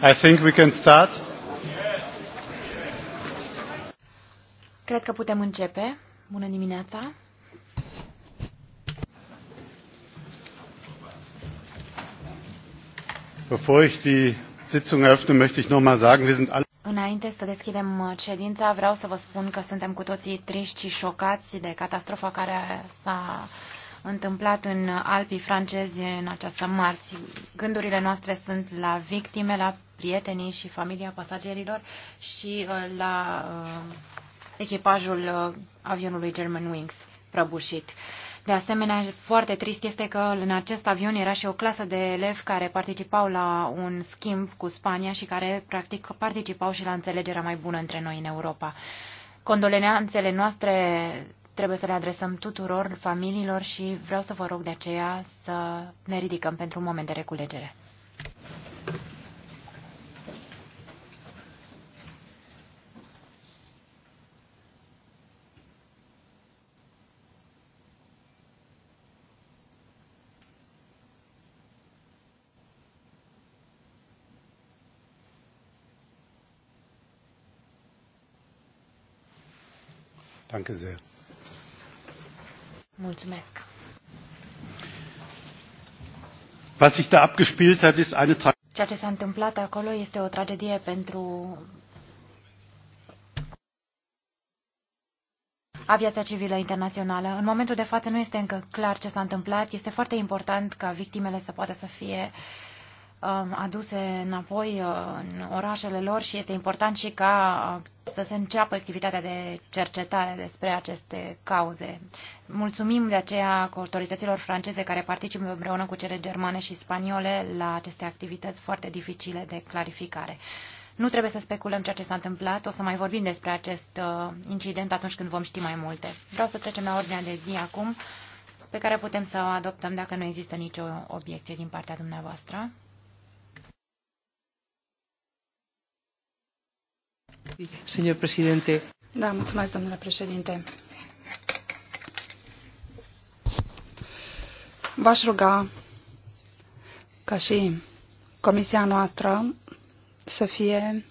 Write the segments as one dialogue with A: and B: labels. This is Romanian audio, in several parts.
A: I think we can start.
B: Cred că putem începe. Bună dimineața!
A: Bevor ich die Sitzung eröffne, möchte ich noch mal sagen, wir sind alle
B: Înainte să deschidem uh, ședința, vreau să vă spun că suntem cu toții triști și șocați de catastrofa care s-a întâmplat în Alpii francezi în această marți. Gândurile noastre sunt la victime, la prietenii și familia pasagerilor și uh, la uh, echipajul uh, avionului Germanwings prăbușit. De asemenea, foarte trist este că în acest avion era și o clasă de elevi care participau la un schimb cu Spania și care, practic, participau și la înțelegerea mai bună între noi în Europa. Condoleanțele noastre trebuie să le adresăm tuturor familiilor și vreau să vă rog de aceea să ne ridicăm pentru un moment de reculegere. Danke sehr. Mulțumesc.
A: Was sich da abgespielt hat, ist eine
B: Ceea ce s-a întâmplat acolo este o tragedie pentru aviația civilă internațională. În momentul de față nu este încă clar ce s-a întâmplat. Este foarte important ca victimele să poată să fie uh, Um, aduse înapoi uh, în orașele lor și este important și ca uh, să se înceapă activitatea de cercetare despre aceste cauze. Mulțumim de aceea cu autorităților franceze care participă împreună cu cele germane și spaniole la aceste activități foarte dificile de clarificare. Nu trebuie să speculăm ceea ce s-a întâmplat, o să mai vorbim despre acest uh, incident atunci când vom ști mai multe. Vreau să trecem la ordinea de zi acum, pe care putem să o adoptăm dacă nu există nicio obiecție din partea dumneavoastră.
A: Senor președinte.
C: Da, mulțumesc, domnule președinte. V-aș ruga ca și comisia noastră să fie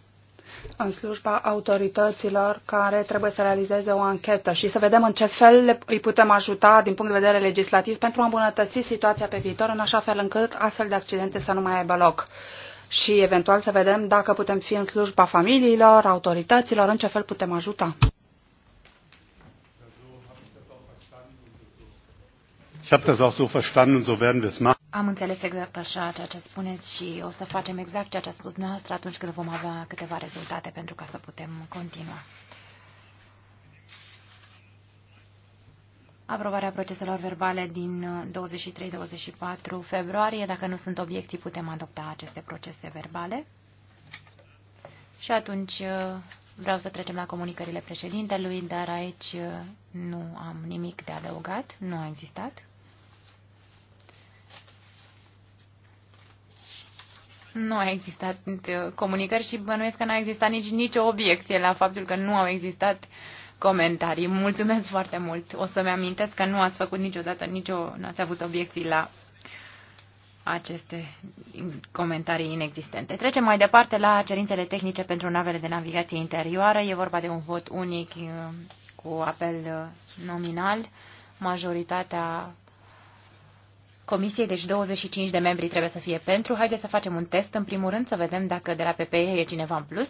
C: în slujba autorităților care trebuie să realizeze o anchetă și să vedem în ce fel îi putem ajuta din punct de vedere legislativ pentru a îmbunătăți situația pe viitor în așa fel încât astfel de accidente să nu mai aibă loc și eventual să vedem dacă putem fi în slujba familiilor, autorităților, în ce fel putem ajuta.
B: Am înțeles exact așa ceea ce spuneți și o să facem exact ceea ce a spus noastră atunci când vom avea câteva rezultate pentru ca să putem continua. aprobarea proceselor verbale din 23-24 uh, februarie. Dacă nu sunt obiectii, putem adopta aceste procese verbale. Și atunci uh, vreau să trecem la comunicările președintelui, dar aici uh, nu am nimic de adăugat, nu a existat. Nu a existat comunicări și bănuiesc că n-a existat nici nicio obiecție la faptul că nu au existat uh, comentarii. Mulțumesc foarte mult. O să-mi amintesc că nu ați făcut niciodată, nicio, nu ați avut obiecții la aceste comentarii inexistente. Trecem mai departe la cerințele tehnice pentru navele de navigație interioară. E vorba de un vot unic uh, cu apel uh, nominal. Majoritatea comisiei, deci 25 de membri trebuie să fie pentru. Haideți să facem un test în primul rând, să vedem dacă de la PPE e cineva în plus.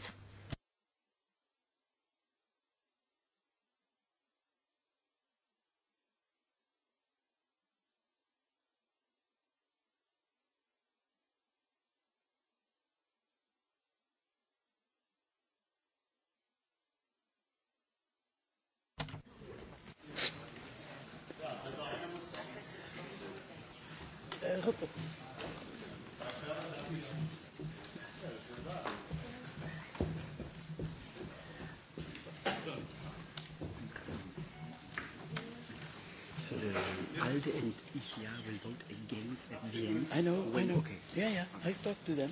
D: months. I know, away. I know. Okay. Yeah, yeah, I talked to them.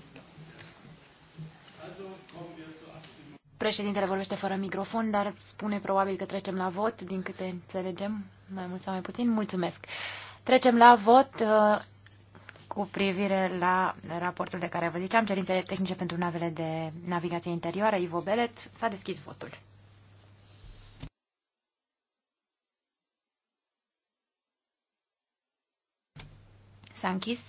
B: Președintele vorbește fără microfon, dar spune probabil că trecem la vot, din câte înțelegem, mai mult sau mai puțin. Mulțumesc. Trecem la vot uh, cu privire la raportul de care vă ziceam, cerințele tehnice pentru navele de navigație interioară, Ivo Belet, s-a deschis votul. S-a închis.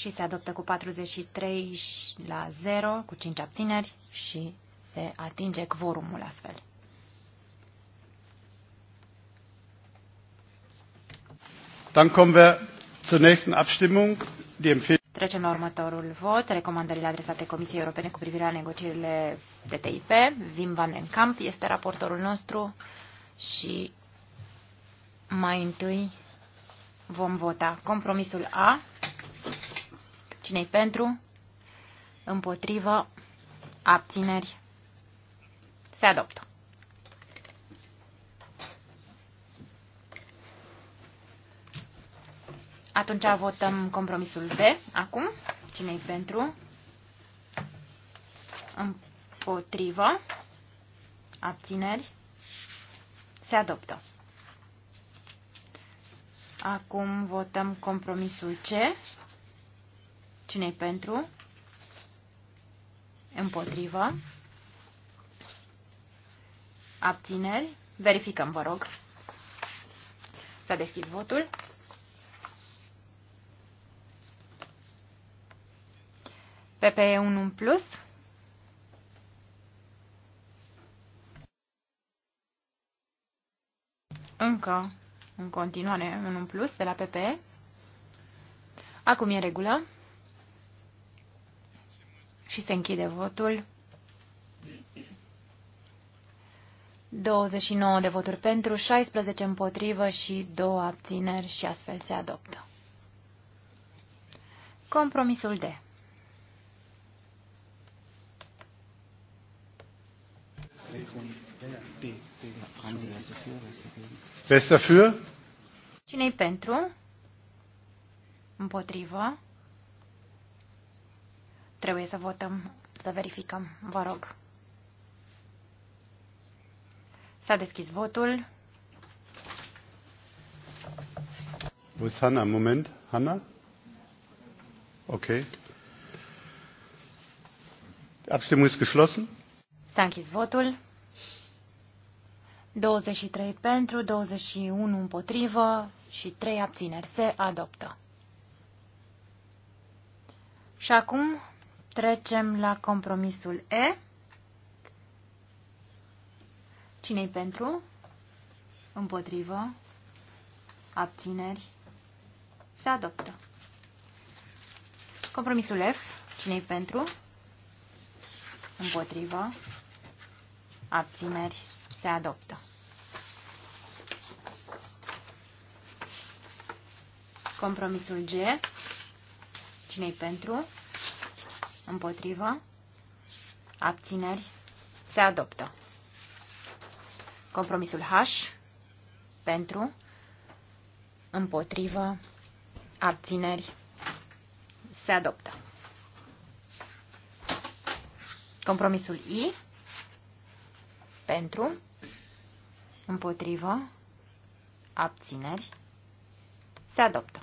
B: și se adoptă cu 43 la 0, cu 5 abțineri și se atinge quorumul astfel.
A: Dann kommen wir zur nächsten Abstimmung. Die
B: Trecem la următorul vot, recomandările adresate Comisiei Europene cu privire la negocierile de TIP. Wim van den Kamp este raportorul nostru și mai întâi vom vota compromisul A Cinei pentru? Împotrivă. Abțineri. Se adoptă. Atunci votăm compromisul B. Acum, cine pentru? Împotrivă. Abțineri. Se adoptă. Acum votăm compromisul C cine pentru? Împotrivă. Abțineri. Verificăm, vă rog. S-a deschis votul. PPE 1 în plus. Încă, în continuare, 1 în plus de la PPE. Acum e regulă și se închide votul. 29 de voturi pentru, 16 împotrivă și 2 abțineri și astfel se adoptă. Compromisul D.
A: Wer dafür?
B: Cine-i pentru? Împotrivă? Trebuie să votăm, să verificăm. Vă rog. S-a deschis votul.
A: Wo ist Hanna? Moment, Hanna? Okay. Die Abstimmung ist geschlossen.
B: S-a închis votul. 23 pentru, 21 împotrivă și 3 abțineri. Se adoptă. Și acum Trecem la compromisul E. Cine-i pentru? Împotrivă? Abțineri? Se adoptă. Compromisul F. Cine-i pentru? Împotrivă? Abțineri? Se adoptă. Compromisul G. Cine-i pentru? Împotrivă. Abțineri. Se adoptă. Compromisul H. Pentru. Împotrivă. Abțineri. Se adoptă. Compromisul I. Pentru. Împotrivă. Abțineri. Se adoptă.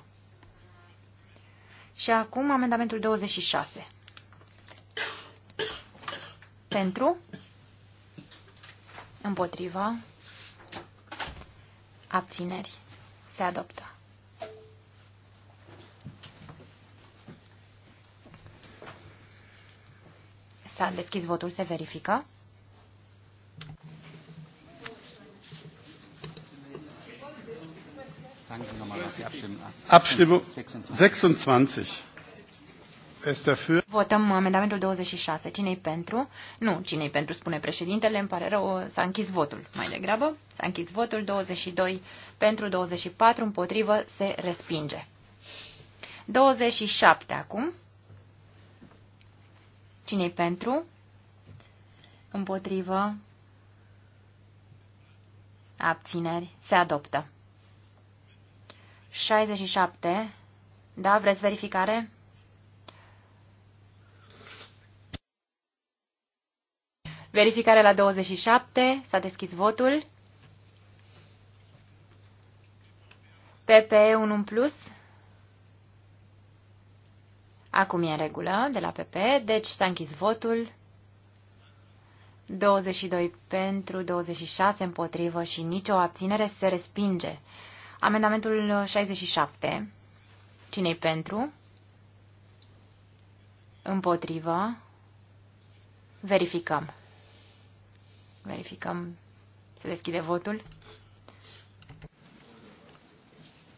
B: Și acum amendamentul 26. Pentru. Împotriva. Abțineri. Se adoptă. S-a deschis votul, se verifică. Abstimmung 26. Votăm amendamentul 26. Cine-i pentru? Nu, cine-i pentru, spune președintele. Îmi pare rău, s-a închis votul mai degrabă. S-a închis votul 22 pentru 24, împotrivă se respinge. 27 acum. Cine-i pentru? Împotrivă. Abțineri. Se adoptă. 67. Da, vreți verificare? Verificare la 27. S-a deschis votul. PPE 1 în plus. Acum e în regulă de la PP, deci s-a închis votul. 22 pentru, 26 împotrivă și nicio abținere se respinge. Amendamentul 67. Cine-i pentru? Împotrivă. Verificăm. Verificăm. Se deschide votul.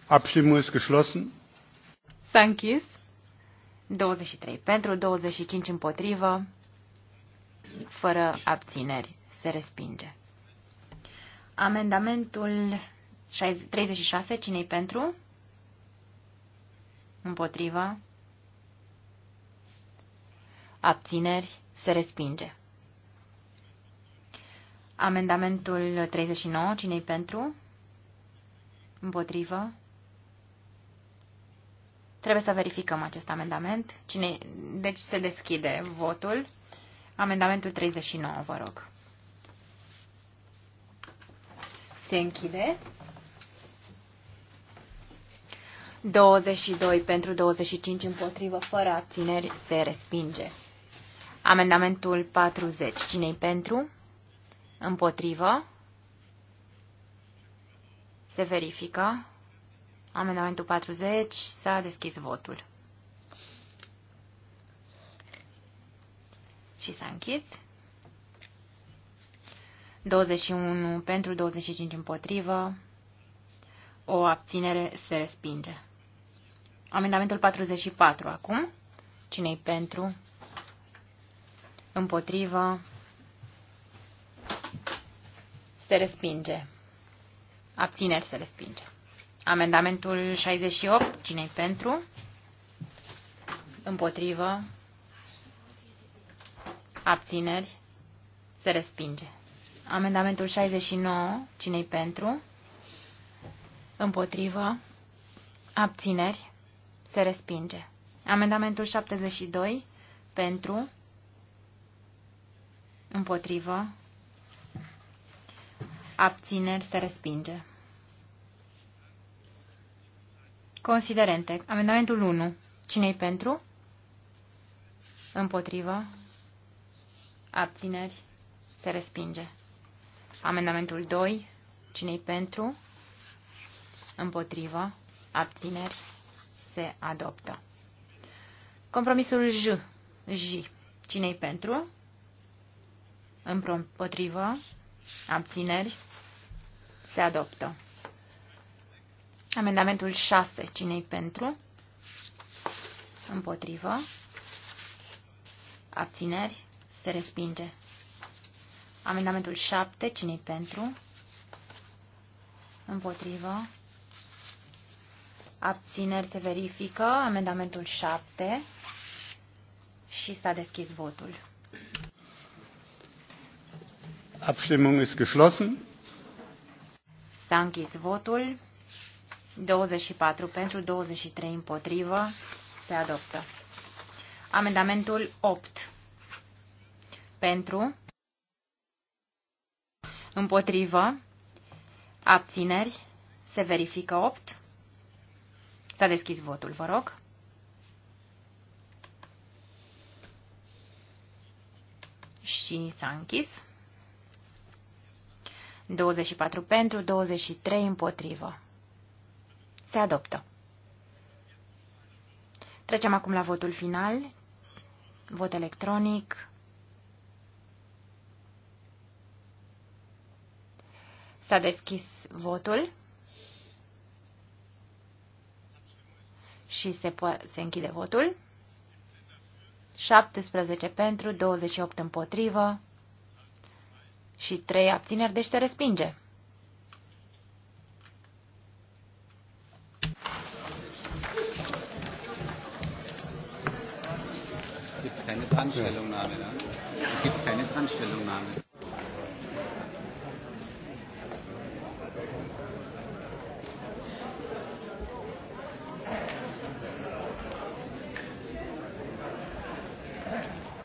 A: Abstimmung ist geschlossen.
B: S-a închis. 23 pentru, 25 împotrivă, fără abțineri. Se respinge. Amendamentul 36, cine-i pentru? împotrivă, Abțineri. Se respinge. Amendamentul 39, cine-i pentru? Împotrivă? Trebuie să verificăm acest amendament. Cine... Deci se deschide votul. Amendamentul 39, vă rog. Se închide. 22 pentru 25 împotrivă, fără abțineri, se respinge. Amendamentul 40. Cine-i pentru? Împotrivă. Se verifică. Amendamentul 40. S-a deschis votul. Și s-a închis. 21 pentru 25 împotrivă. O abținere se respinge. Amendamentul 44 acum. Cine-i pentru? Împotrivă se respinge. Abțineri se respinge. Amendamentul 68, cine pentru? Împotrivă. Abțineri se respinge. Amendamentul 69, cine pentru? Împotrivă. Abțineri se respinge. Amendamentul 72, pentru? Împotrivă abțineri, se respinge. Considerente. Amendamentul 1. Cine-i pentru? Împotrivă. Abțineri. Se respinge. Amendamentul 2. Cine-i pentru? Împotrivă. Abțineri. Se adoptă. Compromisul J. J. Cine-i pentru? Împotrivă. Abțineri. Se adoptă. Amendamentul 6. Cine-i pentru? Împotrivă. Abțineri. Se respinge. Amendamentul 7. Cine-i pentru? Împotrivă. Abțineri se verifică. Amendamentul 7. Și s-a deschis votul.
A: Abstimmung ist geschlossen.
B: S-a închis votul. 24 pentru, 23 împotrivă. Se adoptă. Amendamentul 8. Pentru. Împotrivă. Abțineri. Se verifică 8. S-a deschis votul, vă rog. Și s-a închis. 24 pentru, 23 împotrivă. Se adoptă. Trecem acum la votul final. Vot electronic. S-a deschis votul. Și se, se închide votul. 17 pentru, 28 împotrivă și 3 abțineri, deci se respinge.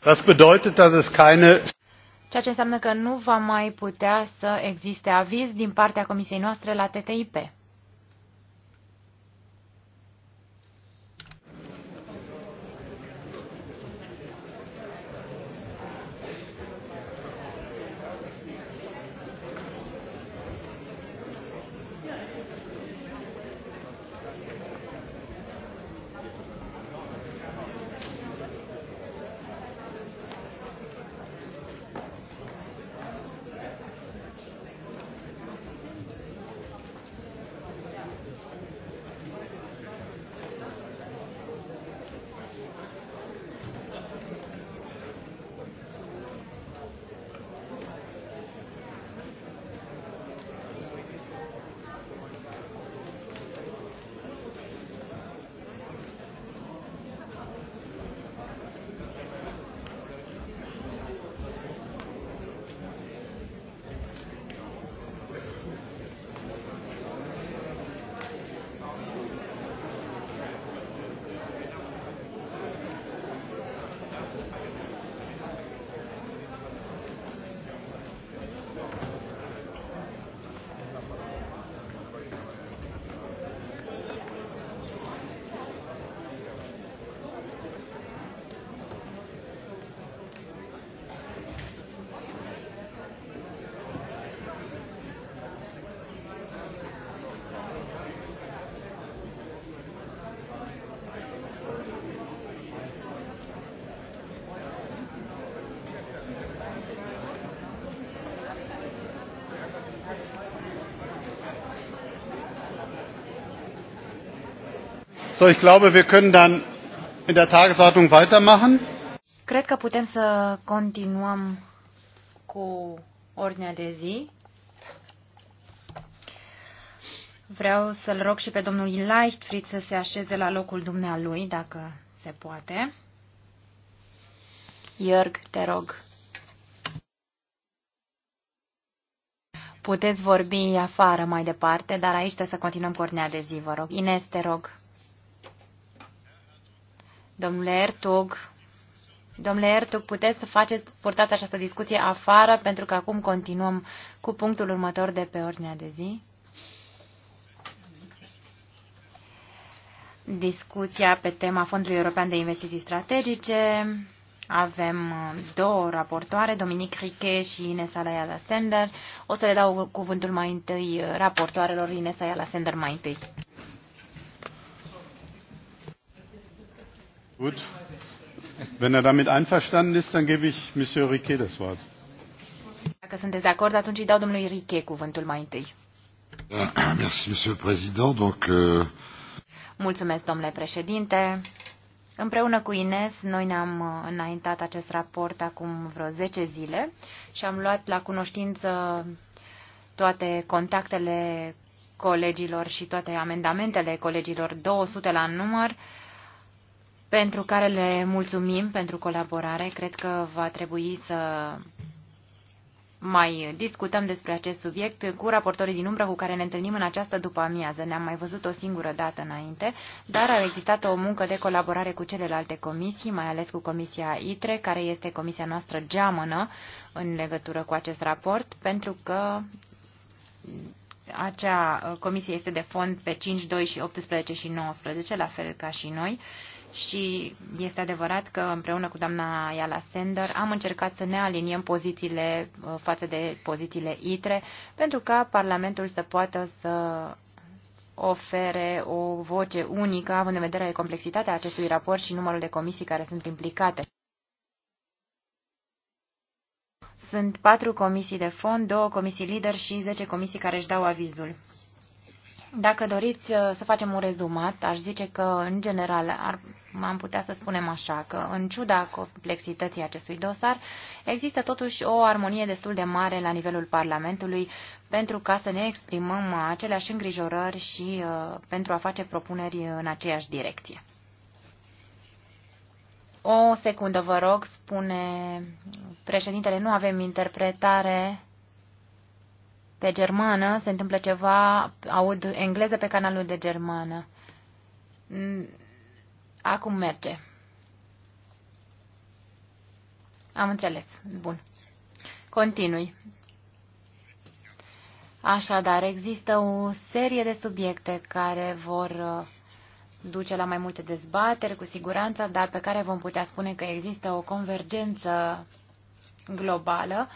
A: Das bedeutet, dass es keine
B: ceea ce înseamnă că nu va mai putea să existe aviz din partea comisiei noastre la TTIP.
A: ich glaube, wir können dann in der Tagesordnung weitermachen.
B: Cred că putem să continuăm cu ordinea de zi. Vreau să-l rog și pe domnul Leichtfried să se așeze la locul dumnealui, dacă se poate. Iorg, te rog. Puteți vorbi afară mai departe, dar aici trebuie să continuăm cu ordinea de zi, vă rog. Ines, te rog. Domnule Ertug, domnule Ertug, puteți să faceți, purtați această discuție afară, pentru că acum continuăm cu punctul următor de pe ordinea de zi. Discuția pe tema Fondului European de Investiții Strategice. Avem uh, două raportoare, Dominic Riche și Inesa Ayala Sender. O să le dau cuvântul mai întâi uh, raportoarelor Inesa Ayala Sender mai întâi.
A: Gut. Wenn er damit einverstanden ist, dann gebe ich Monsieur Riquet das Wort.
B: Dacă sunteți de acord, atunci îi dau domnului Riquet cuvântul mai întâi.
A: Merci, Monsieur le Président. Donc, euh...
B: Mulțumesc, domnule președinte. Împreună cu Ines, noi ne-am uh, înaintat acest raport acum vreo 10 zile și am luat la cunoștință toate contactele colegilor și toate amendamentele colegilor, 200 la număr, uh, pentru care le mulțumim pentru colaborare. Cred că va trebui să mai discutăm despre acest subiect cu raportorii din umbră cu care ne întâlnim în această după amiază. Ne-am mai văzut o singură dată înainte, dar a existat o muncă de colaborare cu celelalte comisii, mai ales cu Comisia ITRE, care este comisia noastră geamănă în legătură cu acest raport, pentru că acea comisie este de fond pe 5, 2 și 18 și 19, la fel ca și noi și este adevărat că împreună cu doamna Iala Sender am încercat să ne aliniem pozițiile uh, față de pozițiile ITRE pentru ca Parlamentul să poată să ofere o voce unică, având în vedere complexitatea acestui raport și numărul de comisii care sunt implicate. Sunt patru comisii de fond, două comisii lider și zece comisii care își dau avizul. Dacă doriți uh, să facem un rezumat, aș zice că, în general, ar, am putea să spunem așa, că, în ciuda complexității acestui dosar, există totuși o armonie destul de mare la nivelul Parlamentului pentru ca să ne exprimăm aceleași îngrijorări și uh, pentru a face propuneri în aceeași direcție. O secundă, vă rog, spune președintele, nu avem interpretare pe germană, se întâmplă ceva, aud engleză pe canalul de germană. Acum merge. Am înțeles. Bun. Continui. Așadar, există o serie de subiecte care vor uh, duce la mai multe dezbateri, cu siguranță, dar pe care vom putea spune că există o convergență globală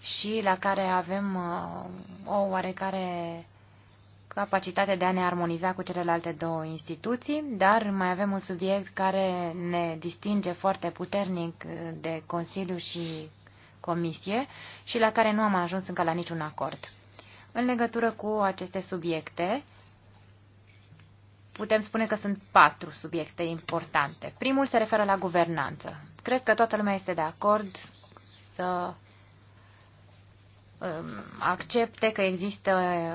B: și la care avem uh, o oarecare capacitate de a ne armoniza cu celelalte două instituții, dar mai avem un subiect care ne distinge foarte puternic de Consiliu și Comisie și la care nu am ajuns încă la niciun acord. În legătură cu aceste subiecte, putem spune că sunt patru subiecte importante. Primul se referă la guvernanță. Cred că toată lumea este de acord să Um, accepte că există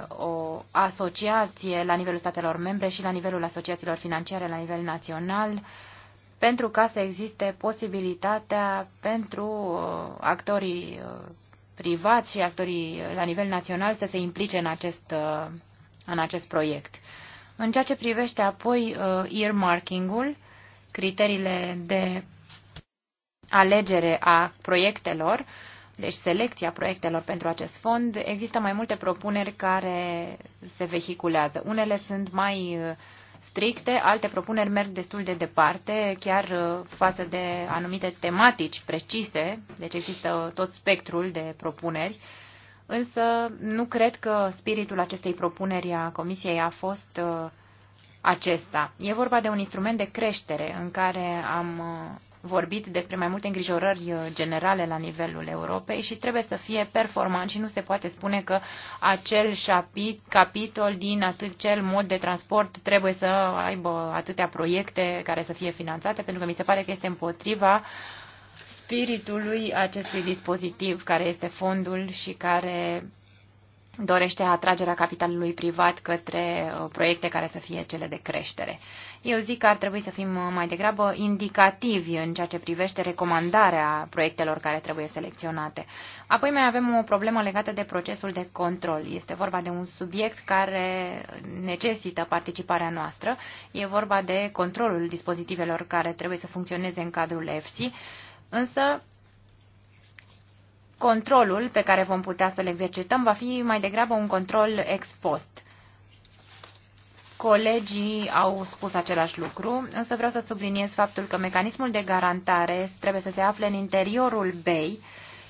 B: o asociație la nivelul statelor membre și la nivelul asociațiilor financiare la nivel național pentru ca să existe posibilitatea pentru uh, actorii uh, privați și actorii la nivel național să se implice în acest, uh, în acest proiect. În ceea ce privește apoi earmarking-ul, criteriile de alegere a proiectelor, uh, deci selecția proiectelor pentru acest fond, există mai multe propuneri care se vehiculează. Unele sunt mai uh, stricte, alte propuneri merg destul de departe, chiar uh, față de anumite tematici precise, deci există tot spectrul de propuneri, însă nu cred că spiritul acestei propuneri a Comisiei a fost uh, acesta. E vorba de un instrument de creștere în care am vorbit despre mai multe îngrijorări uh, generale la nivelul Europei și trebuie să fie performant și nu se poate spune că acel șapit, capitol din atât cel mod de transport trebuie să aibă atâtea proiecte care să fie finanțate, pentru că mi se pare că este împotriva spiritului acestui dispozitiv care este fondul și care dorește atragerea capitalului privat către uh, proiecte care să fie cele de creștere. Eu zic că ar trebui să fim uh, mai degrabă indicativi în ceea ce privește recomandarea proiectelor care trebuie selecționate. Apoi mai avem o problemă legată de procesul de control. Este vorba de un subiect care necesită participarea noastră. E vorba de controlul dispozitivelor care trebuie să funcționeze în cadrul EFSI, însă controlul pe care vom putea să-l exercităm va fi mai degrabă un control ex post. Colegii au spus același lucru, însă vreau să subliniez faptul că mecanismul de garantare trebuie să se afle în interiorul BEI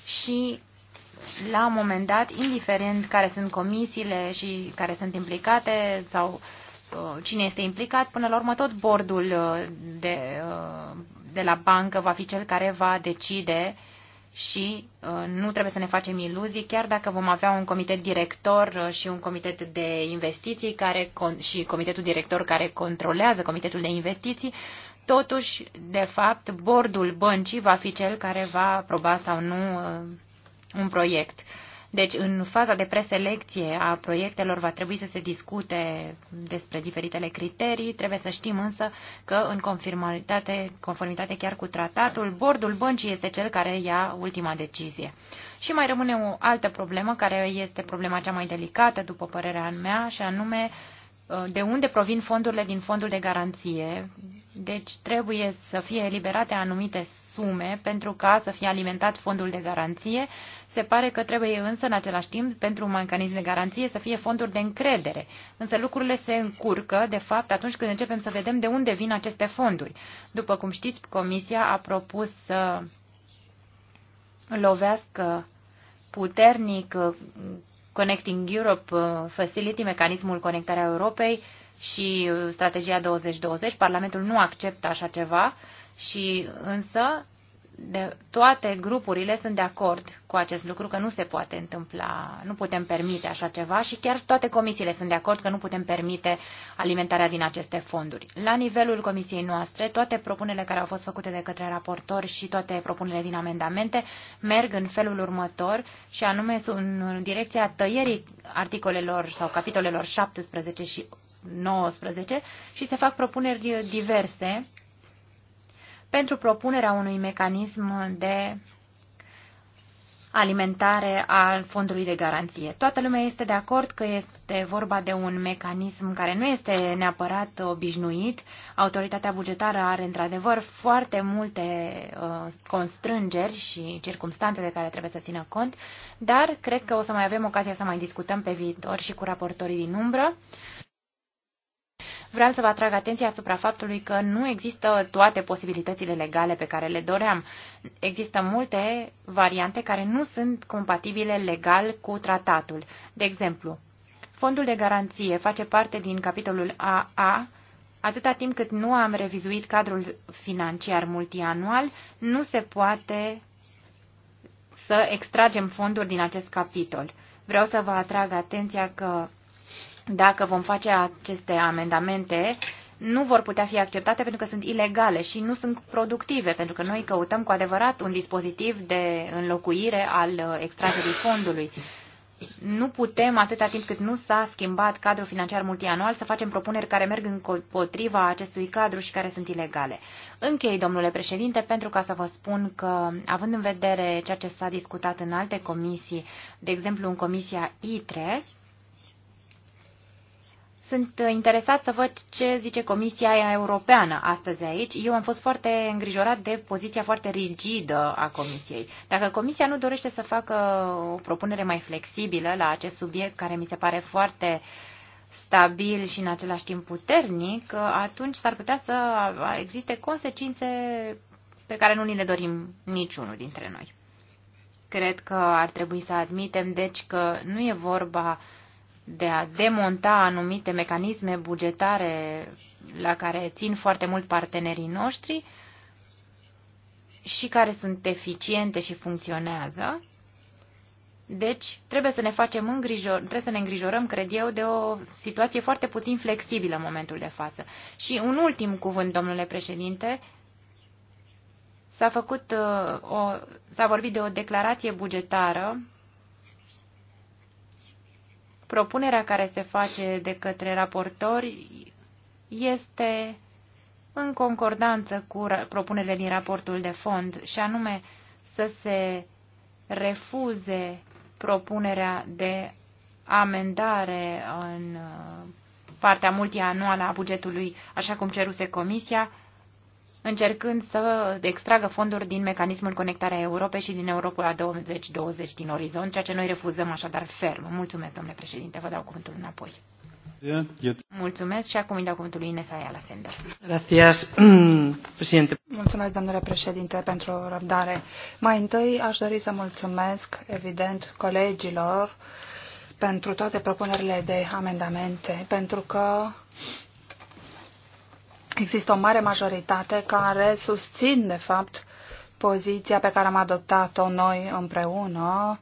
B: și la un moment dat, indiferent care sunt comisiile și care sunt implicate sau uh, cine este implicat, până la urmă tot bordul uh, de, uh, de la bancă va fi cel care va decide uh, și uh, nu trebuie să ne facem iluzii, chiar dacă vom avea un comitet director uh, și un comitet de investiții care, și comitetul director care controlează comitetul de investiții, totuși, de fapt, bordul băncii va fi cel care va aproba sau nu uh, un proiect. Deci, în faza de preselecție a proiectelor va trebui să se discute despre diferitele criterii, trebuie să știm însă că în conformitate, conformitate chiar cu tratatul, bordul băncii este cel care ia ultima decizie. Și mai rămâne o altă problemă, care este problema cea mai delicată, după părerea mea, și anume de unde provin fondurile din fondul de garanție. Deci trebuie să fie eliberate anumite sume pentru ca să fie alimentat fondul de garanție se pare că trebuie însă, în același timp, pentru un mecanism de garanție să fie fonduri de încredere. Însă lucrurile se încurcă, de fapt, atunci când începem să vedem de unde vin aceste fonduri. După cum știți, Comisia a propus să lovească puternic uh, Connecting Europe uh, Facility, mecanismul conectarea Europei și uh, strategia 2020. Parlamentul nu acceptă așa ceva și însă de, toate grupurile sunt de acord cu acest lucru, că nu se poate întâmpla, nu putem permite așa ceva și chiar toate comisiile sunt de acord că nu putem permite alimentarea din aceste fonduri. La nivelul comisiei noastre, toate propunerile care au fost făcute de către raportori și toate propunerile din amendamente merg în felul următor și anume în direcția tăierii articolelor sau capitolelor 17 și 19 și se fac propuneri diverse pentru propunerea unui mecanism de alimentare al fondului de garanție. Toată lumea este de acord că este vorba de un mecanism care nu este neapărat obișnuit. Autoritatea bugetară are într-adevăr foarte multe uh, constrângeri și circumstanțe de care trebuie să țină cont, dar cred că o să mai avem ocazia să mai discutăm pe viitor și cu raportorii din umbră Vreau să vă atrag atenția asupra faptului că nu există toate posibilitățile legale pe care le doream. Există multe variante care nu sunt compatibile legal cu tratatul. De exemplu, fondul de garanție face parte din capitolul AA atâta timp cât nu am revizuit cadrul financiar multianual, nu se poate să extragem fonduri din acest capitol. Vreau să vă atrag atenția că dacă vom face aceste amendamente, nu vor putea fi acceptate pentru că sunt ilegale și nu sunt productive, pentru că noi căutăm cu adevărat un dispozitiv de înlocuire al uh, extragerii fondului. Nu putem, atâta timp cât nu s-a schimbat cadrul financiar multianual, să facem propuneri care merg împotriva acestui cadru și care sunt ilegale. Închei, domnule președinte, pentru ca să vă spun că, având în vedere ceea ce s-a discutat în alte comisii, de exemplu în comisia ITRE, sunt interesat să văd ce zice Comisia Europeană astăzi aici. Eu am fost foarte îngrijorat de poziția foarte rigidă a Comisiei. Dacă Comisia nu dorește să facă o propunere mai flexibilă la acest subiect, care mi se pare foarte stabil și în același timp puternic, atunci s-ar putea să existe consecințe pe care nu ni le dorim niciunul dintre noi. Cred că ar trebui să admitem, deci, că nu e vorba uh, de a demonta anumite mecanisme bugetare la care țin foarte mult partenerii noștri și care sunt eficiente și funcționează. Deci, trebuie să ne facem îngrijor, trebuie să ne îngrijorăm, cred eu, de o situație foarte puțin flexibilă în momentul de față. Și un ultim cuvânt, domnule președinte, s-a făcut uh, o, s-a vorbit de o declarație bugetară propunerea care se face de către raportori este în concordanță cu propunerile din raportul de fond, și anume să se refuze propunerea de amendare în uh, partea multianuală a bugetului, așa cum ceruse Comisia, încercând să extragă fonduri din mecanismul conectarea Europei și din Europa la 2020 din orizont, ceea ce noi refuzăm așadar ferm. Mulțumesc, domnule președinte, vă dau cuvântul înapoi. Mulțumesc și acum îi dau cuvântul lui Ines la Sender.
A: Gracias, președinte.
C: Mulțumesc, domnule președinte, pentru răbdare. Mai întâi aș dori să mulțumesc, evident, colegilor pentru toate propunerile de amendamente, pentru că Există o mare majoritate care susțin, de fapt, poziția pe care am adoptat-o noi împreună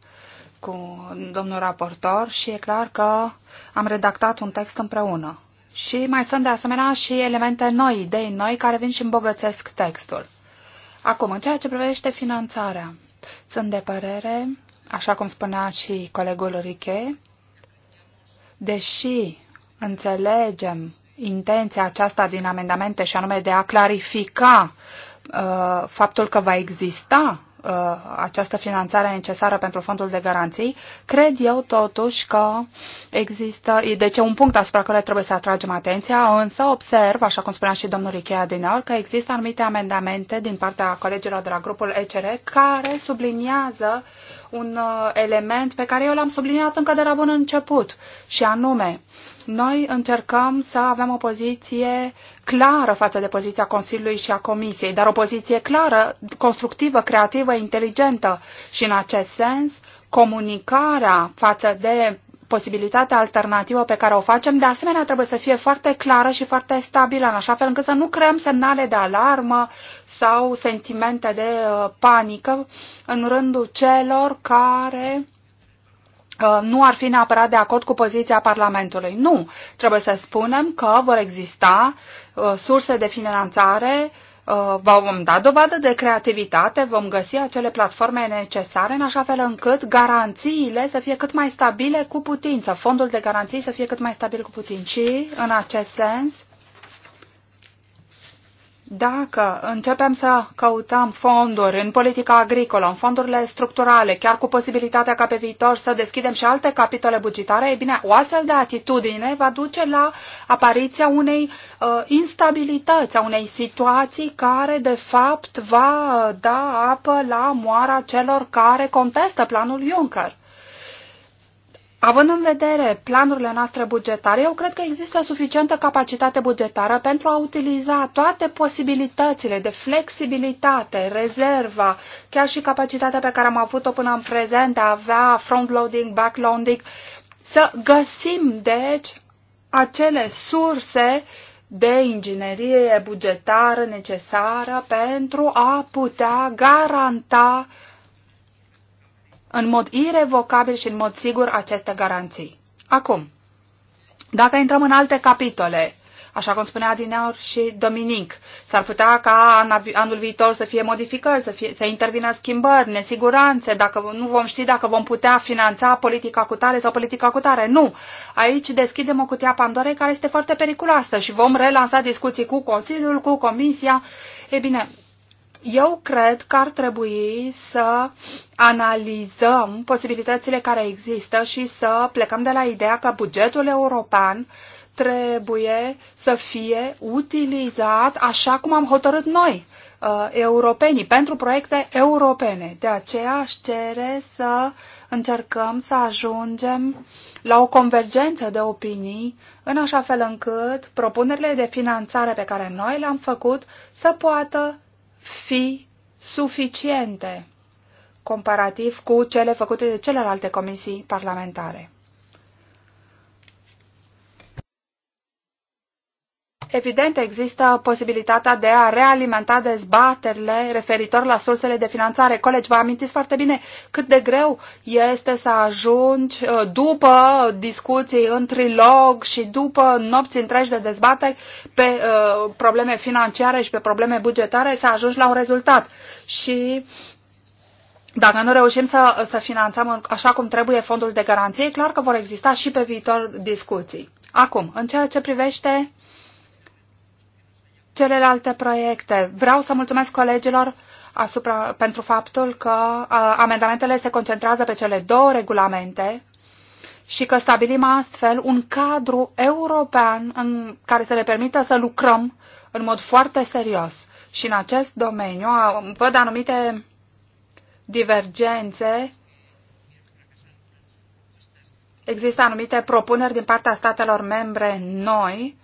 C: cu domnul raportor și e clar că am redactat un text împreună. Și mai sunt de asemenea și elemente noi, idei noi, care vin și îmbogățesc textul. Acum, în ceea ce privește finanțarea, sunt de părere, așa cum spunea și colegul Riche, deși înțelegem intenția aceasta din amendamente și anume de a clarifica uh, faptul că va exista uh, această finanțare necesară pentru fondul de garanții, cred eu totuși că există, deci e un punct asupra care trebuie să atragem atenția, însă observ, așa cum spunea și domnul Ikea din or, că există anumite amendamente din partea colegilor de la grupul ECR care subliniază un uh, element pe care eu l-am subliniat încă de la bun început, și anume, uh, noi încercăm să avem o poziție clară față de poziția Consiliului și a Comisiei, dar o poziție clară, constructivă, creativă, inteligentă. Și în acest sens, comunicarea față de posibilitatea alternativă pe care o facem, de asemenea trebuie să fie foarte clară și foarte stabilă, în așa fel încât să nu creăm semnale de alarmă sau sentimente de uh, panică în rândul celor care Uh, nu ar fi neapărat de acord cu poziția Parlamentului. Nu. Trebuie să spunem că vor exista uh, surse de finanțare uh, vom da dovadă de creativitate, vom găsi acele platforme necesare în așa fel încât garanțiile să fie cât mai stabile cu putință, fondul de garanții să fie cât mai stabil cu putință. Și, în acest sens, dacă începem să căutăm fonduri în politica agricolă, în fondurile structurale, chiar cu posibilitatea ca pe viitor să deschidem și alte capitole bugetare, e bine, o astfel de atitudine va duce la apariția unei uh, instabilități, a unei situații care, de fapt, va uh, da apă la moara celor care contestă planul Juncker. Având în vedere planurile noastre bugetare, eu cred că există suficientă capacitate bugetară pentru a utiliza toate posibilitățile de flexibilitate, rezerva, chiar și capacitatea pe care am avut-o până în prezent de a avea front-loading, back-loading, să găsim, deci, acele surse de inginerie bugetară necesară pentru a putea garanta uh, în mod irevocabil și în mod sigur aceste garanții. Acum, dacă intrăm în alte capitole, așa cum spunea Dinaur și Dominic, s-ar putea ca anul viitor să fie modificări, să, fie, să intervină schimbări, nesiguranțe, dacă nu vom ști dacă vom putea finanța politica cu tare sau politica cu tare. Nu! Aici deschidem o cutia Pandorei care este foarte periculoasă și vom relansa discuții cu Consiliul, cu Comisia. E bine, eu cred că ar trebui să analizăm posibilitățile care există și să plecăm de la ideea că bugetul european trebuie să fie utilizat așa cum am hotărât noi, uh, europenii, pentru proiecte europene. De aceea aș cere să încercăm să ajungem la o convergență de opinii, în așa fel încât propunerile de finanțare pe care noi le-am făcut să poată fi suficiente comparativ cu cele făcute de celelalte comisii parlamentare. Evident, există posibilitatea de a realimenta dezbaterile referitor la sursele de finanțare. Colegi, vă amintiți foarte bine cât de greu este să ajungi uh, după discuții în trilog și după nopți întregi de dezbateri pe uh, probleme financiare și pe probleme bugetare să ajungi la un rezultat. Și dacă nu reușim să, să finanțăm așa cum trebuie fondul de garanție, e clar că vor exista și pe viitor discuții. Acum, în ceea ce privește celelalte proiecte. Vreau să mulțumesc colegilor asupra, pentru faptul că a, amendamentele se concentrează pe cele două regulamente și că stabilim astfel un cadru european în care să ne permită să lucrăm în mod foarte serios. Și în acest domeniu văd anumite divergențe. Există anumite propuneri din partea statelor membre noi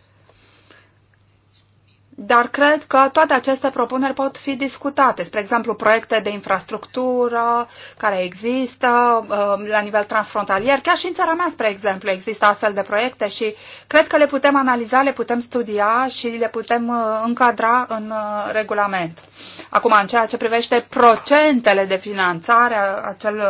C: dar cred că toate aceste propuneri pot fi discutate. Spre exemplu, proiecte de infrastructură care există uh, la nivel transfrontalier. Chiar și în țara mea, spre exemplu, există astfel de proiecte și cred că le putem analiza, le putem studia și le putem uh, încadra în uh, regulament. Acum, în ceea ce privește procentele de finanțare, acel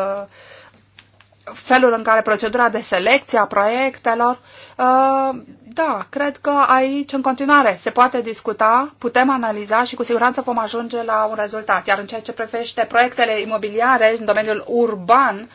C: felul în care procedura de selecție a proiectelor, Uh, da, cred că aici în continuare se poate discuta, putem analiza și cu siguranță vom ajunge la un rezultat. Iar în ceea ce privește proiectele imobiliare în domeniul urban, uh,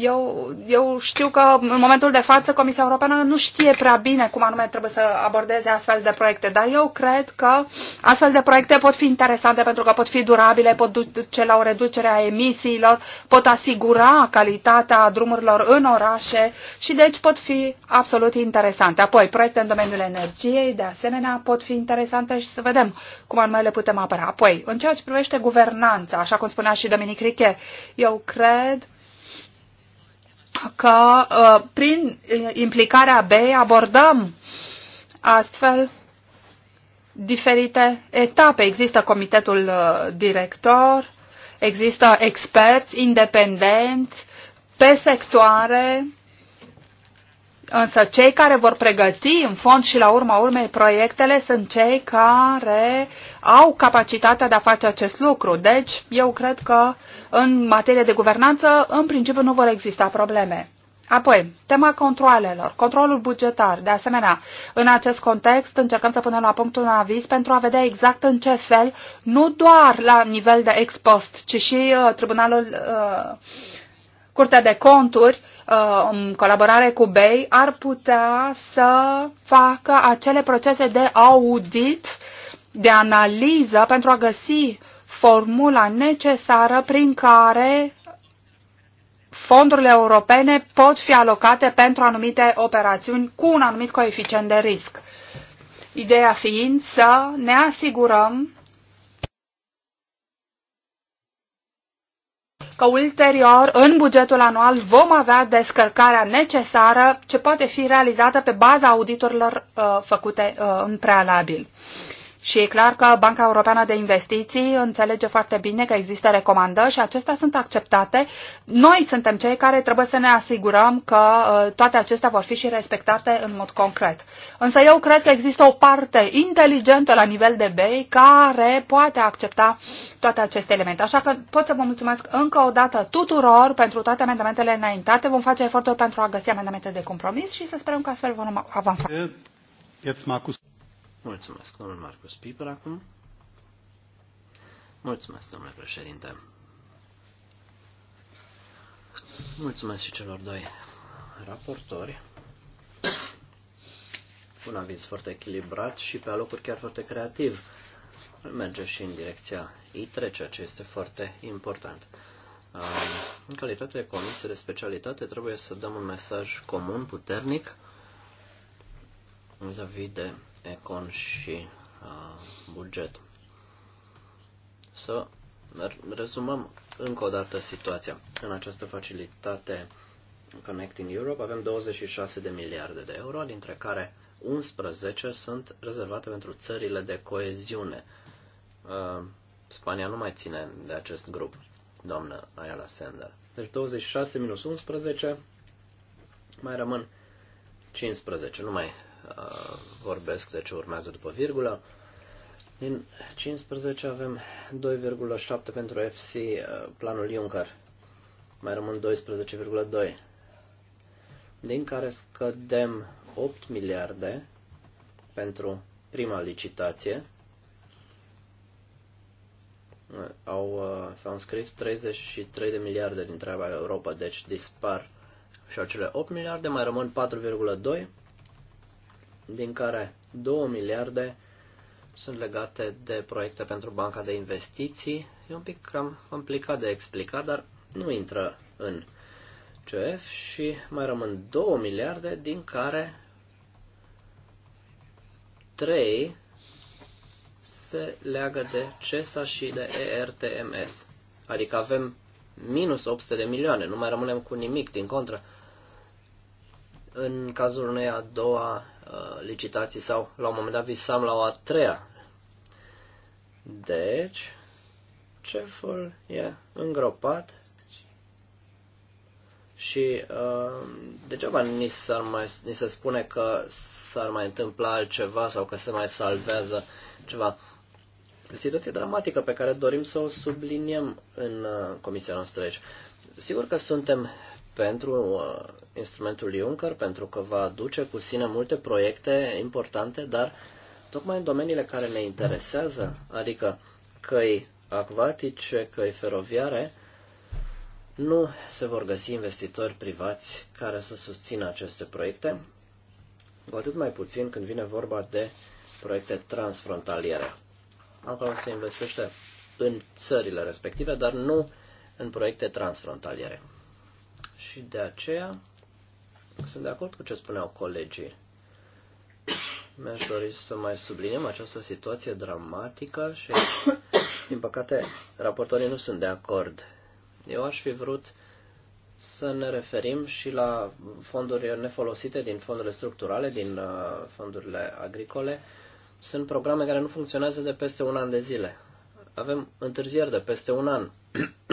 C: eu, eu știu că în momentul de față Comisia Europeană nu știe prea bine cum anume trebuie să abordeze astfel de proiecte, dar eu cred că astfel de proiecte pot fi interesante pentru că pot fi durabile, pot duce la o reducere a emisiilor, pot asigura calitatea drumurilor în orașe și deci pot fi absolut interesante. Apoi, proiecte în domeniul energiei, de asemenea, pot fi interesante și să vedem cum anume le putem apăra. Apoi, în ceea ce privește guvernanța, așa cum spunea și Dominic Riche, eu cred că ă, prin ă, implicarea BEI abordăm astfel diferite etape. Există comitetul ă, director, există experți independenți pe sectoare Însă cei care vor pregăti în fond și la urma urmei proiectele sunt cei care au capacitatea de a face acest lucru. Deci eu cred că în materie de guvernanță în principiu nu vor exista probleme. Apoi, tema controalelor, controlul bugetar. De asemenea, în acest context încercăm să punem la punct un aviz pentru a vedea exact în ce fel, nu doar la nivel de ex post, ci și uh, tribunalul, uh, curtea de conturi, uh, Uh, în colaborare cu BEI, ar putea să facă acele procese de audit, de analiză pentru a găsi formula necesară prin care fondurile europene pot fi alocate pentru anumite operațiuni cu un anumit coeficient de risc. Ideea fiind să ne asigurăm că ulterior, în bugetul anual, vom avea descărcarea necesară ce poate fi realizată pe baza auditorilor uh, făcute uh, în prealabil. Și e clar că Banca Europeană de Investiții înțelege foarte bine că există recomandări și acestea sunt acceptate. Noi suntem cei care trebuie să ne asigurăm că uh, toate acestea vor fi și respectate în mod concret. Însă eu cred că există o parte inteligentă la nivel de BEI care poate accepta toate aceste elemente. Așa că pot să vă mulțumesc încă o dată tuturor pentru toate amendamentele înaintate. Vom face eforturi pentru a găsi amendamente de compromis și să sperăm că astfel vom avansa.
D: Jetzt Markus. Mulțumesc, domnul Marcus Piper, acum. Mulțumesc, domnule președinte. Mulțumesc și celor doi raportori. Un aviz foarte echilibrat și pe alocuri chiar foarte creativ. Merge și în direcția ITRE, ceea ce este foarte important. În calitate de comisie de specialitate trebuie să dăm un mesaj comun, puternic, vis-a-vis -vis de Econ și uh, buget. Să rezumăm încă o dată situația. În această facilitate Connecting Europe avem 26 de miliarde de euro, dintre care 11 sunt rezervate pentru țările de coeziune. Uh, Spania nu mai ține de acest grup, doamnă Ayala Sender. Deci 26 minus 11, mai rămân 15, nu mai Uh, vorbesc de deci, ce urmează după virgulă. Din 15 avem 2,7 pentru FC, uh, planul Juncker. Mai rămân 12,2, din care scădem 8 miliarde pentru prima licitație. Uh, au, s-au înscris 33 de miliarde din treaba Europa, deci dispar și acele 8 miliarde, mai rămân 4,2 din care 2 miliarde sunt legate de proiecte pentru Banca de Investiții. E un pic cam complicat de explicat, dar nu intră în CF și mai rămân 2 miliarde, din care 3 se leagă de CESA și de ERTMS. Adică avem minus 800 de milioane, nu mai rămânem cu nimic, din contră. În cazul unei a doua Uh, licitații sau la un moment dat visam la o a treia. Deci, ceful e îngropat și uh, degeaba ni, s-ar mai, ni se spune că s-ar mai întâmpla altceva sau că se mai salvează ceva. O situație dramatică pe care dorim să o subliniem în uh, comisia noastră aici. Sigur că suntem pentru uh, instrumentul Juncker, pentru că va aduce cu sine multe proiecte importante, dar tocmai în domeniile care ne interesează, adică căi acvatice, căi feroviare, nu se vor găsi investitori privați care să susțină aceste proiecte, cu atât mai puțin când vine vorba de proiecte transfrontaliere. Acolo se investește în țările respective, dar nu în proiecte transfrontaliere. Și de aceea sunt de acord cu ce spuneau colegii. Mi-aș dori să mai subliniem această situație dramatică și, din păcate, raportorii nu sunt de acord. Eu aș fi vrut să ne referim și la fonduri nefolosite din fondurile structurale, din uh, fondurile agricole. Sunt programe care nu funcționează de peste un an de zile. Avem întârzieri de peste un an.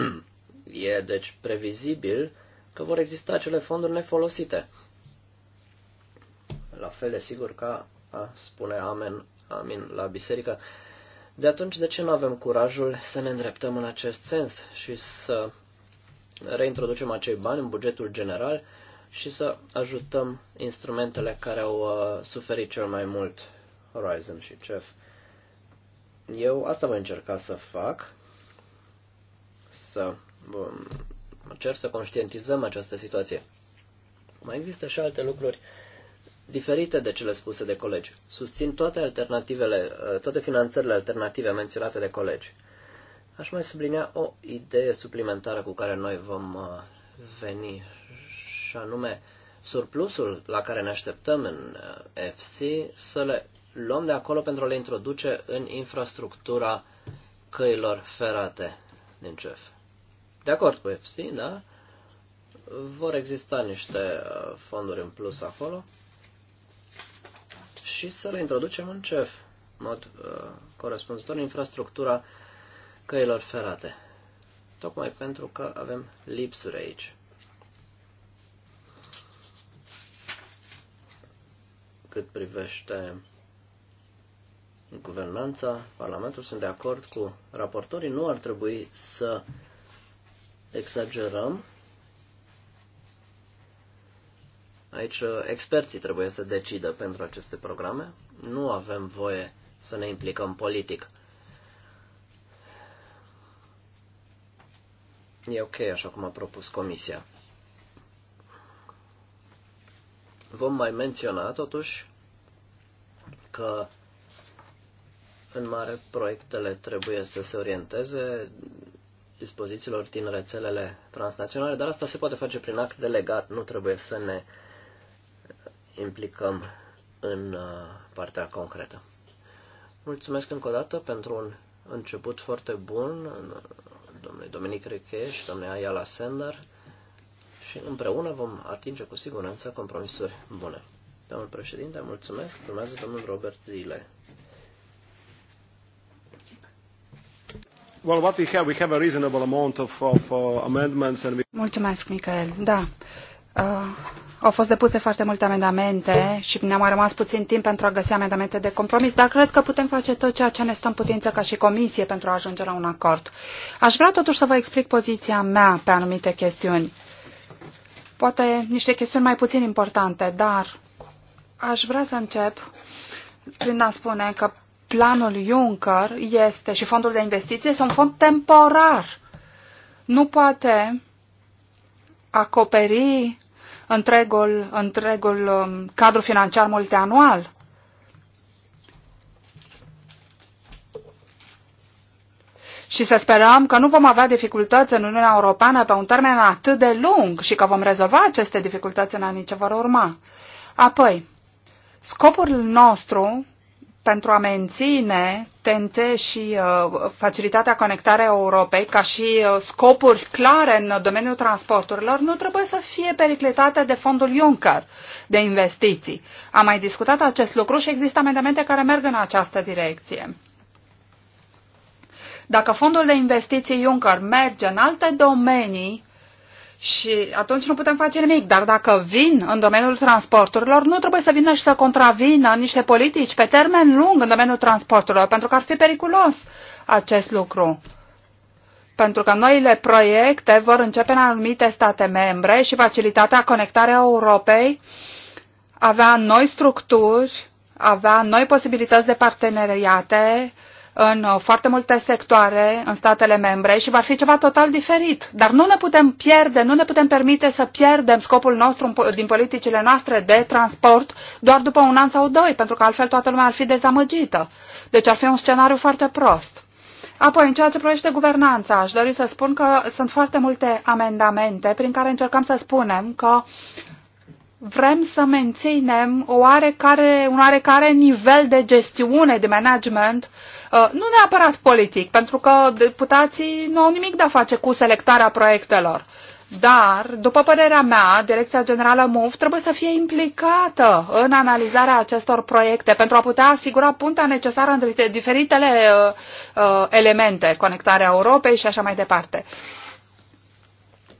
D: e deci previzibil că vor exista acele fonduri nefolosite. La fel de sigur ca a spune amen, amin la biserică. De atunci, de ce nu avem curajul să ne îndreptăm în acest sens și să reintroducem acei bani în bugetul general și să ajutăm instrumentele care au uh, suferit cel mai mult, Horizon și CEF. Eu asta voi încerca să fac, să Încerc să conștientizăm această situație. Mai există și alte lucruri diferite de cele spuse de colegi. Susțin toate alternativele, uh, toate finanțările alternative menționate de colegi. Aș mai sublinia o idee suplimentară cu care noi vom uh, veni, și anume surplusul la care ne așteptăm în uh, FC să le luăm de acolo pentru a le introduce în infrastructura căilor ferate din CEF de acord cu FC, da? Vor exista niște uh, fonduri în plus acolo și să le introducem în CEF, în mod uh, corespunzător, infrastructura căilor ferate. Tocmai pentru că avem lipsuri aici. Cât privește guvernanța, Parlamentul, sunt de acord cu raportorii, nu ar trebui să uh, exagerăm. Aici uh, experții trebuie să decidă pentru aceste programe. Nu avem voie să ne implicăm politic. E ok, așa cum a propus Comisia. Vom mai menționa, totuși, că în mare proiectele trebuie să se orienteze dispozițiilor din rețelele transnaționale, dar asta se poate face prin act delegat, nu trebuie să ne implicăm în uh, partea concretă. Mulțumesc încă o dată pentru un început foarte bun, uh, domnului Dominic Reche și domnului Ayala Sender, și împreună vom atinge cu siguranță compromisuri bune. Domnul președinte, mulțumesc. Urmează domnul Robert Zile.
C: Mulțumesc, Michael. Da. Uh, au fost depuse foarte multe amendamente și ne-a mai rămas puțin timp pentru a găsi amendamente de compromis, dar cred că putem face tot ceea ce ne stăm putință ca și comisie pentru a ajunge la un acord. Aș vrea totuși să vă explic poziția mea pe anumite chestiuni. Poate niște chestiuni mai puțin importante, dar aș vrea să încep prin a spune că planul Juncker este și fondul de investiție este un fond temporar. Nu poate acoperi întregul, întregul um, cadru financiar multianual. Și să sperăm că nu vom avea dificultăți în Uniunea Europeană pe un termen atât de lung și că vom rezolva aceste dificultăți în anii ce vor urma. Apoi, scopul nostru pentru a menține TNT și uh, facilitatea conectarea Europei ca și uh, scopuri clare în domeniul transporturilor nu trebuie să fie periclitate de fondul Juncker de investiții. Am mai discutat acest lucru și există amendamente care merg în această direcție. Dacă fondul de investiții Juncker merge în alte domenii, și atunci nu putem face nimic. Dar dacă vin în domeniul transporturilor, nu trebuie să vină și să contravină niște politici pe termen lung în domeniul transporturilor, pentru că ar fi periculos acest lucru. Pentru că noile proiecte vor începe în anumite state membre și facilitatea conectarea Europei avea noi structuri, avea noi posibilități de parteneriate, în uh, foarte multe sectoare în statele membre și va fi ceva total diferit. Dar nu ne putem pierde, nu ne putem permite să pierdem scopul nostru din politicile noastre de transport doar după un an sau doi, pentru că altfel toată lumea ar fi dezamăgită. Deci ar fi un scenariu foarte prost. Apoi, în ceea ce privește guvernanța, aș dori să spun că sunt foarte multe amendamente prin care încercăm să spunem că vrem să menținem oarecare, un oarecare nivel de gestiune, de management, uh, nu neapărat politic, pentru că deputații nu au nimic de a face cu selectarea proiectelor. Dar, după părerea mea, Direcția Generală MUF trebuie să fie implicată în analizarea acestor proiecte pentru a putea asigura puntea necesară între diferitele uh, uh elemente, conectarea Europei și așa mai departe. Uh,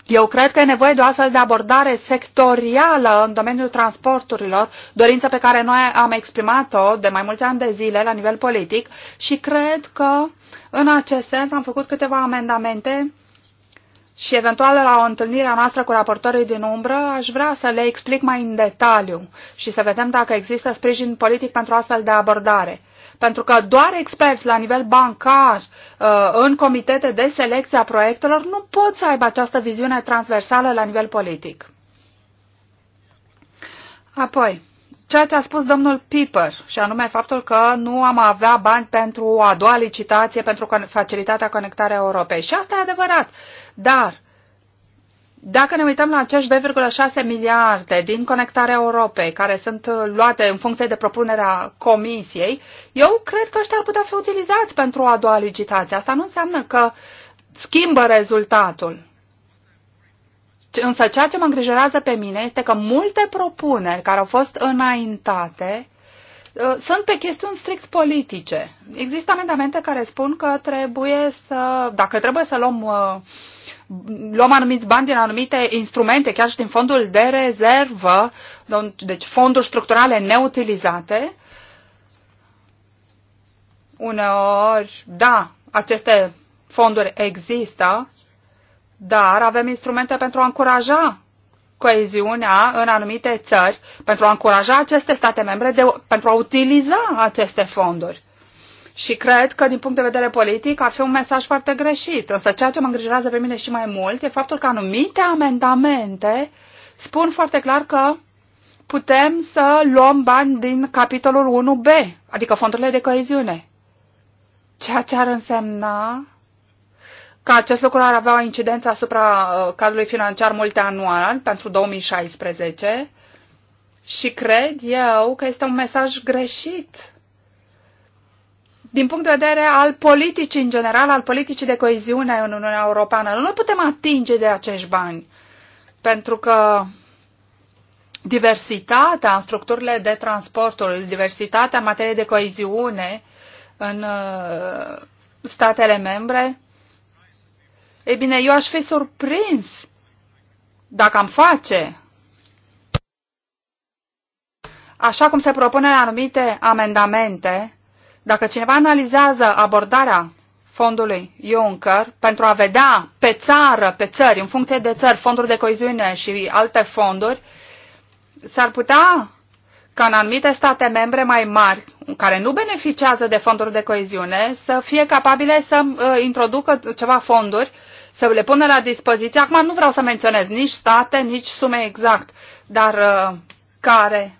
C: eu cred că e nevoie de o astfel de abordare sectorială în domeniul transporturilor, dorință pe care noi am exprimat-o de mai mulți ani de zile la nivel politic și cred că în acest sens am făcut câteva amendamente și eventual la o întâlnire a noastră cu raportorii din umbră aș vrea să le explic mai în detaliu și să vedem dacă există sprijin politic pentru astfel de abordare pentru că doar experți la nivel bancar uh, în comitete de selecție a proiectelor nu pot să aibă această viziune transversală la nivel politic. Apoi, ceea ce a spus domnul Piper, și anume faptul că nu am avea bani pentru a doua licitație pentru facilitatea conectarea Europei. Și asta e adevărat. Dar dacă ne uităm la acești 2,6 miliarde din conectarea Europei, care sunt luate în funcție de propunerea Comisiei, eu cred că ăștia ar putea fi utilizați pentru a doua licitație. Asta nu înseamnă că schimbă rezultatul. Însă ceea ce mă îngrijorează pe mine este că multe propuneri care au fost înaintate uh, sunt pe chestiuni strict politice. Există amendamente care spun că trebuie să, dacă trebuie să luăm uh, luăm anumiți bani din anumite instrumente, chiar și din fondul de rezervă, deci fonduri structurale neutilizate, uneori, da, aceste fonduri există, dar avem instrumente pentru a încuraja coeziunea în anumite țări, pentru a încuraja aceste state membre de, pentru a utiliza aceste fonduri. Și cred că, din punct de vedere politic, ar fi un mesaj foarte greșit. Însă ceea ce mă îngrijorează pe mine și mai mult e faptul că anumite amendamente spun foarte clar că putem să luăm bani din capitolul 1B, adică fondurile de coeziune. Ceea ce ar însemna că acest lucru ar avea o incidență asupra uh, cadrului financiar multianual pentru 2016 și cred eu că este un mesaj greșit din punct de vedere al politicii în general, al politicii de coeziune în Uniunea Europeană. Nu putem atinge de acești bani, pentru că diversitatea în structurile de transportul, diversitatea în materie de coeziune în uh, statele membre, e bine, eu aș fi surprins dacă am face așa cum se propune în anumite amendamente, dacă cineva analizează abordarea fondului Juncker pentru a vedea pe țară, pe țări, în funcție de țări, fonduri de coeziune și alte fonduri, s-ar putea ca în anumite state membre mai mari, care nu beneficiază de fonduri de coeziune, să fie capabile să uh, introducă ceva fonduri, să le pună la dispoziție. Acum nu vreau să menționez nici state, nici sume exact, dar uh, care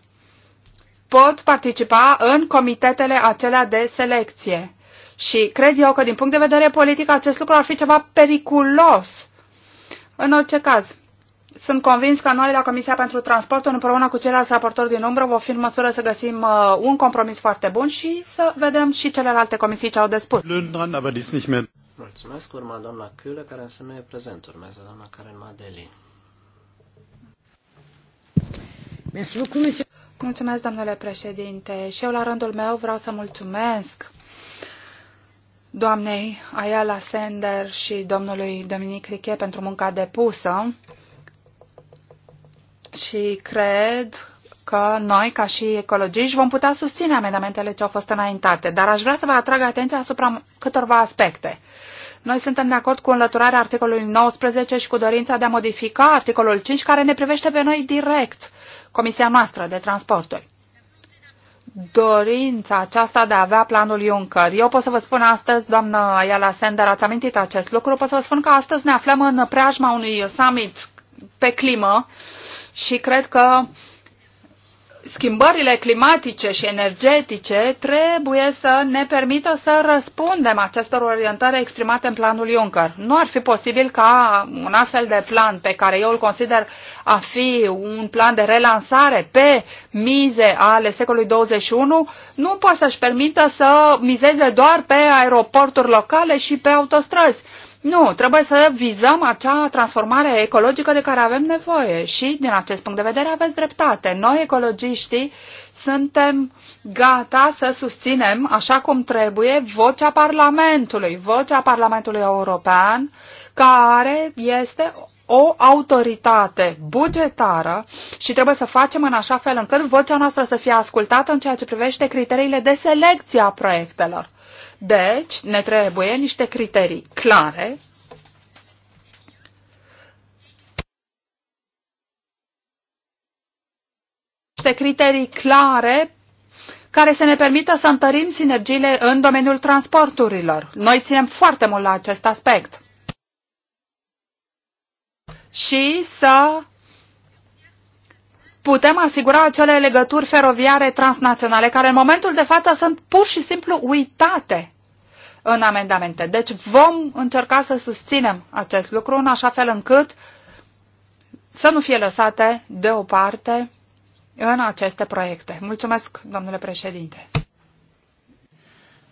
C: pot participa în comitetele acelea de selecție. Și cred eu că din punct de vedere politic acest lucru ar fi ceva periculos. În orice caz, sunt convins că noi la Comisia pentru Transport, împreună cu ceilalți raportori din umbră vom fi în măsură să găsim uh, un compromis foarte bun și să vedem și celelalte comisii ce au de spus.
D: Mulțumesc, urma doamna Chiulă, care însă e prezent. Urmează doamna Karen Madeli.
C: Merci Mulțumesc, domnule președinte. Și eu, la rândul meu, vreau să mulțumesc doamnei Ayala Sender și domnului Dominic Riche pentru munca depusă și cred că noi, ca și ecologiști, vom putea susține amendamentele ce au fost înaintate, dar aș vrea să vă atrag atenția asupra câtorva aspecte. Noi suntem de acord cu înlăturarea articolului 19 și cu dorința de a modifica articolul 5, care ne privește pe noi direct Comisia noastră de transporturi. Dorința aceasta de a avea planul Juncker. Eu pot să vă spun astăzi, doamnă Ayala Sender, ați amintit acest lucru, pot să vă spun că astăzi ne aflăm în preajma unui summit pe climă și cred că uh, schimbările climatice și energetice trebuie să ne permită să răspundem acestor orientări exprimate în planul Juncker. Nu ar fi posibil ca un astfel de plan pe care eu îl consider a fi un plan de relansare pe mize ale secolului 21 nu poate să-și permită să mizeze doar pe aeroporturi locale și pe autostrăzi nu, trebuie să vizăm acea transformare ecologică de care avem nevoie și, din acest punct de vedere, aveți dreptate. Noi, ecologiștii, suntem gata să susținem, așa cum trebuie, vocea Parlamentului, vocea Parlamentului European, care este o autoritate bugetară și trebuie să facem în așa fel încât vocea noastră să fie ascultată în ceea ce privește criteriile de selecție a proiectelor. Deci, ne trebuie niște criterii clare niște criterii clare care să ne permită să întărim sinergiile în domeniul transporturilor. Noi ținem foarte mult la acest aspect. Și să putem asigura acele legături feroviare transnaționale, care în momentul de față sunt pur și simplu uitate în amendamente. Deci vom încerca să susținem acest lucru în așa fel încât să nu fie lăsate deoparte în aceste proiecte. Mulțumesc, domnule președinte.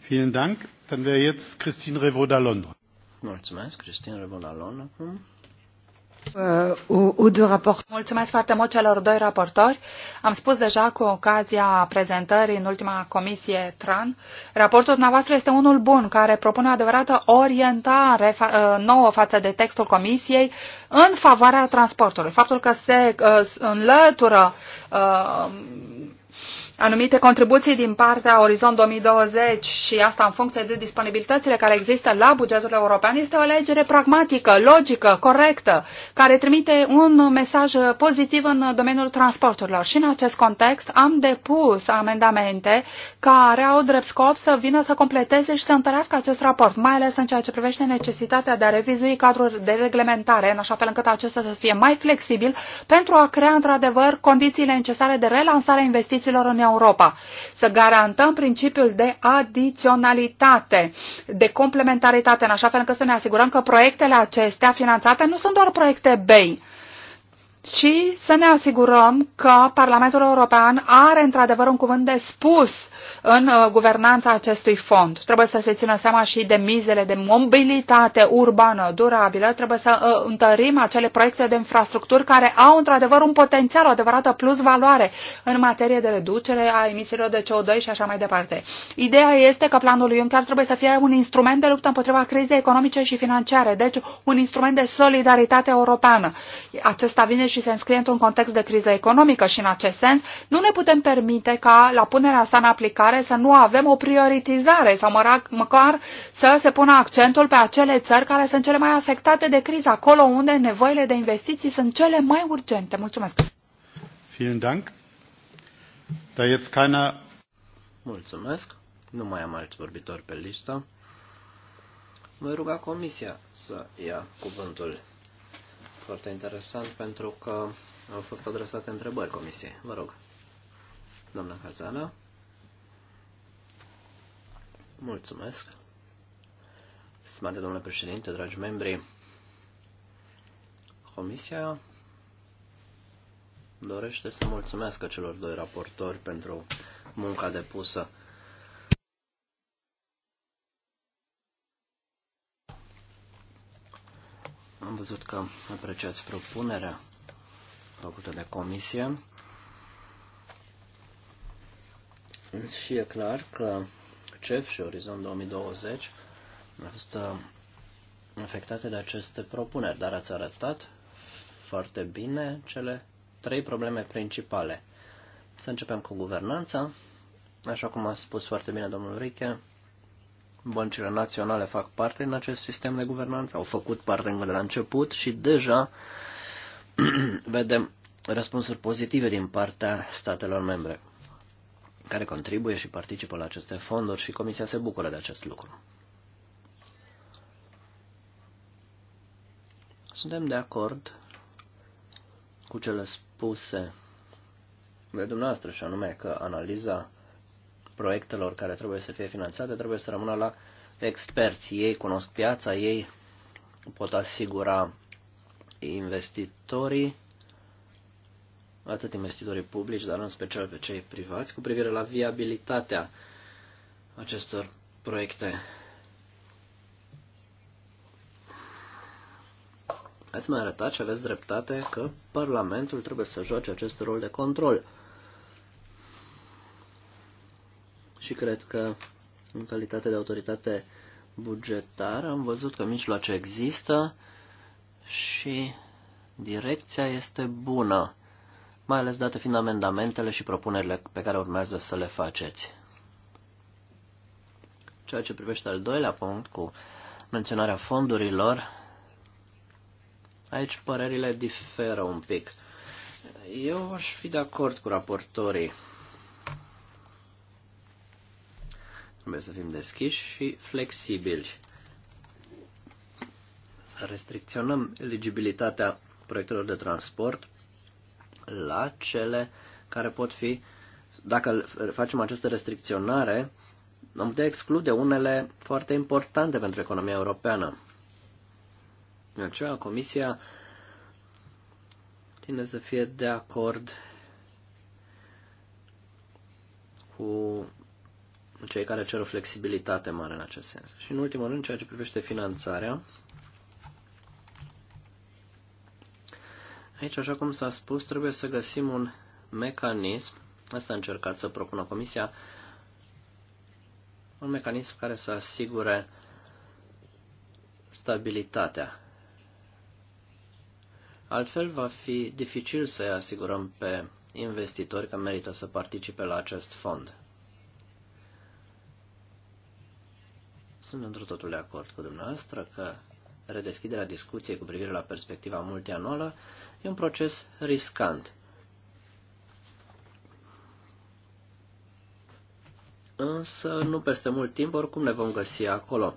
A: Vielen Dank. Dann wäre jetzt Christine revaud Mulțumesc, Christine revaud acum.
C: Uh, Mulțumesc foarte mult celor doi raportori. Am spus deja cu ocazia prezentării în ultima comisie TRAN, raportul dumneavoastră este unul bun, care propune o adevărată orientare uh, nouă față de textul comisiei în favoarea transportului. Faptul că se uh, înlătură anumite contribuții din partea Orizont 2020 și asta în funcție de disponibilitățile care există la bugetul european este o alegere pragmatică, logică, corectă, care trimite un mesaj pozitiv în domeniul transporturilor. Și în acest context am depus amendamente care au drept scop să vină să completeze și să întărească acest raport, mai ales în ceea ce privește necesitatea de a revizui cadrul de reglementare, în așa fel încât acesta să fie mai flexibil pentru a crea într-adevăr condițiile necesare de relansare a investițiilor în Europa. Să garantăm principiul de adiționalitate, de complementaritate, în așa fel încât să ne asigurăm că proiectele acestea finanțate nu sunt doar proiecte BEI, și să ne asigurăm că Parlamentul European are într-adevăr un cuvânt de spus în uh, guvernanța acestui fond. Trebuie să se țină seama și de mizele de mobilitate urbană durabilă, trebuie să uh, întărim acele proiecte de infrastructuri care au într-adevăr un potențial, o adevărată plus valoare în materie de reducere a emisiilor de CO2 și așa mai departe. Ideea este că planul Juncker trebuie să fie un instrument de luptă împotriva crizei economice și financiare, deci un instrument de solidaritate europeană. Acesta vine și se înscrie într-un context de criză economică și în acest sens nu ne putem permite ca la punerea sa în aplicare aplicare să nu avem o prioritizare sau măcar, măcar să se pună accentul pe acele țări care sunt cele mai afectate de criză, acolo unde nevoile de investiții sunt cele mai urgente. Mulțumesc!
A: Vielen Dank.
D: Da jetzt keiner... Mulțumesc. Nu mai am alți vorbitori pe listă. Voi ruga Comisia să ia cuvântul. Foarte interesant pentru că au fost adresate întrebări Comisiei. Vă rog. Doamna Hazana. Mulțumesc. Stimate domnule președinte, dragi membri, Comisia dorește să mulțumesc celor doi raportori pentru munca depusă. Am văzut că apreciați propunerea făcută de comisie. Și e clar că CEF și Orizont 2020 au fost uh, afectate de aceste propuneri, dar ați arătat foarte bine cele trei probleme principale. Să începem cu guvernanța. Așa cum a spus foarte bine domnul Riche, băncile naționale fac parte din acest sistem de guvernanță, au făcut parte încă de la început și deja vedem răspunsuri pozitive din partea statelor membre care contribuie și participă la aceste fonduri și Comisia se bucură de acest lucru. Suntem de acord cu cele spuse de dumneavoastră și anume că analiza proiectelor care trebuie să fie finanțate trebuie să rămână la experți. Ei cunosc piața, ei pot asigura investitorii atât investitorii publici, dar în special pe cei privați, cu privire la viabilitatea acestor proiecte. Ați mai arătat și aveți dreptate că Parlamentul trebuie să joace acest rol de control. Și cred că, în calitate de autoritate bugetară, am văzut că mijloace există și direcția este bună mai ales date fiind amendamentele și propunerile pe care urmează să le faceți. Ceea ce privește al doilea punct cu menționarea fondurilor, aici părerile diferă un pic. Eu aș fi de acord cu raportorii. Trebuie să fim deschiși și flexibili. Să restricționăm eligibilitatea proiectelor de transport la cele care pot fi, dacă facem această restricționare, am putea exclude unele foarte importante pentru economia europeană. De aceea, Comisia tinde să fie de acord cu cei care cer o flexibilitate mare în acest sens. Și în ultimul rând, ceea ce privește finanțarea, Aici, așa cum s-a spus, trebuie să găsim un mecanism, asta a încercat să propună Comisia, un mecanism care să asigure stabilitatea. Altfel va fi dificil să asigurăm pe investitori că merită să participe la acest fond. Sunt într totul de acord cu dumneavoastră că redeschiderea discuției cu privire la perspectiva multianuală e un proces riscant. Însă nu peste mult timp oricum ne vom găsi acolo.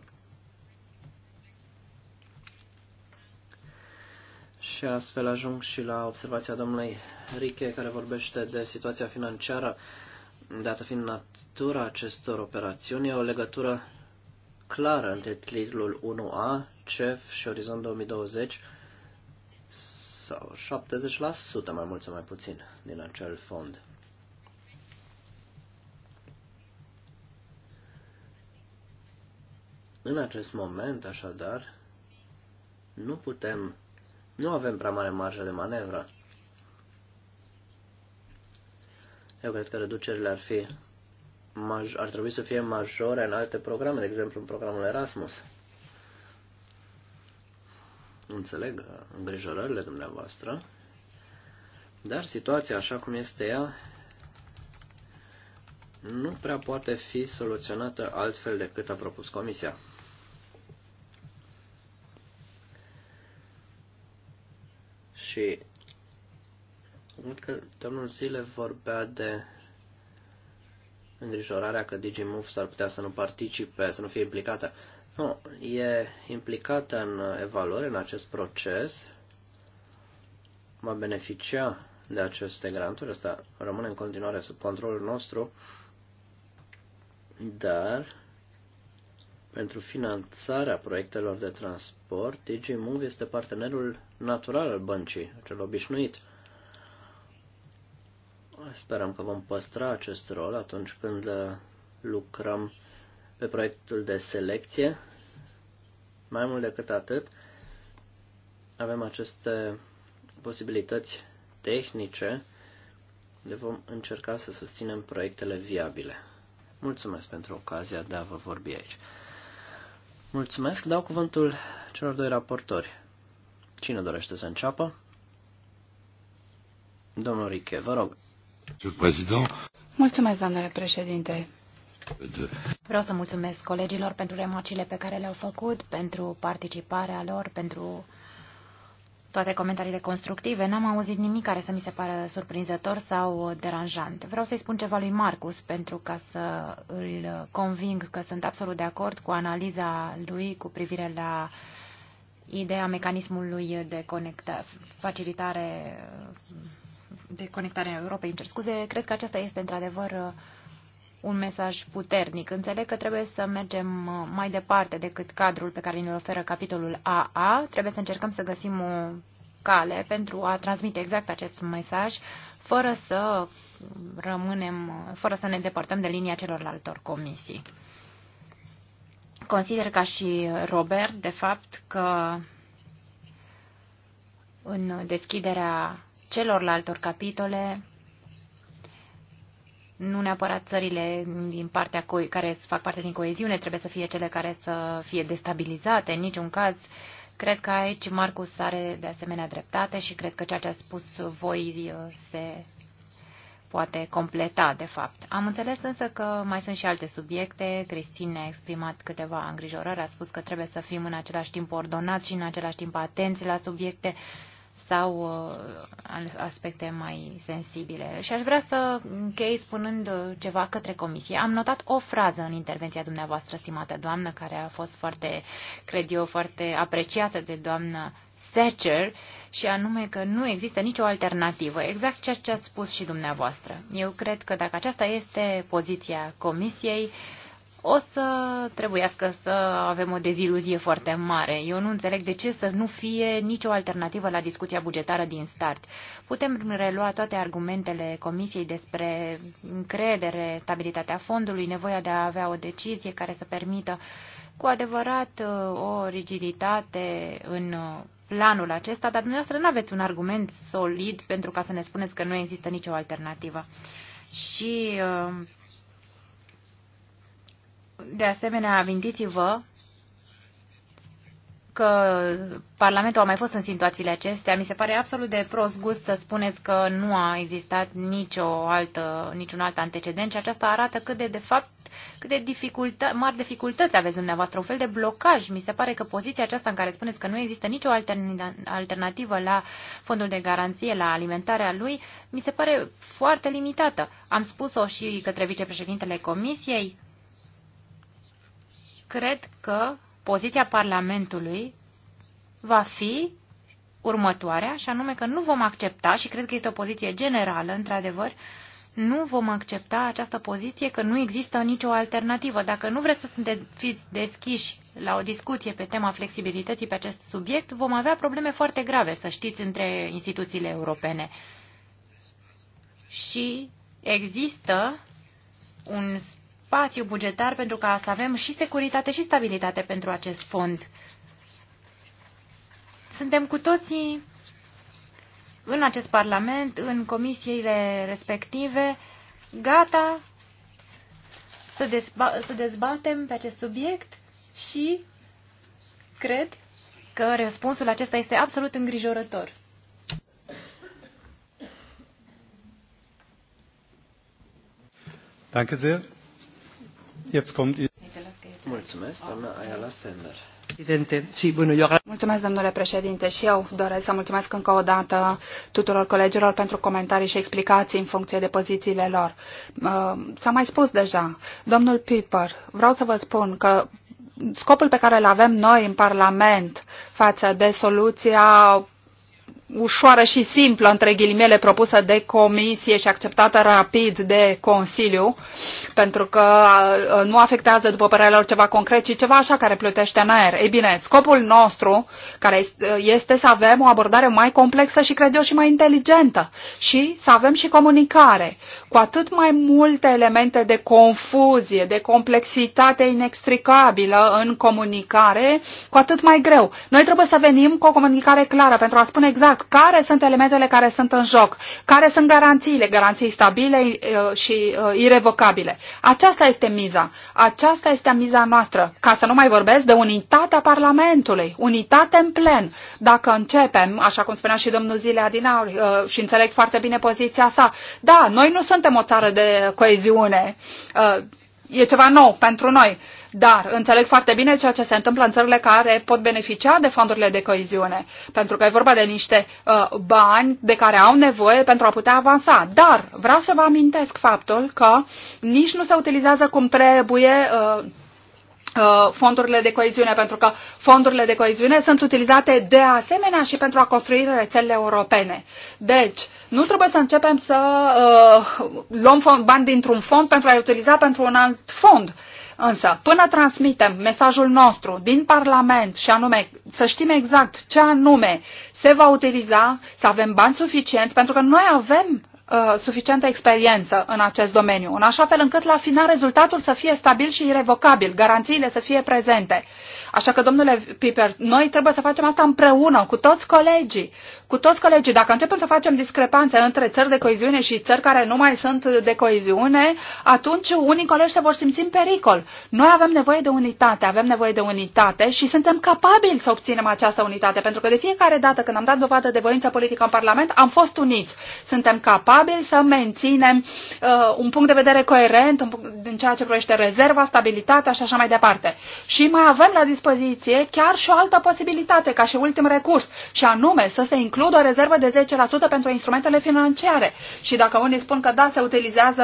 D: Și astfel ajung și la observația domnului Riche, care vorbește de situația financiară, dată fiind natura acestor operațiuni, e o legătură clară între titlul 1A CEF și Orizont 2020 sau 70% mai mult sau mai puțin din acel fond. În acest moment, așadar, nu putem, nu avem prea mare marjă de manevră. Eu cred că reducerile ar fi ar trebui să fie majore în alte programe, de exemplu în programul Erasmus. Înțeleg îngrijorările dumneavoastră, dar situația așa cum este ea nu prea poate fi soluționată altfel decât a propus Comisia. Și văd că domnul Zile vorbea de îngrijorarea că DigiMove s-ar putea să nu participe, să nu fie implicată. Nu, e implicată în evaluare, în acest proces, va beneficia de aceste granturi, asta rămâne în continuare sub controlul nostru, dar pentru finanțarea proiectelor de transport, DigiMove este partenerul natural al băncii, cel obișnuit. Sperăm că vom păstra acest rol atunci când lucrăm pe proiectul de selecție. Mai mult decât atât, avem aceste posibilități tehnice de vom încerca să susținem proiectele viabile. Mulțumesc pentru ocazia de a vă vorbi aici. Mulțumesc, dau cuvântul celor doi raportori. Cine dorește să înceapă? Domnul Riche, vă rog.
C: Mulțumesc, domnule președinte.
B: Vreau să mulțumesc colegilor pentru remarcile pe care le-au făcut, pentru participarea lor, pentru toate comentariile constructive. N-am auzit nimic care să mi se pară surprinzător sau deranjant. Vreau să-i spun ceva lui Marcus pentru ca să îl conving că sunt absolut de acord cu analiza lui cu privire la ideea mecanismului de conectare, facilitare de conectare a Europei. cer scuze, cred că aceasta este într-adevăr un mesaj puternic. Înțeleg că trebuie să mergem uh, mai departe decât cadrul pe care ne oferă capitolul AA. Trebuie să încercăm să găsim o cale pentru a transmite exact acest mesaj, fără să rămânem, uh, fără să ne depărtăm de linia celorlaltor comisii. Consider ca și Robert, de fapt, că în deschiderea celorlaltor capitole nu neapărat țările din partea care fac parte din coeziune trebuie să fie cele care să fie destabilizate, în niciun caz. Cred că aici Marcus are de asemenea dreptate și cred că ceea ce a spus voi uh, se poate completa, de fapt. Am înțeles însă că mai sunt și alte subiecte. Cristine a exprimat câteva îngrijorări, a spus că trebuie să fim în același timp ordonați și în același timp atenți la subiecte sau uh, aspecte mai sensibile. Și aș vrea să închei spunând uh, ceva către comisie. Am notat o frază în intervenția dumneavoastră, stimată doamnă, care a fost foarte, cred eu, foarte apreciată de doamna Thatcher, și anume că nu există nicio alternativă, exact ceea ce ați spus și dumneavoastră. Eu cred că dacă aceasta este poziția comisiei, uh, o să trebuiască să avem o deziluzie foarte mare. Eu nu înțeleg de ce să nu fie nicio alternativă la discuția bugetară din start. Putem relua toate argumentele Comisiei despre încredere, stabilitatea fondului, nevoia de a avea o decizie care să permită cu adevărat uh, o rigiditate în uh, planul acesta, dar dumneavoastră nu aveți un argument solid pentru ca să ne spuneți că nu există nicio alternativă. Și uh, de asemenea, amintiți-vă că Parlamentul a mai fost în situațiile acestea. Mi se pare absolut de prost gust să spuneți că nu a existat nicio altă, niciun alt antecedent și aceasta arată cât de, de fapt, cât de dificultă, mari dificultăți aveți dumneavoastră, un fel de blocaj. Mi se pare că poziția aceasta în care spuneți că nu există nicio alternativă la fondul de garanție, la alimentarea lui, mi se pare foarte limitată. Am spus-o și către vicepreședintele Comisiei, cred că poziția Parlamentului va fi următoarea, și anume că nu vom accepta, și cred că este o poziție generală, într-adevăr, nu vom accepta această poziție că nu există nicio alternativă. Dacă nu vreți să fiți deschiși la o discuție pe tema flexibilității pe acest subiect, vom avea probleme foarte grave, să știți, între instituțiile europene. Și există un spațiu bugetar pentru ca să avem și securitate și stabilitate pentru acest fond. Suntem cu toții în acest Parlament, în comisiile respective, gata să, dezba să dezbatem pe acest subiect și cred că răspunsul acesta este absolut îngrijorător.
A: Danke sehr. Jetzt kommt
D: Mulțumesc, doamna Ayala Sender.
C: Mulțumesc, domnule președinte, și eu doresc să mulțumesc încă o dată tuturor colegilor pentru comentarii și explicații în funcție de pozițiile lor. Uh, s-a mai spus deja, domnul Piper, vreau să vă spun că scopul pe care îl avem noi în Parlament față de soluția ușoară și simplă, între ghilimele, propusă de comisie și acceptată rapid de Consiliu, pentru că uh, nu afectează, după părerea lor, ceva concret, ci ceva așa care plutește în aer. Ei bine, scopul nostru care uh, este să avem o abordare mai complexă și, cred eu, și mai inteligentă și să avem și comunicare, cu atât mai multe elemente de confuzie, de complexitate inextricabilă în comunicare, cu atât mai greu. Noi trebuie să venim cu o comunicare clară pentru a spune exact adevărat care sunt elementele care sunt în joc, care sunt garanțiile, garanții stabile uh, și uh, irevocabile. Aceasta este miza, aceasta este miza noastră, ca să nu mai vorbesc de unitatea Parlamentului, unitate în plen. Dacă începem, așa cum spunea și domnul Zilea din aur, uh, și înțeleg foarte bine poziția sa, da, noi nu suntem o țară de coeziune, e ceva nou pentru noi, dar înțeleg foarte bine ceea ce se întâmplă în țările care pot beneficia de fondurile de coeziune, pentru că e vorba de niște uh, bani de care au nevoie pentru a putea avansa. Dar vreau să vă amintesc faptul că nici nu se utilizează cum trebuie. Uh, uh fondurile de coeziune, pentru că fondurile de coeziune sunt utilizate de asemenea și pentru a construi rețelele europene. Deci, nu trebuie să începem să uh, luăm fond, bani dintr-un fond pentru a-i utiliza pentru un alt fond. Uh, Însă, până transmitem mesajul nostru din Parlament și anume să știm exact ce anume se va utiliza, să avem bani suficienți, pentru că noi avem Uh, suficientă experiență în acest domeniu, în așa fel încât la final rezultatul să fie stabil și irrevocabil, garanțiile să fie prezente. Așa că, domnule Piper, noi trebuie să facem asta împreună, cu toți colegii. Cu toți colegii. Dacă începem să facem discrepanțe între țări de coeziune și țări care nu mai sunt de coeziune, atunci unii colegi se vor simți în pericol. Noi avem nevoie de unitate, avem nevoie de unitate și suntem capabili să obținem această unitate, pentru că de fiecare dată când am dat dovadă de voință politică în Parlament, am fost uniți. Suntem capabili probabil să menținem uh, un punct de vedere coerent în, ceea ce privește rezerva, stabilitatea și așa mai departe. Și mai avem la dispoziție chiar și o altă posibilitate, ca și ultim recurs, și anume să se includă o rezervă de 10% pentru instrumentele financiare. Și dacă unii spun că da, se utilizează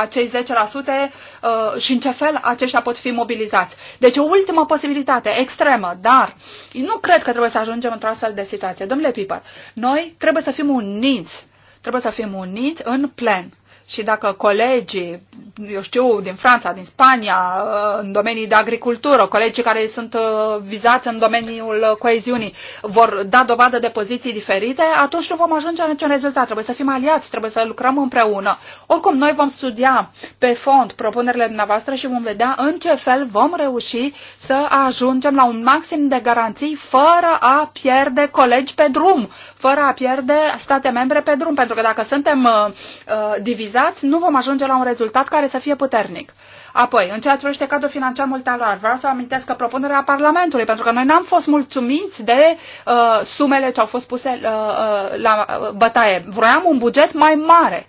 C: acei 10% uh, și în ce fel aceștia pot fi mobilizați. Deci o ultimă posibilitate, extremă, dar nu cred că trebuie să ajungem într-o astfel de situație. Domnule Piper, noi trebuie să fim uniți Trebuie să fim uniți în plen. Și dacă colegii, eu știu, din Franța, din Spania, în domenii de agricultură, colegii care sunt uh, vizați în domeniul uh, coeziunii, vor da dovadă de poziții diferite, atunci nu vom ajunge la niciun rezultat. Trebuie să fim aliați, trebuie să lucrăm împreună. Oricum, noi vom studia pe fond propunerile dumneavoastră și vom vedea în ce fel vom reuși să ajungem la un maxim de garanții fără a pierde colegi pe drum, fără a pierde state membre pe drum, pentru că dacă suntem uh, uh, divizați, nu vom ajunge la un rezultat care să fie puternic. Apoi, în ceea ce privește cadrul financiar multianual, vreau să amintesc că propunerea Parlamentului, pentru că noi n-am fost mulțumiți de uh, sumele ce au fost puse uh, uh, la uh, bătaie. Vroiam un buget mai mare.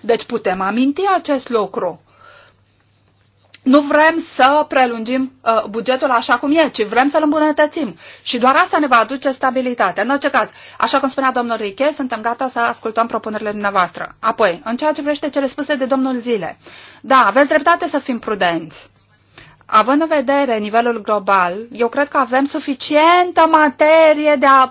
C: Deci putem aminti acest lucru nu vrem să prelungim uh, bugetul așa cum e, ci vrem să-l îmbunătățim. Și doar asta ne va aduce stabilitate. În orice caz, așa cum spunea domnul Riche, suntem gata să ascultăm propunerile dumneavoastră. Apoi, în ceea ce privește cele spuse de domnul Zile. Da, aveți dreptate să fim prudenți având în vedere nivelul global, eu cred că avem suficientă materie de a,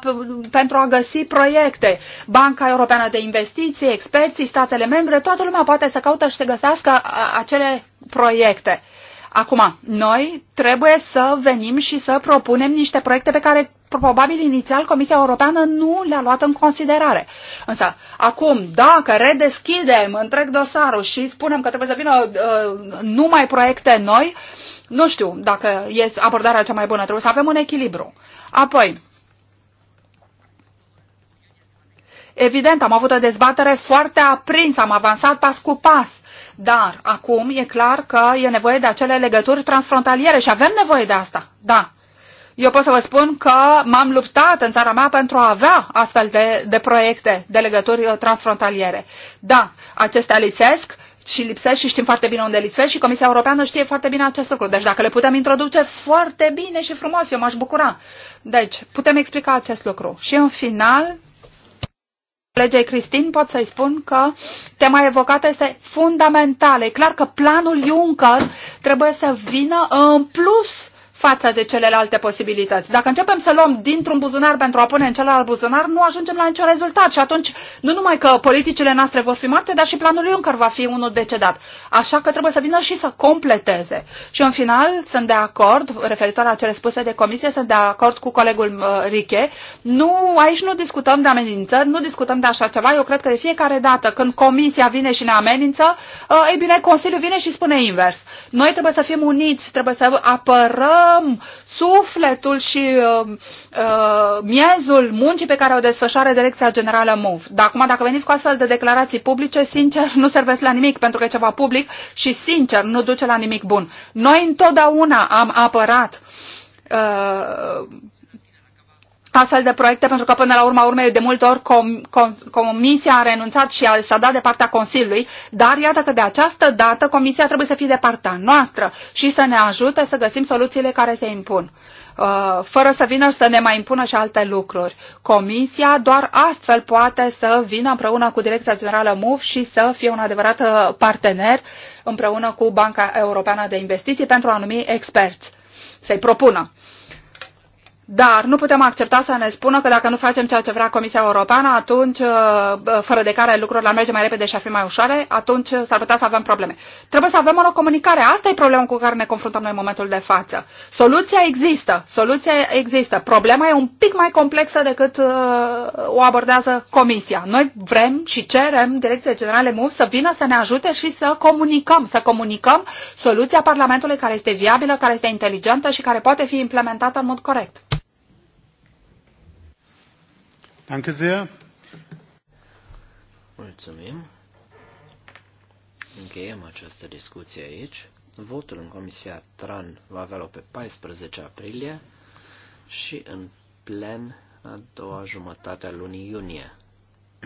C: pentru a găsi proiecte. Banca Europeană de Investiții, experții, statele membre, toată lumea poate să caută și să găsească acele proiecte. Acum, noi trebuie să venim și să propunem niște proiecte pe care probabil inițial Comisia Europeană nu le-a luat în considerare. Însă, acum, dacă redeschidem întreg dosarul și spunem că trebuie să vină uh, numai proiecte noi, uh, nu știu dacă e abordarea cea mai bună. Trebuie să avem un echilibru. Apoi, evident, am avut o dezbatere foarte aprinsă, am avansat pas cu pas. Dar acum e clar că e nevoie de acele legături transfrontaliere și avem nevoie de asta. Da. Eu pot să vă spun că m-am luptat în țara mea pentru a avea astfel de, de proiecte de legături uh, transfrontaliere. Da, acestea lipsesc și lipsesc și știm foarte bine unde lipsesc și Comisia Europeană știe foarte bine acest lucru. Deci dacă le putem introduce foarte bine și frumos, eu m-aș bucura. Deci, putem explica acest lucru. Și în final, colegei Cristin, pot să-i spun că tema evocată este fundamentală. E clar că planul Juncker trebuie să vină în plus față de celelalte posibilități. Dacă începem să luăm dintr-un buzunar pentru a pune în celălalt buzunar, nu ajungem la niciun rezultat și atunci nu numai că politicile noastre vor fi moarte, dar și planul Juncker va fi unul decedat. Așa că trebuie să vină și să completeze. Și în final sunt de acord, referitor la cele spuse de comisie, sunt de acord cu colegul uh, Riche. Nu, aici nu discutăm de amenințări, nu discutăm de așa ceva. Eu cred că de fiecare dată când comisia vine și ne amenință, uh, ei bine, Consiliul vine și spune invers. Noi trebuie să fim uniți, trebuie să apărăm schimbăm sufletul și uh, uh, miezul muncii pe care o desfășoară Direcția Generală MOV. Dar acum, dacă veniți cu astfel de declarații publice, sincer, nu servesc la nimic, pentru că e ceva public și, sincer, nu duce la nimic bun. Noi întotdeauna am apărat uh, astfel de proiecte, pentru că până la urma urmei de multe ori com, com, Comisia a renunțat și s-a dat de partea Consiliului, dar iată că de această dată Comisia trebuie să fie de partea noastră și să ne ajute să găsim soluțiile care se impun uh, fără să vină să ne mai impună și alte lucruri. Comisia doar astfel poate să vină împreună cu Direcția Generală MUF și să fie un adevărat uh, partener împreună cu Banca Europeană de Investiții pentru a numi experți, să-i propună. Dar nu putem accepta să ne spună că dacă nu facem ceea ce vrea Comisia Europeană, atunci, uh, uh, fără de care lucrurile ar merge mai repede și ar fi mai ușoare, atunci uh, s-ar putea să avem probleme. Trebuie să avem o comunicare. Asta e problema cu care ne confruntăm noi în momentul de față. Soluția există. Soluția există. Problema e un pic mai complexă decât o abordează Comisia. Noi vrem și cerem Direcției Generale MUV să vină să ne ajute și să comunicăm. Să comunicăm soluția Parlamentului care este viabilă, care este inteligentă și care poate fi implementată în mod corect.
A: Danke sehr.
D: Mulțumim. Încheiem această discuție aici. Votul în Comisia TRAN va avea loc pe 14 aprilie și în plen a doua jumătate a lunii iunie.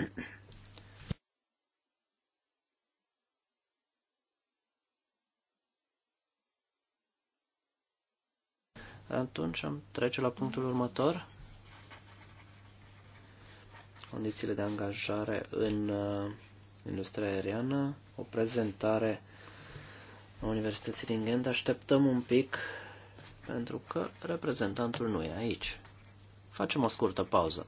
D: Atunci am trece la punctul următor condițiile de angajare în uh, industria aeriană, o prezentare a Universității din Ghent. Așteptăm un pic pentru că reprezentantul nu e aici. Facem o scurtă pauză.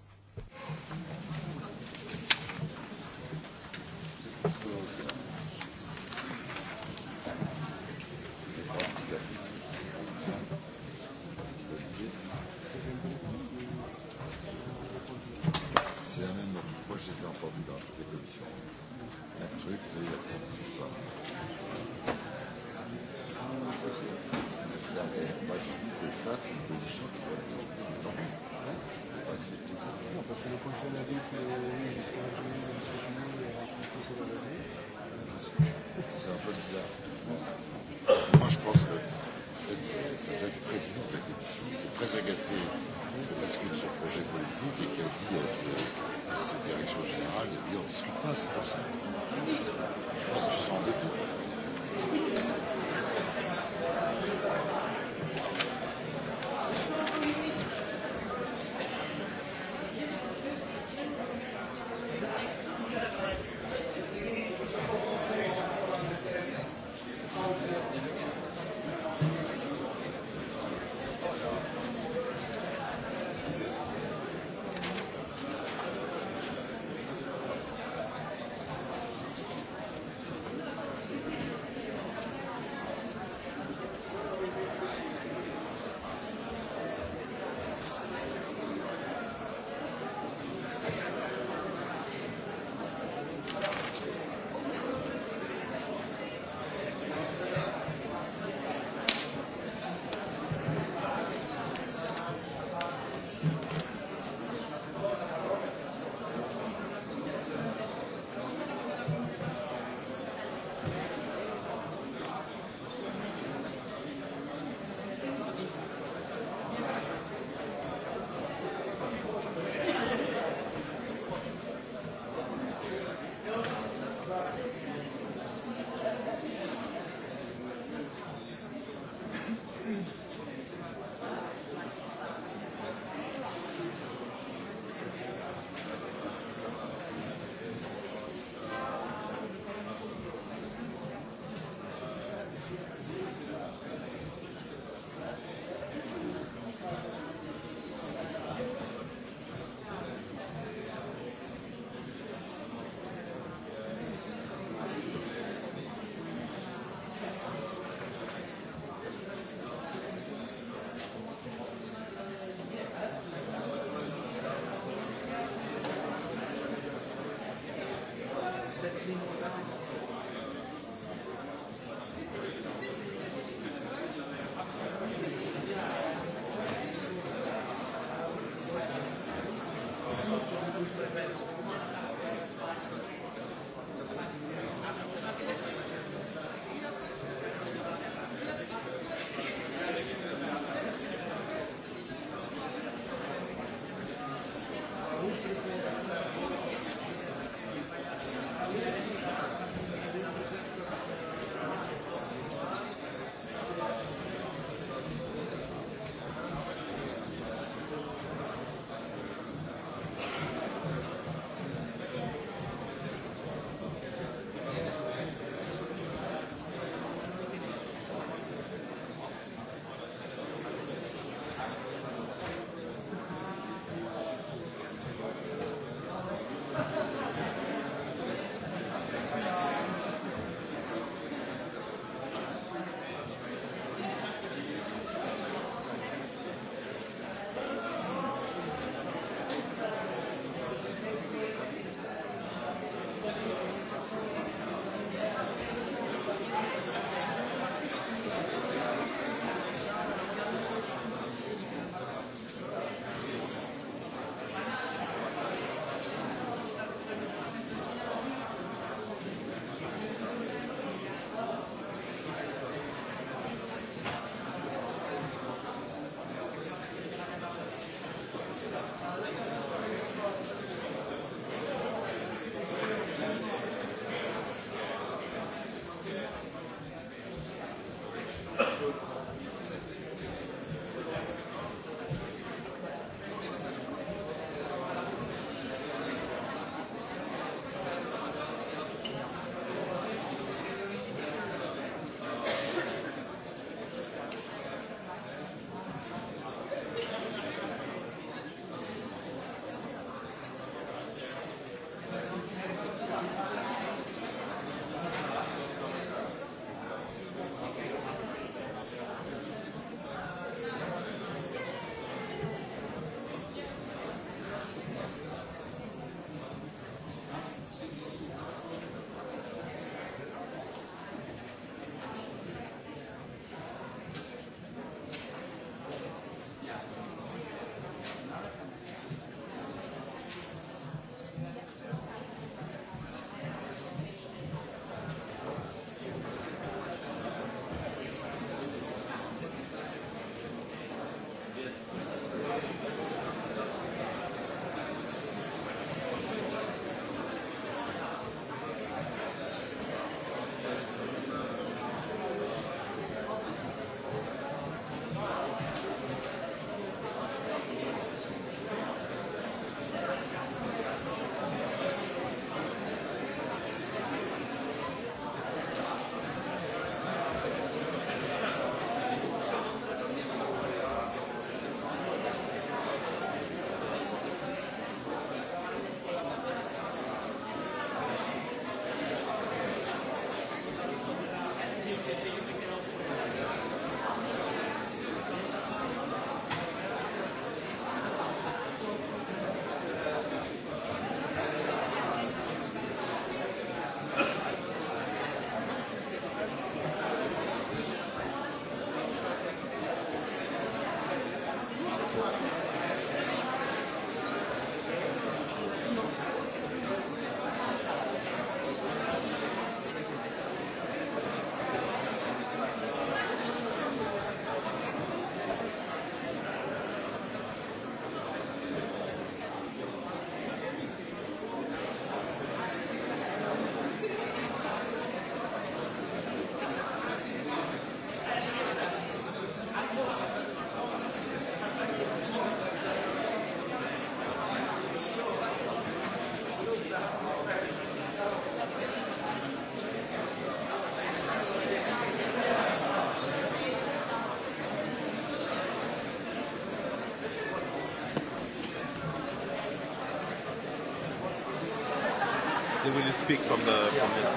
A: they will speak from the from the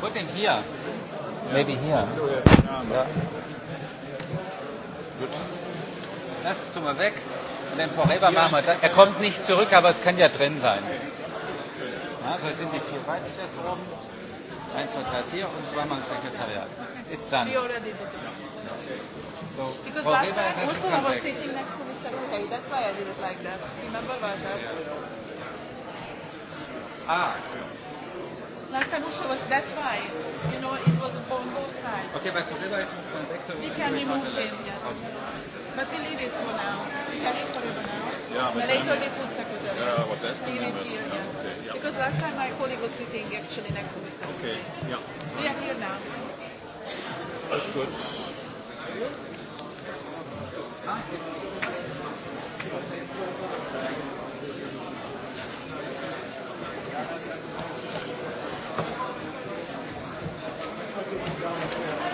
A: Put him here.
D: Maybe here. Yeah.
A: Gut. Lass es mal weg. Und den Forever machen wir. Er kommt nicht zurück, aber es kann ja drin sein. Ja, so sind die vier Weitschers oben. Eins, zwei, drei, vier und zweimal das Sekretariat. It's done. So, Because last time Ursula was sitting
E: next to Mr. Okay, that's why I did it like that. Remember what
A: happened? Ah.
E: Last time Ursula was, that's why. You know, it was on both sides. Okay, but Kureva is
C: not next to We can remove him, yes. Okay.
E: But we leave it for now. We have it forever now. Yeah, but later the food secretary. Yeah, but that's leave it here. Yeah. Yeah. Okay, yeah. Because last time my colleague was sitting actually next to Mr. Okay. Yeah. We are here now.
A: That's good. Thank you.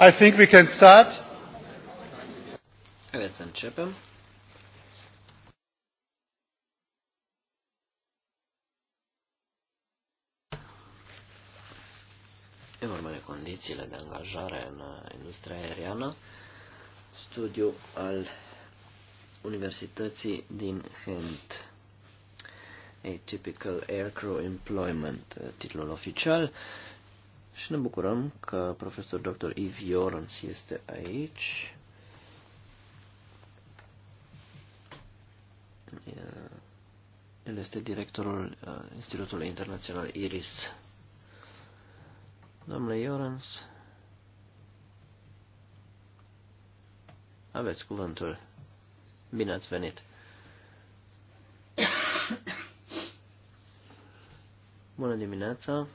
A: I think we can start.
D: Haideți să începem. E vorba de condițiile de angajare în uh, industria aeriană, studiu al Universității din Hent. Atypical Aircrew Employment, uh, titlul oficial. Și ne bucurăm că profesor dr. Yves Jorans este aici. El este directorul uh, Institutului Internațional IRIS. Domnule Jorans, aveți cuvântul. Bine ați venit! Bună dimineața!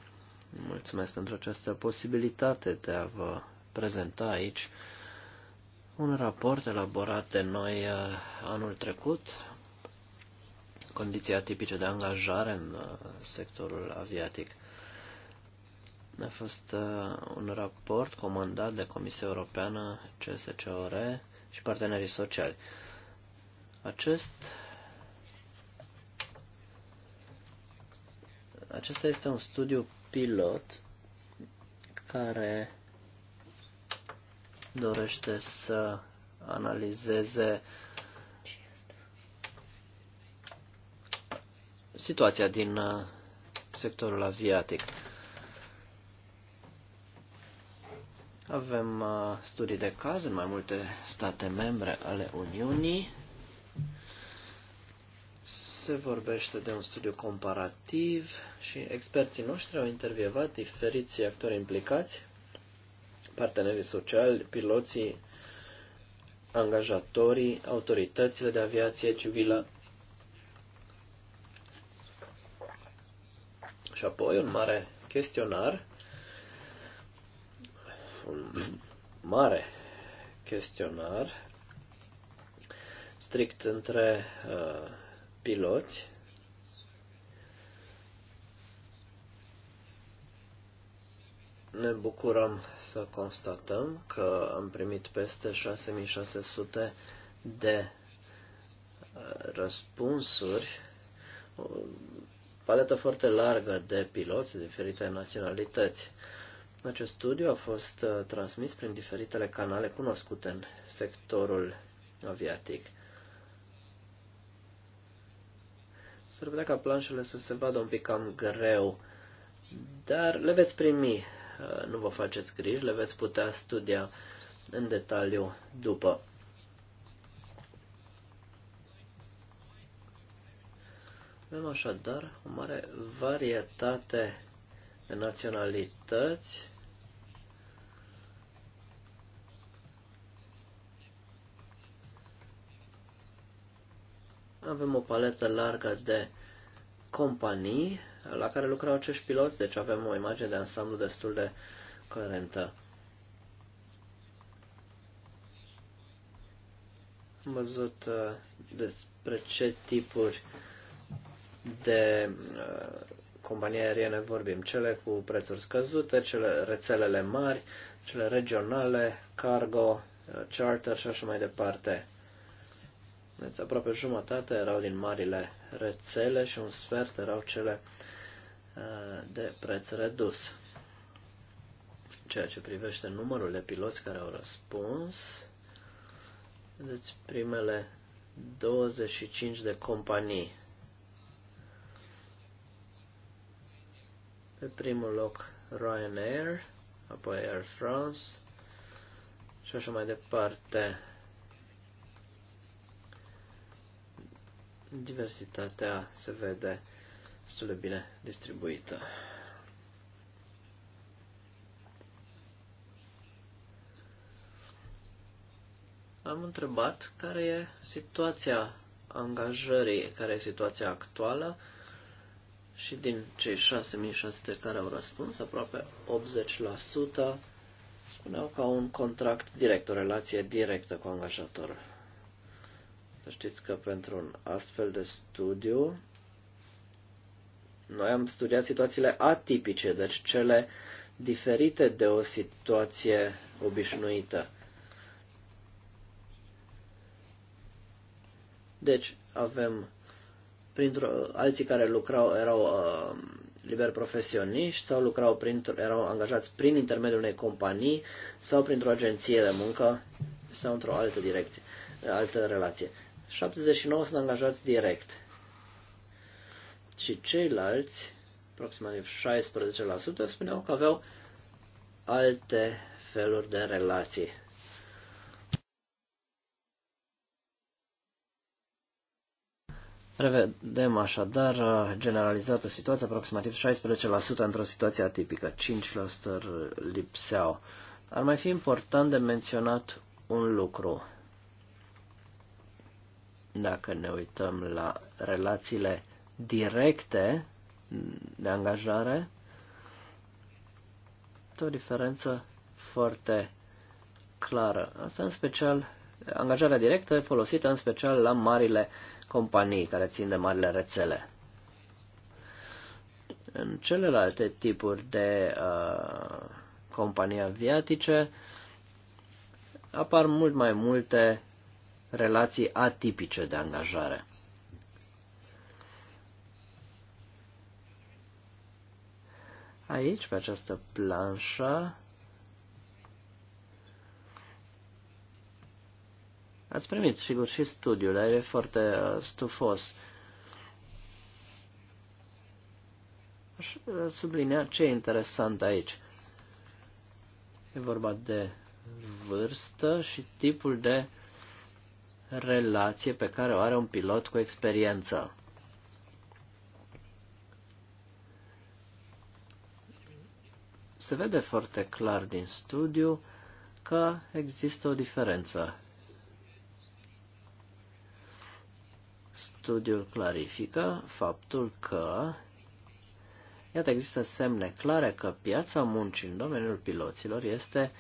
D: Mulțumesc pentru această posibilitate de a vă prezenta aici un raport elaborat de noi uh, anul trecut, condiții atipice de angajare în uh, sectorul aviatic. A fost uh, un raport comandat de Comisia Europeană, CSCOR și partenerii sociali. Acest acesta este un studiu pilot care dorește să analizeze situația din uh, sectorul aviatic. Avem uh, studii de caz în mai multe state membre ale Uniunii se vorbește de un studiu comparativ și experții noștri au intervievat diferiți actori implicați, partenerii sociali, piloții, angajatorii, autoritățile de aviație civilă. Și apoi un mare chestionar, un mare chestionar strict între uh, piloți ne bucurăm să constatăm că am primit peste 6600 de uh, răspunsuri, o paletă foarte largă de piloți de diferite naționalități. Acest studiu a fost uh, transmis prin diferitele canale cunoscute în sectorul aviatic. S-ar vedea ca planșele să se vadă un pic cam greu, dar le veți primi, uh, nu vă faceți griji, le veți putea studia în detaliu după. Avem așadar o mare varietate de naționalități avem o paletă largă de companii la care lucrau acești piloți, deci avem o imagine de ansamblu destul de coerentă. Am văzut uh, despre ce tipuri de uh, companii aeriene vorbim. Cele cu prețuri scăzute, cele rețelele mari, cele regionale, cargo, uh, charter și așa mai departe. Deci aproape jumătate erau din marile rețele și un sfert erau cele uh, de preț redus. Ceea ce privește numărul de piloți care au răspuns, deci primele 25 de companii. Pe primul loc Ryanair, apoi Air France și așa mai departe. diversitatea se vede destul de bine distribuită. Am întrebat care e situația angajării, care e situația actuală și din cei 6600 care au răspuns, aproape 80% spuneau că au un contract direct, o relație directă cu angajatorul. Să știți că pentru un astfel de studiu noi am studiat situațiile atipice, deci cele diferite de o situație obișnuită. Deci avem printr alții care lucrau erau uh, liber profesioniști sau lucrau printr erau angajați prin intermediul unei companii sau printr-o agenție de muncă sau într-o altă direcție, altă relație. 79 sunt angajați direct. Și ceilalți, aproximativ 16%, spuneau că aveau alte feluri de relații. Revedem așadar uh, generalizată situația, aproximativ 16% într-o situație atipică, 5% lipseau. Ar mai fi important de menționat un lucru. Dacă ne uităm la relațiile directe de angajare, o diferență foarte clară. Asta în special, angajarea directă e folosită în special la marile companii care țin de marile rețele. În celelalte tipuri de uh, companii aviatice apar mult mai multe relații atipice de angajare. Aici, pe această planșă, ați primit, sigur, și studiul, dar e foarte uh, stufos. Aș uh, sublinea ce e interesant aici. E vorba de vârstă și tipul de uh, relație pe care o are un pilot cu experiență. Se vede foarte clar din studiu că există o diferență. Studiul clarifică faptul că Iată, există semne clare că piața muncii în domeniul piloților este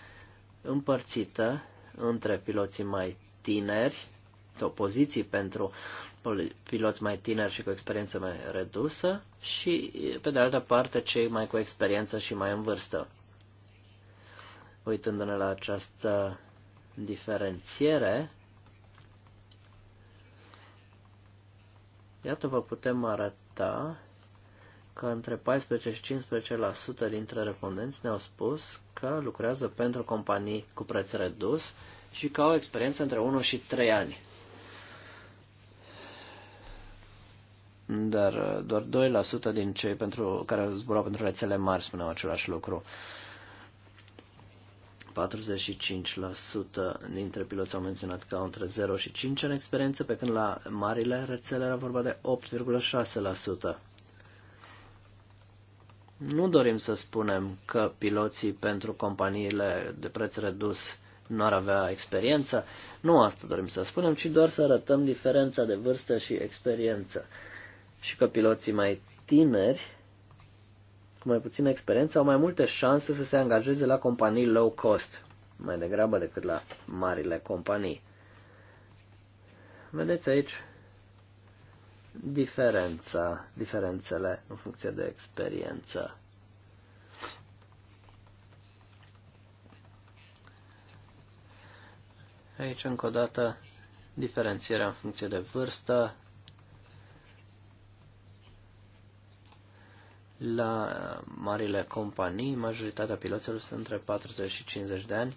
D: împărțită între piloții mai tineri, sau poziții pentru piloți mai tineri și cu experiență mai redusă și, pe de altă parte, cei mai cu experiență și mai în vârstă. Uitându-ne la această diferențiere, iată vă putem arăta că între 14 și 15% dintre respondenți ne-au spus că lucrează pentru companii cu preț redus și că au experiență între 1 și 3 ani. dar uh, doar 2% din cei pentru, care zburau pentru rețele mari spuneau același lucru. 45% dintre piloți au menționat că au între 0 și 5 ani experiență, pe când la marile rețele era vorba de 8,6%. Nu dorim să spunem că piloții pentru companiile de preț redus nu ar avea experiență. Nu asta dorim să spunem, ci doar să arătăm diferența de vârstă și experiență și că piloții mai tineri, cu mai puțină experiență, au mai multe șanse să se angajeze la companii low cost, mai degrabă decât la marile companii. Vedeți aici diferența, diferențele în funcție de experiență. Aici, încă o dată, diferențierea în funcție de vârstă, La marile companii, majoritatea piloților sunt între 40 și 50 de ani,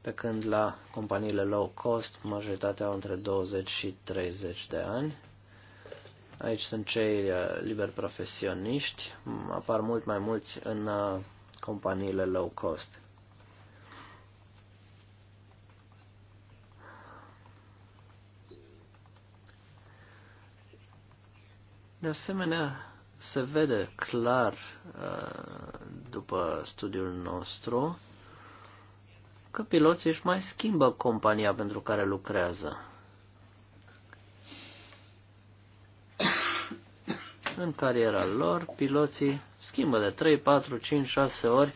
D: pe când la companiile low cost, majoritatea au între 20 și 30 de ani. Aici sunt cei uh, liber profesioniști, apar mult mai mulți în uh, companiile low cost. De asemenea, se vede clar uh, după studiul nostru că piloții își mai schimbă compania pentru care lucrează. În cariera lor, piloții schimbă de 3, 4, 5, 6 ori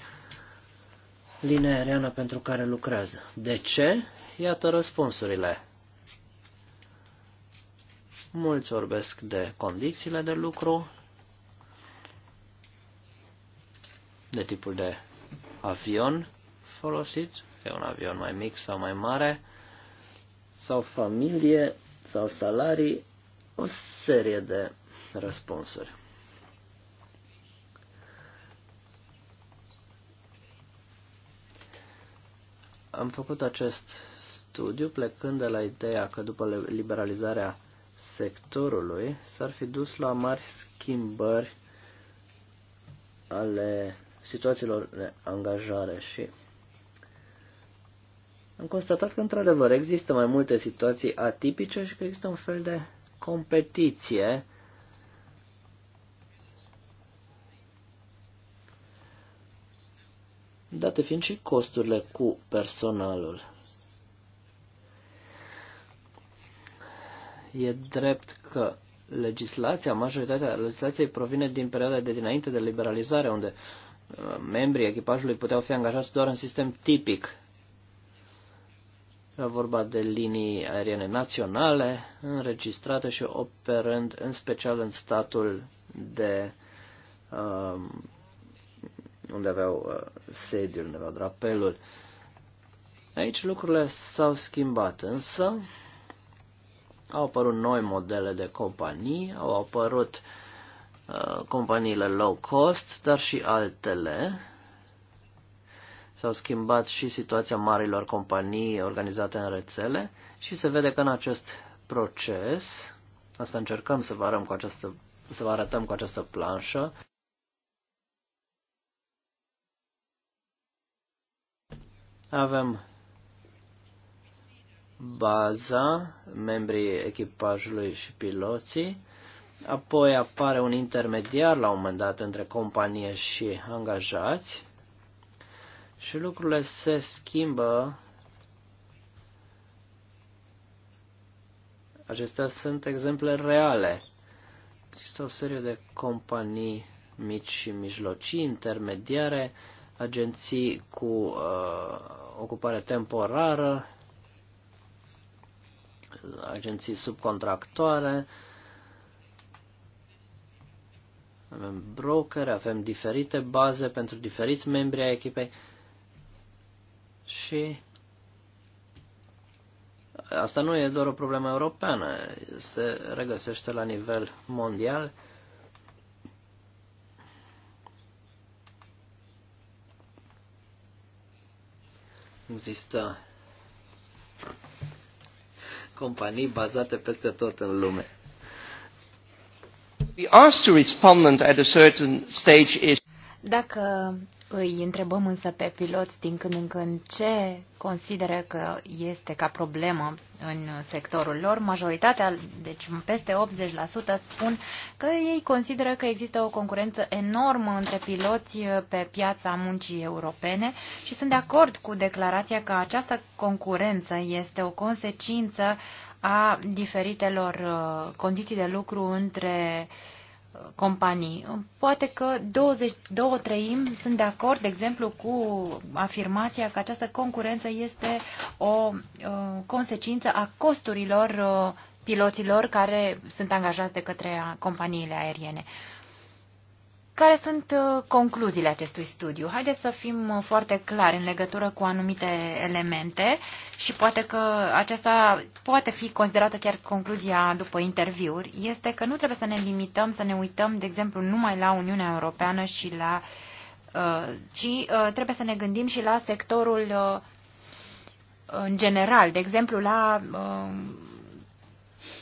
D: linia aeriană pentru care lucrează. De ce? Iată răspunsurile. Mulți vorbesc de condițiile de lucru, de tipul de avion folosit, e un avion mai mic sau mai mare, sau familie, sau salarii, o serie de răspunsuri. Am făcut acest studiu plecând de la ideea că după liberalizarea sectorului s-ar fi dus la mari schimbări ale situațiilor de angajare și am constatat că, într-adevăr, există mai multe situații atipice și că există un fel de competiție date fiind și costurile cu personalul. E drept că legislația, majoritatea legislației provine din perioada de dinainte de liberalizare, unde membrii echipajului puteau fi angajați doar în sistem tipic. Era vorba de linii aeriene naționale, înregistrate și operând în special în statul de uh, unde aveau uh, sediul, unde aveau drapelul. Aici lucrurile s-au schimbat, însă au apărut noi modele de companii, au apărut uh, Uh, companiile low cost, dar și altele. S-au schimbat și situația marilor companii organizate în rețele și se vede că în acest proces, asta încercăm să vă, cu această, să vă arătăm cu această planșă, avem baza, membrii echipajului și piloții, Apoi apare un intermediar la un moment dat între companie și angajați și lucrurile se schimbă. Acestea sunt exemple reale. Există o serie de companii mici și mijlocii, intermediare, agenții cu uh, ocupare temporară, agenții subcontractoare, avem broker avem diferite baze pentru diferiți membri ai echipei și asta nu e doar o problemă europeană, se regăsește la nivel mondial. Există companii bazate peste tot în lume.
B: Dacă îi întrebăm însă pe piloți din când în când ce consideră că este ca problemă în sectorul lor, majoritatea, deci peste 80% spun că ei consideră că există o concurență enormă între piloți pe piața muncii europene și sunt de acord cu declarația că această concurență este o consecință uh, a diferitelor uh, condiții de lucru între uh, companii. Poate că 20, două treimi sunt de acord, de exemplu, cu afirmația că această concurență este o uh, consecință a costurilor piloților care sunt angajați de către companiile aeriene. Uh, care sunt uh, concluziile acestui studiu? Haideți să fim uh, foarte clari în legătură cu anumite elemente și poate că aceasta poate fi considerată chiar concluzia după interviuri, este că nu trebuie să ne limităm, să ne uităm, de exemplu, numai la Uniunea Europeană și la uh, ci trebuie să ne gândim și la sectorul în general, de exemplu la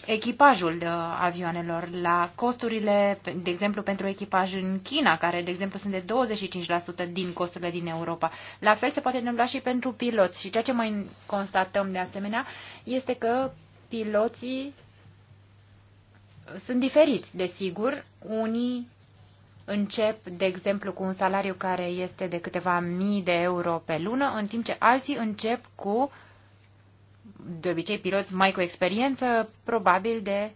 B: echipajul de uh, avioanelor, la costurile, de exemplu, pentru echipaj în China, care, de exemplu, sunt de 25% din costurile din Europa. La fel se poate întâmpla și pentru piloți. Și ceea ce mai constatăm, de asemenea, este că piloții sunt diferiți, desigur. Unii încep, de exemplu, cu un salariu care este de câteva mii de euro pe lună, în timp ce alții încep cu uh, de obicei piloți mai cu experiență, probabil de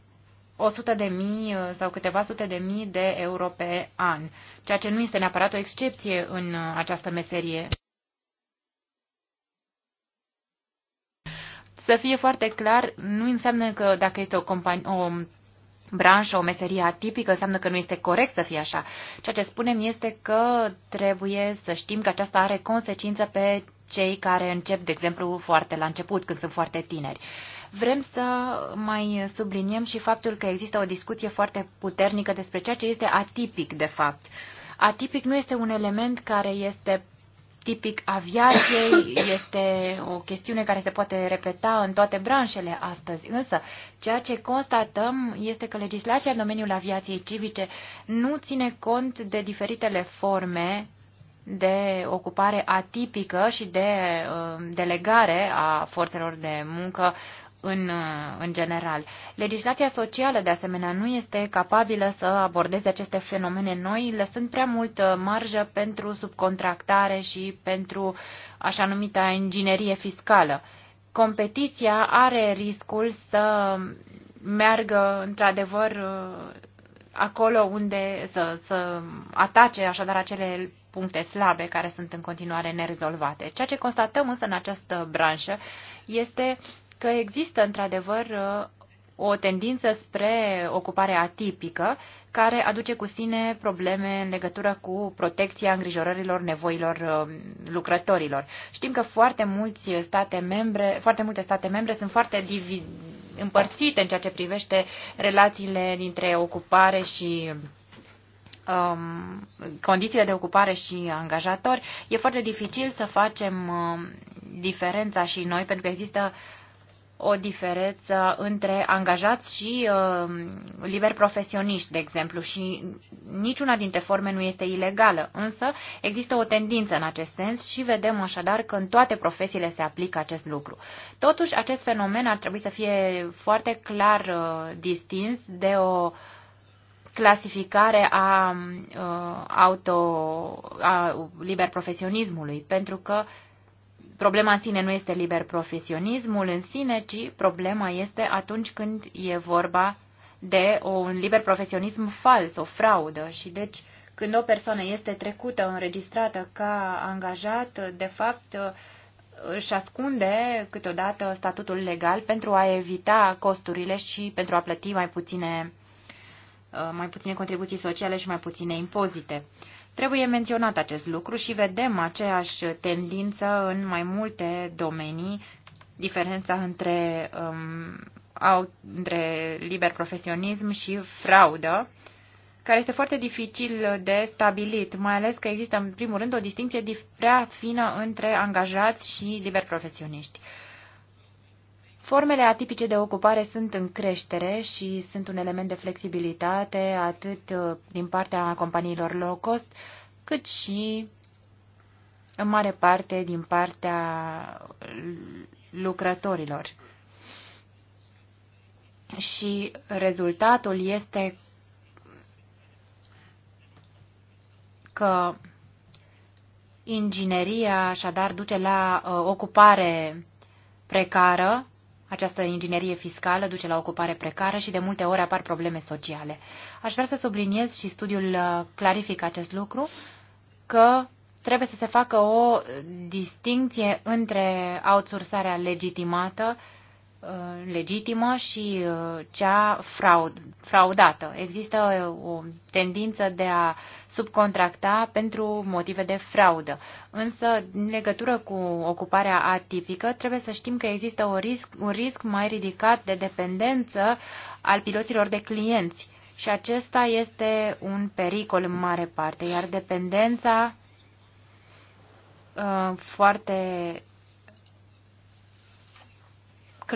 B: 100 de mii uh, sau câteva sute de mii de euro pe an, ceea ce nu este neapărat o excepție în uh, această meserie. Să fie foarte clar, nu înseamnă că dacă este o, companie, o branșă, o meserie atipică, înseamnă că nu este corect să fie așa. Ceea ce spunem este că trebuie să știm că aceasta are consecință pe cei care încep, de exemplu, foarte la început, când sunt foarte tineri. Vrem să mai subliniem și faptul că există o discuție foarte puternică despre ceea ce este atipic, de fapt. Atipic nu este un element care este tipic aviației, este o chestiune care se poate repeta în toate branșele astăzi. Însă, ceea ce constatăm este că legislația în domeniul aviației civice nu ține cont de diferitele forme de ocupare atipică și de uh, delegare a forțelor de muncă în, uh, în general. Legislația socială, de asemenea, nu este capabilă să abordeze aceste fenomene noi, lăsând prea mult marjă pentru subcontractare și pentru așa numita inginerie fiscală. Competiția are riscul să meargă, într-adevăr, uh, acolo unde să, să atace așadar acele puncte slabe care sunt în continuare nerezolvate. Ceea ce constatăm însă în această branșă este că există într-adevăr uh, o tendință spre ocupare atipică, care aduce cu sine probleme în legătură cu protecția îngrijorărilor nevoilor uh, lucrătorilor. Știm că foarte, mulți state membre, foarte multe state membre sunt foarte divi, împărțite în ceea ce privește relațiile dintre ocupare și um, condițiile de ocupare și angajatori, e foarte dificil să facem uh, diferența și noi, pentru că există o diferență între angajați și uh, liberi profesioniști, de exemplu, și niciuna dintre forme nu este ilegală, însă există o tendință în acest sens și vedem așadar că în toate profesiile se aplică acest lucru. Totuși, acest fenomen ar trebui să fie foarte clar uh, distins de o clasificare a uh, auto a liber profesionismului, pentru că uh, problema în sine nu este liber profesionismul în sine, ci problema este atunci când e vorba de un liber profesionism fals, o fraudă. Și deci, când o persoană este trecută, înregistrată ca angajat, de fapt își ascunde câteodată statutul legal pentru a evita costurile și pentru a plăti mai puține, mai puține contribuții sociale și mai puține impozite. Trebuie menționat acest lucru și vedem aceeași tendință în mai multe domenii, diferența între, um, au, între liber profesionism și fraudă, care este foarte dificil de stabilit, mai ales că există, în primul rând, o distinție prea fină între angajați și liber profesioniști. Uh, Formele atipice de ocupare sunt în creștere și sunt un element de flexibilitate atât uh, din partea companiilor low cost, cât și în mare parte din partea lucrătorilor. Și rezultatul este că ingineria așadar duce la uh, ocupare precară această inginerie fiscală duce la ocupare precară și de multe ori apar probleme sociale. Aș vrea să subliniez și studiul uh, clarifică acest lucru, că trebuie să se facă o distinție între outsourcarea legitimată Uh, legitimă și uh, cea fraud, fraudată. Există uh, o tendință de a subcontracta pentru motive de fraudă. Însă, în legătură cu ocuparea atipică, trebuie să știm că există un risc, un risc mai ridicat de dependență al piloților de clienți. Și acesta este un pericol în mare parte, iar dependența foarte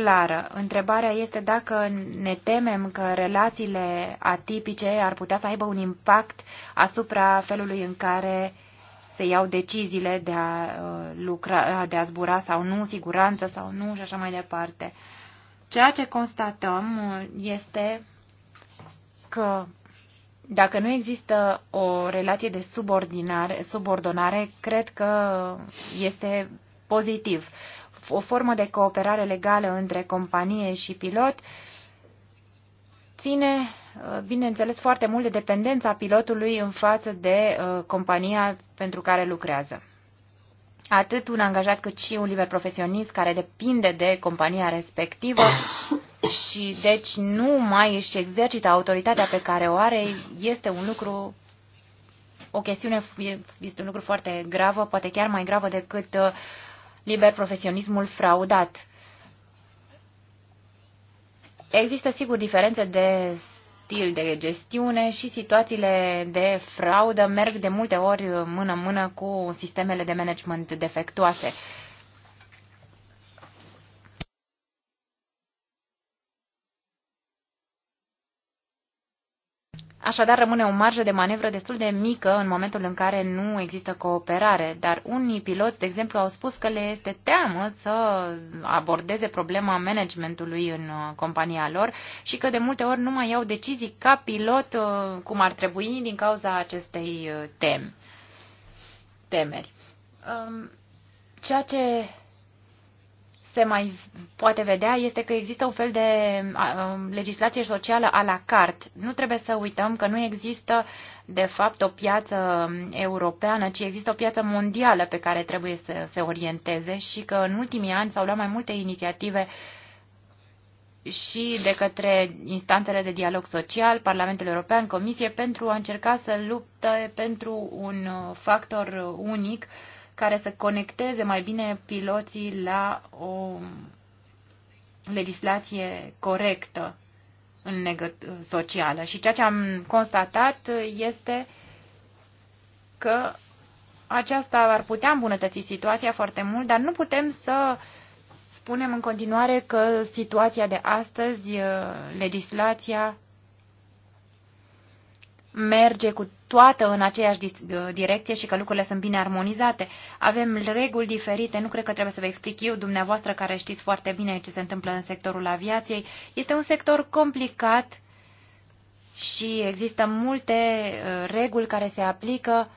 B: clară. Întrebarea este dacă ne temem că relațiile atipice ar putea să aibă un impact asupra felului în care se iau deciziile de a uh, lucra, de a zbura sau nu, siguranță sau nu și așa mai departe. Ceea ce constatăm uh, este că dacă nu există o relație de subordinare, subordonare, cred că este pozitiv o formă de cooperare legală între companie și pilot ține, uh, bineînțeles, foarte mult de dependența pilotului în față de uh, compania pentru care lucrează. Atât un angajat cât și un liber profesionist care depinde de compania respectivă și deci nu mai își exercită autoritatea pe care o are, este un lucru o chestiune, este un lucru foarte gravă, poate chiar mai gravă decât uh, liber profesionismul fraudat. Există, sigur, diferențe de stil de gestiune și situațiile de fraudă merg de multe ori mână-mână cu sistemele de management defectuoase. Așadar, rămâne o marjă de manevră destul de mică în momentul în care nu există cooperare, dar unii piloți, de exemplu, au spus că le este teamă să abordeze problema managementului în uh, compania lor și că de multe ori nu mai iau decizii ca pilot uh, cum ar trebui din cauza acestei uh, temi, temeri. Um, ceea ce se mai poate vedea este că există un fel de legislație socială a la carte. Nu trebuie să uităm că nu există, de fapt, o piață europeană, ci există o piață mondială pe care trebuie să se orienteze și că în ultimii ani s-au luat mai multe inițiative și de către instanțele de dialog social, Parlamentul European, Comisie, pentru a încerca să lupte pentru un factor unic uh, care să conecteze mai bine piloții la o legislație corectă în negă- socială. Și ceea ce am constatat este că aceasta ar putea îmbunătăți situația foarte mult, dar nu putem să spunem în continuare că situația de astăzi, legislația merge cu toată în aceeași direcție și că lucrurile sunt bine armonizate. Avem reguli diferite, nu cred că trebuie să vă explic eu, dumneavoastră care știți foarte bine ce se întâmplă în sectorul aviației. Este un sector complicat și există multe uh, reguli care se aplică.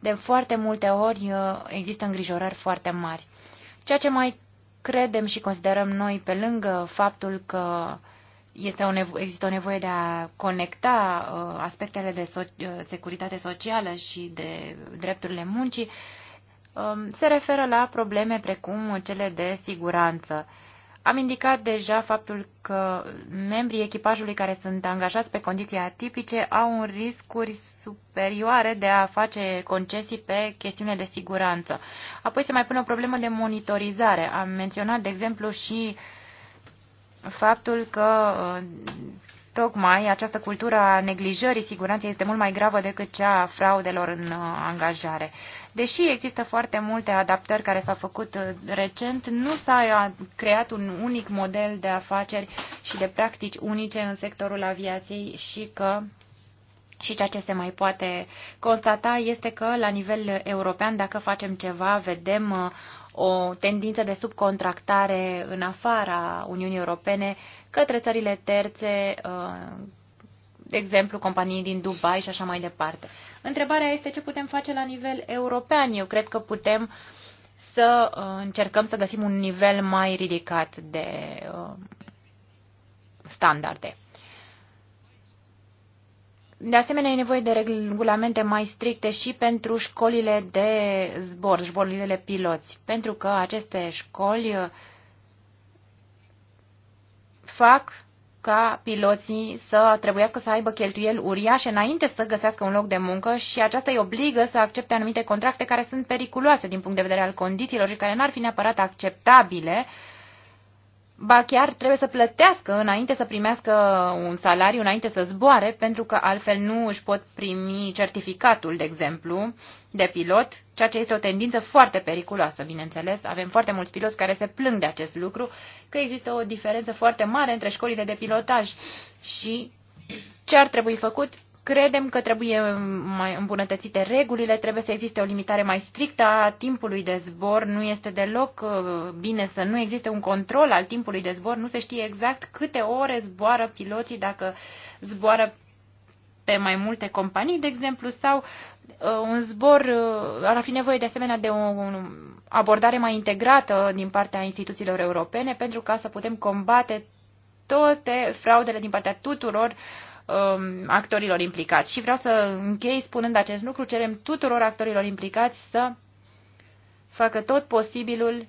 B: De foarte multe ori uh, există îngrijorări foarte mari. Ceea ce mai credem și considerăm noi, pe lângă faptul că uh, este o nevo- există o nevoie de a conecta uh, aspectele de so- uh, securitate socială și de drepturile muncii, um, se referă la probleme precum cele de siguranță. Am indicat deja faptul că membrii echipajului care sunt angajați pe condiții atipice au un riscuri superioare de a face concesii pe chestiune de siguranță. Apoi se mai pune o problemă de monitorizare. Am menționat, de exemplu, și uh, faptul că uh, tocmai această cultură a neglijării siguranței este mult mai gravă decât cea a fraudelor în uh, angajare. Deși există foarte multe adaptări care s-au făcut uh, recent, nu s-a creat un unic model de afaceri și de practici unice în sectorul aviației și că și ceea ce se mai poate constata este că la nivel european, dacă facem ceva, vedem o tendință de subcontractare în afara Uniunii Europene către țările terțe, uh, de exemplu, companii din Dubai și așa mai departe. Întrebarea este ce putem face la nivel european. Eu cred că putem să uh, încercăm să găsim un nivel mai ridicat de uh, standarde. De asemenea, e nevoie de regulamente mai stricte și pentru școlile de zbor, școlile piloți, pentru că aceste școli uh, fac ca piloții să trebuiască să aibă cheltuieli uriașe înainte să găsească un loc de muncă și aceasta îi obligă să accepte anumite contracte care sunt periculoase din punct de vedere al condițiilor și care n-ar fi neapărat acceptabile uh, ba chiar trebuie să plătească înainte să primească un salariu, înainte să zboare, pentru că altfel nu își pot primi certificatul, de exemplu, de pilot, ceea ce este o tendință foarte periculoasă, bineînțeles. Avem foarte mulți piloți care se plâng de acest lucru, că există o diferență foarte mare între școlile de pilotaj și ce ar trebui făcut? Credem că trebuie mai îmbunătățite regulile, trebuie să existe o limitare mai strictă a timpului de zbor, nu este deloc uh, bine să nu existe un control al timpului de zbor, nu se știe exact câte ore zboară piloții dacă zboară pe mai multe companii, de exemplu, sau uh, un zbor uh, ar fi nevoie de asemenea de o abordare mai integrată din partea instituțiilor europene pentru ca să putem combate toate fraudele din partea tuturor uh, um, actorilor implicați. Și vreau să închei spunând acest lucru, cerem tuturor actorilor implicați să facă tot posibilul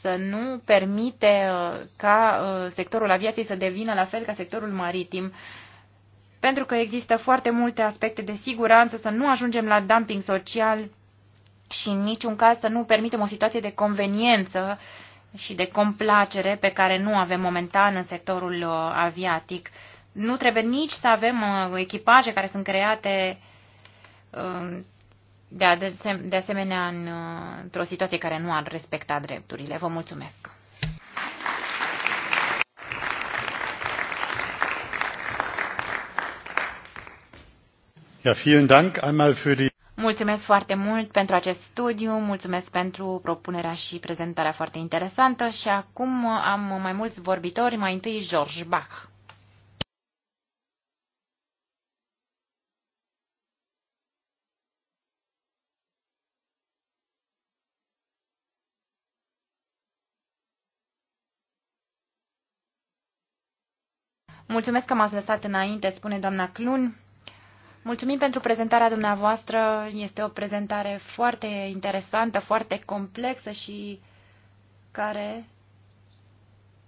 B: să nu permite uh, ca uh, sectorul aviației să devină la fel ca sectorul maritim, pentru că există foarte multe aspecte de siguranță, să nu ajungem la dumping social și în niciun caz să nu permitem o situație de conveniență și de complacere pe care nu avem momentan în sectorul uh, aviatic. Nu trebuie nici să avem uh, echipaje care sunt create uh, de asemenea uh, într-o situație care nu ar respecta drepturile. Vă mulțumesc! Mulțumesc foarte mult pentru acest studiu, mulțumesc pentru propunerea și prezentarea foarte interesantă și acum am mai mulți vorbitori, mai întâi George Bach. Mulțumesc că m-ați lăsat înainte, spune doamna Clun. Mulțumim pentru prezentarea dumneavoastră. Este o prezentare foarte interesantă, foarte complexă și care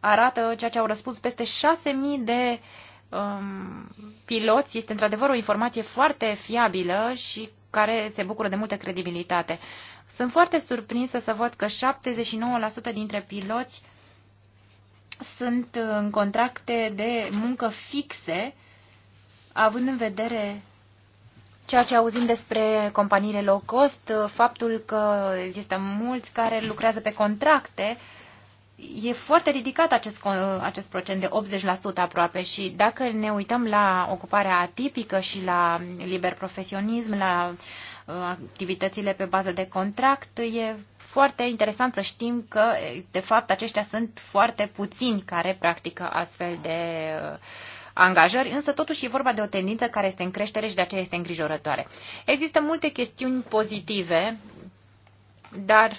B: arată ceea ce au răspuns peste 6.000 de um, piloți. Este într-adevăr o informație foarte fiabilă și care se bucură de multă credibilitate. Sunt foarte surprinsă să văd că 79% dintre piloți sunt uh, în contracte de muncă fixe, având în vedere ceea ce auzim despre companiile low cost, uh, faptul că există mulți care lucrează pe contracte, e foarte ridicat acest, uh, acest procent de 80% aproape și dacă ne uităm la ocuparea atipică și la liber profesionism, la activitățile pe bază de contract, e foarte interesant să știm că, de fapt, aceștia sunt foarte puțini care practică astfel de uh, angajări, însă totuși e vorba de o tendință care este în creștere și de aceea este îngrijorătoare. Există multe chestiuni pozitive, dar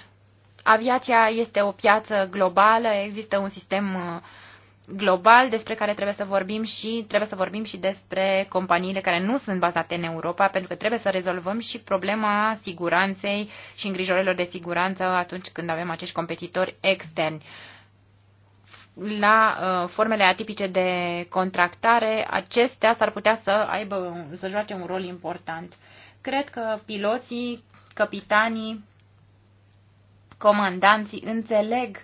B: aviația este o piață globală, există un sistem uh, global despre care trebuie să vorbim și trebuie să vorbim și despre companiile care nu sunt bazate în Europa, pentru că trebuie să rezolvăm și problema siguranței și îngrijorilor de siguranță atunci când avem acești competitori externi. La uh, formele atipice de contractare, acestea s-ar putea să aibă să joace un rol important. Cred că piloții, capitanii, comandanții înțeleg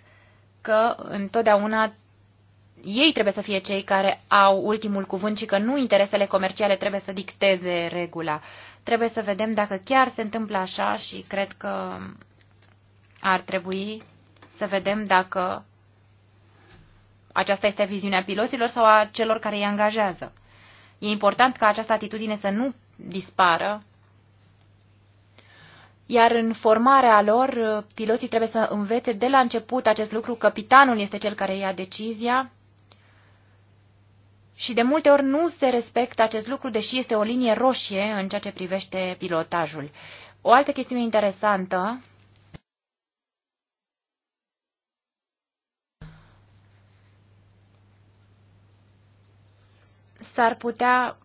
B: că întotdeauna ei trebuie să fie cei care au ultimul cuvânt și că nu interesele comerciale trebuie să dicteze regula. Trebuie să vedem dacă chiar se întâmplă așa și cred că ar trebui să vedem dacă aceasta este viziunea piloților sau a celor care îi angajează. E important ca această atitudine să nu dispară, iar în formarea lor, piloții trebuie să învețe de la început acest lucru, capitanul este cel care ia decizia și de multe ori nu se respectă acest lucru, deși este o linie roșie în ceea ce privește pilotajul. O altă chestiune interesantă s-ar putea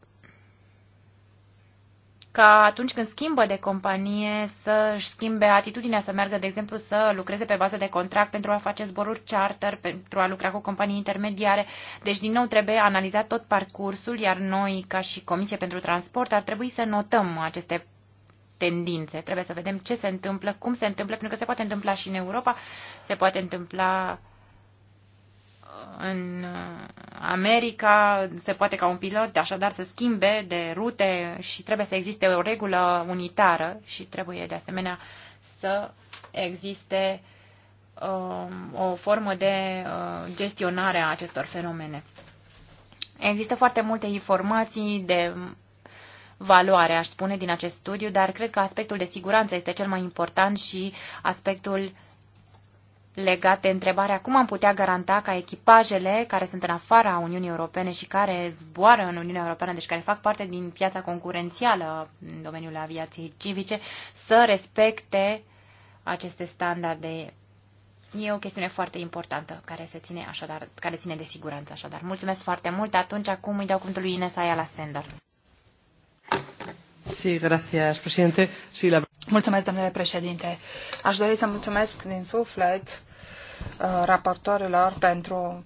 B: ca atunci când schimbă de companie să-și schimbe atitudinea, să meargă, de exemplu, să lucreze pe bază de contract pentru a face zboruri charter, pentru a lucra cu companii intermediare. Deci, din nou, trebuie analizat tot parcursul, iar noi, ca și Comisie pentru Transport, ar trebui să notăm aceste tendințe. Trebuie să vedem ce se întâmplă, cum se întâmplă, pentru că se poate întâmpla și în Europa, se poate întâmpla în uh, America se poate ca un pilot așadar să schimbe de rute și trebuie să existe o regulă unitară și trebuie de asemenea să existe um, o formă de uh, gestionare a acestor fenomene. Există foarte multe informații de valoare, aș spune, din acest studiu, dar cred că aspectul de siguranță este cel mai important și aspectul legat de întrebarea cum am putea garanta ca echipajele care sunt în afara Uniunii Europene și care zboară în Uniunea Europeană, deci care fac parte din piața concurențială în domeniul aviației civice, să respecte aceste standarde. E o chestiune foarte importantă care se ține așadar, care ține de siguranță așadar. Mulțumesc foarte mult. Atunci acum îi dau cuvântul lui Ines Aia
C: la sender domnule președinte. Aș dori să mulțumesc din suflet uh, raportorilor pentru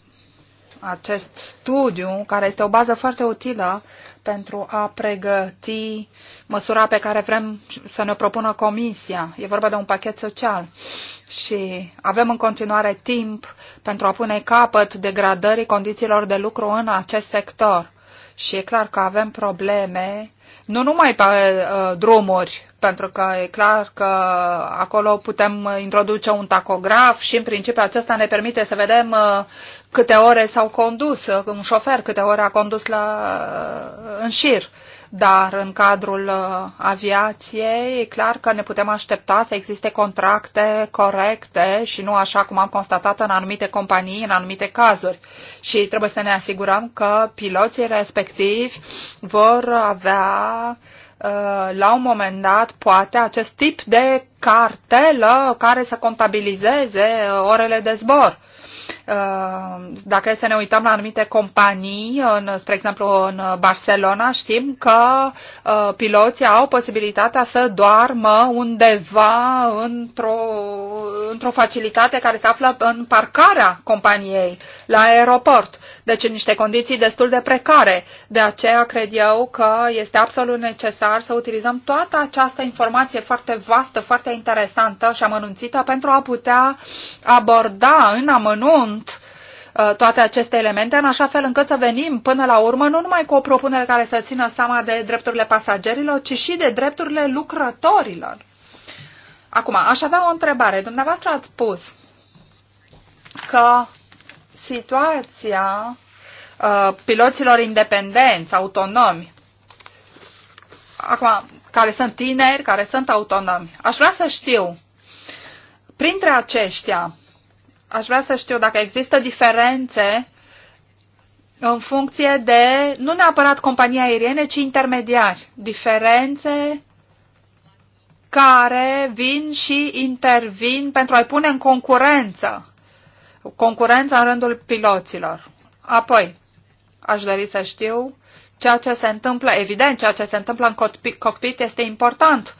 C: acest studiu, care este o bază foarte utilă pentru a pregăti măsura pe care vrem să ne propună Comisia. E vorba de un pachet social și avem în continuare timp pentru a pune capăt degradării condițiilor de lucru în acest sector și e clar că avem probleme, nu numai pe uh, drumuri, pentru că e clar că acolo putem introduce un tacograf și în principiu acesta ne permite să vedem uh, câte ore s-au condus, uh, un șofer câte ore a condus la, uh, în șir. Uh, dar în cadrul uh, aviației e clar că ne putem aștepta să existe contracte corecte și nu așa cum am constatat în anumite companii, în anumite cazuri. Și trebuie să ne asigurăm că piloții respectivi vor avea uh, la un moment dat, poate, acest tip de cartelă care să contabilizeze uh, orele de zbor. Uh, dacă e să ne uităm la anumite companii, în, spre exemplu în Barcelona, știm că uh, piloții au posibilitatea să doarmă undeva într-o, într-o facilitate care se află în parcarea companiei la aeroport deci în niște condiții destul de precare. De aceea cred eu că este absolut necesar să utilizăm toată această informație foarte vastă, foarte interesantă și amănunțită pentru a putea aborda în amănunt uh, toate aceste elemente, în așa fel încât să venim până la urmă nu numai cu o propunere care să țină seama de drepturile pasagerilor, ci și de drepturile lucrătorilor. Acum, aș avea o întrebare. Dumneavoastră ați spus că situația pilotilor uh, piloților independenți, autonomi, acum, care sunt tineri, care sunt autonomi. Aș vrea să știu, printre aceștia, aș vrea să știu dacă există diferențe în funcție de, nu neapărat compania aeriene, ci intermediari. Diferențe care vin și intervin pentru a-i pune în concurență concurența în rândul piloților. Apoi, aș dori să știu ceea ce se întâmplă, evident, ceea ce se întâmplă în cockpit este important.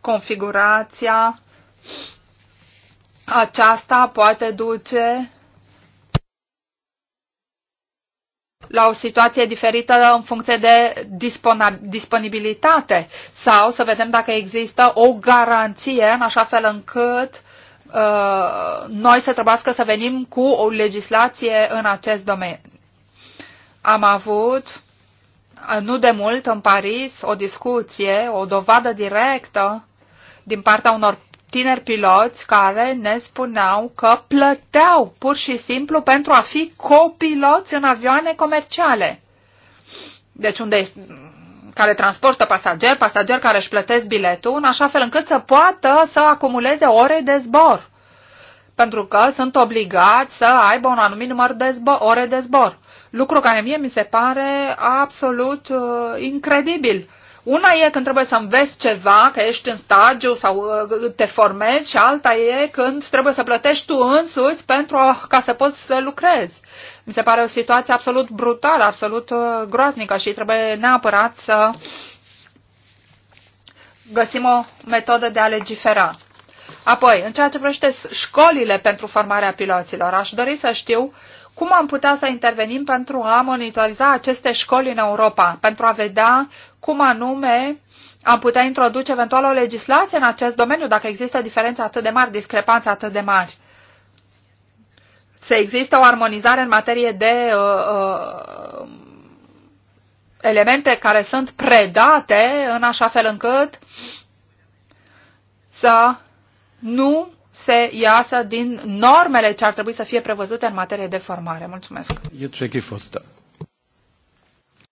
C: Configurația aceasta poate duce la o situație diferită în funcție de disponibilitate sau să vedem dacă există o garanție în așa fel încât Uh, noi să trebuiască să venim cu o legislație în acest domeniu. Am avut uh, nu de mult în Paris o discuție, o dovadă directă din partea unor tineri piloți care ne spuneau că plăteau pur și simplu pentru a fi copiloți în avioane comerciale. Deci unde care transportă pasageri, pasageri care își plătesc biletul, în așa fel încât să poată să acumuleze ore de zbor. Pentru că sunt obligați să aibă un anumit număr de zbor, ore de zbor. Lucru care mie mi se pare absolut uh, incredibil. Una e când trebuie să înveți ceva, că ești în stagiu sau uh, te formezi și alta e când trebuie să plătești tu însuți pentru a, ca să poți să lucrezi. Mi se pare o situație absolut brutală, absolut uh, groaznică și trebuie neapărat să găsim o metodă de a legifera. Apoi, în ceea ce privește școlile pentru formarea piloților, aș dori să știu cum am putea să intervenim pentru a monitoriza aceste școli în Europa, pentru a vedea cum anume am putea introduce eventual o legislație în acest domeniu, dacă există diferențe atât de mari, discrepanțe atât de mari. Să există o armonizare în materie de uh, uh, elemente care sunt predate în așa fel încât să nu se iasă din normele ce ar trebui să fie prevăzute în materie de formare. Mulțumesc.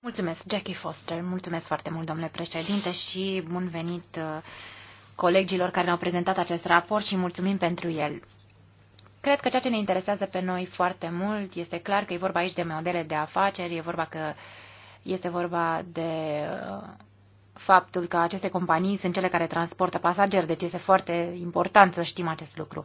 C: Mulțumesc,
B: Jackie Foster. Mulțumesc foarte mult, domnule președinte, și bun venit uh, colegilor care ne-au prezentat acest raport și mulțumim pentru el. Cred că ceea ce ne interesează pe noi foarte mult este clar că e vorba aici de modele de afaceri, e vorba că este vorba de uh, faptul că aceste companii sunt cele care transportă pasageri, deci este foarte important să știm acest lucru.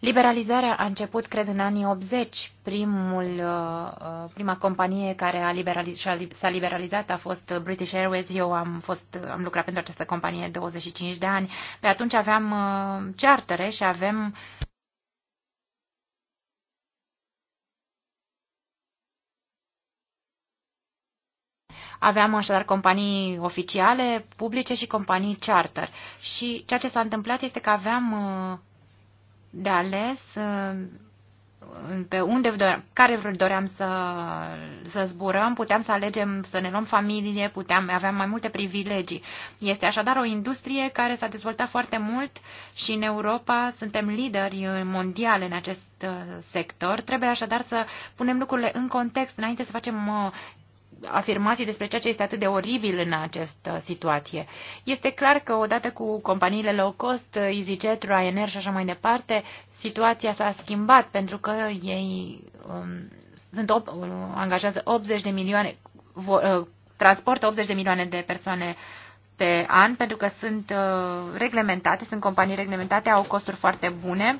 B: Liberalizarea a început, cred, în anii 80. Primul, uh, uh, prima companie care a liberaliz, s-a liberalizat a fost British Airways. Eu am, fost, am lucrat pentru această companie 25 de ani. Pe atunci aveam uh, chartere și avem Aveam așadar companii oficiale, publice și companii charter. Și ceea ce s-a întâmplat este că aveam de ales uh, pe unde doream, care doream să, să zburăm, puteam să alegem să ne luăm familie, puteam, aveam mai multe privilegii. Este așadar o industrie care s-a dezvoltat foarte mult și în Europa suntem lideri mondiale în acest uh, sector. Trebuie așadar să punem lucrurile în context înainte să facem uh, afirmații despre ceea ce este atât de oribil în această situație. Este clar că odată cu companiile low cost, EasyJet, Ryanair și așa mai departe, situația s-a schimbat pentru că ei um, sunt op, um, angajează 80 de milioane, vo, uh, transportă 80 de milioane de persoane pe an pentru că sunt uh, reglementate, sunt companii reglementate, au costuri foarte bune,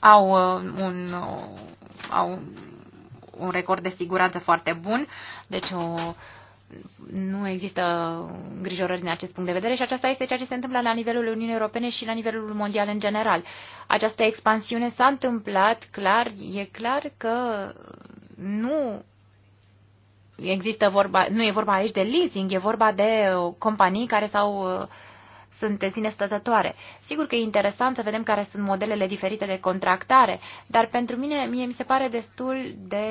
B: au uh, un, uh, au un record de siguranță foarte bun, deci o, nu există îngrijorări din acest punct de vedere și aceasta este ceea ce se întâmplă la nivelul Uniunii Europene și la nivelul mondial în general. Această expansiune s-a întâmplat, clar, e clar că nu există vorba, nu e vorba aici de leasing, e vorba de uh, companii care s-au uh, sunt de sine stătătoare. Sigur că e interesant să vedem care sunt modelele diferite de contractare, dar pentru mine, mie mi se pare destul de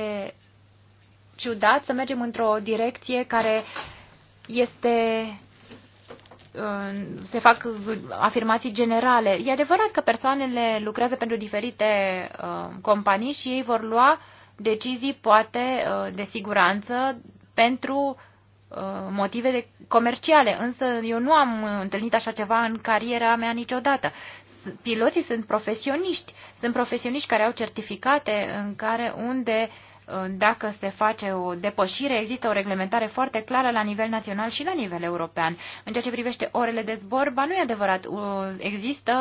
B: ciudat să mergem într-o direcție care este se fac afirmații generale. E adevărat că persoanele lucrează pentru diferite uh, companii și ei vor lua decizii, poate, uh, de siguranță pentru Uh, motive de comerciale, însă eu nu am întâlnit așa ceva în cariera mea niciodată. Piloții sunt profesioniști, sunt profesioniști care au certificate în care unde uh, dacă se face o depășire, există o reglementare foarte clară la nivel național și la nivel european. În ceea ce privește orele de zbor, ba nu e adevărat, există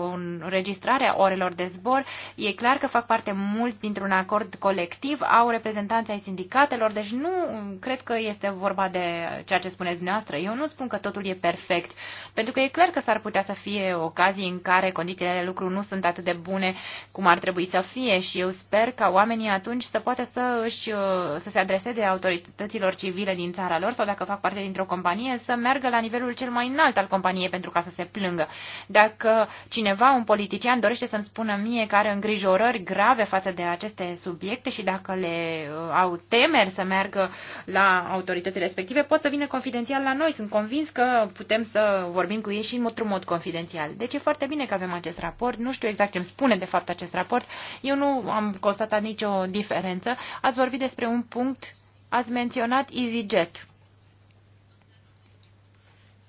B: o uh, înregistrare a orelor de zbor, e clar că fac parte mulți dintr-un acord colectiv, au reprezentanți ai sindicatelor, deci nu uh, cred că este vorba de ceea ce spuneți dumneavoastră. Eu nu spun că totul e perfect, pentru că e clar că s-ar putea să fie ocazii în care condițiile de lucru nu sunt atât de bune cum ar trebui să fie și eu sper ca oamenii atunci să poată poată să, își, uh, să se adreseze autorităților civile din țara lor sau dacă fac parte dintr-o companie să meargă la nivelul cel mai înalt al companiei pentru ca să se plângă. Dacă cineva, un politician, dorește să-mi spună mie că are îngrijorări grave față de aceste subiecte și dacă le uh, au temeri să meargă la autoritățile respective, pot să vină confidențial la noi. Sunt convins că putem să vorbim cu ei și într-un mod confidențial. Deci e foarte bine că avem acest raport. Nu știu exact ce îmi spune de fapt acest raport. Eu nu am constatat nicio diferență siguranță, ați vorbit despre un punct, ați menționat EasyJet.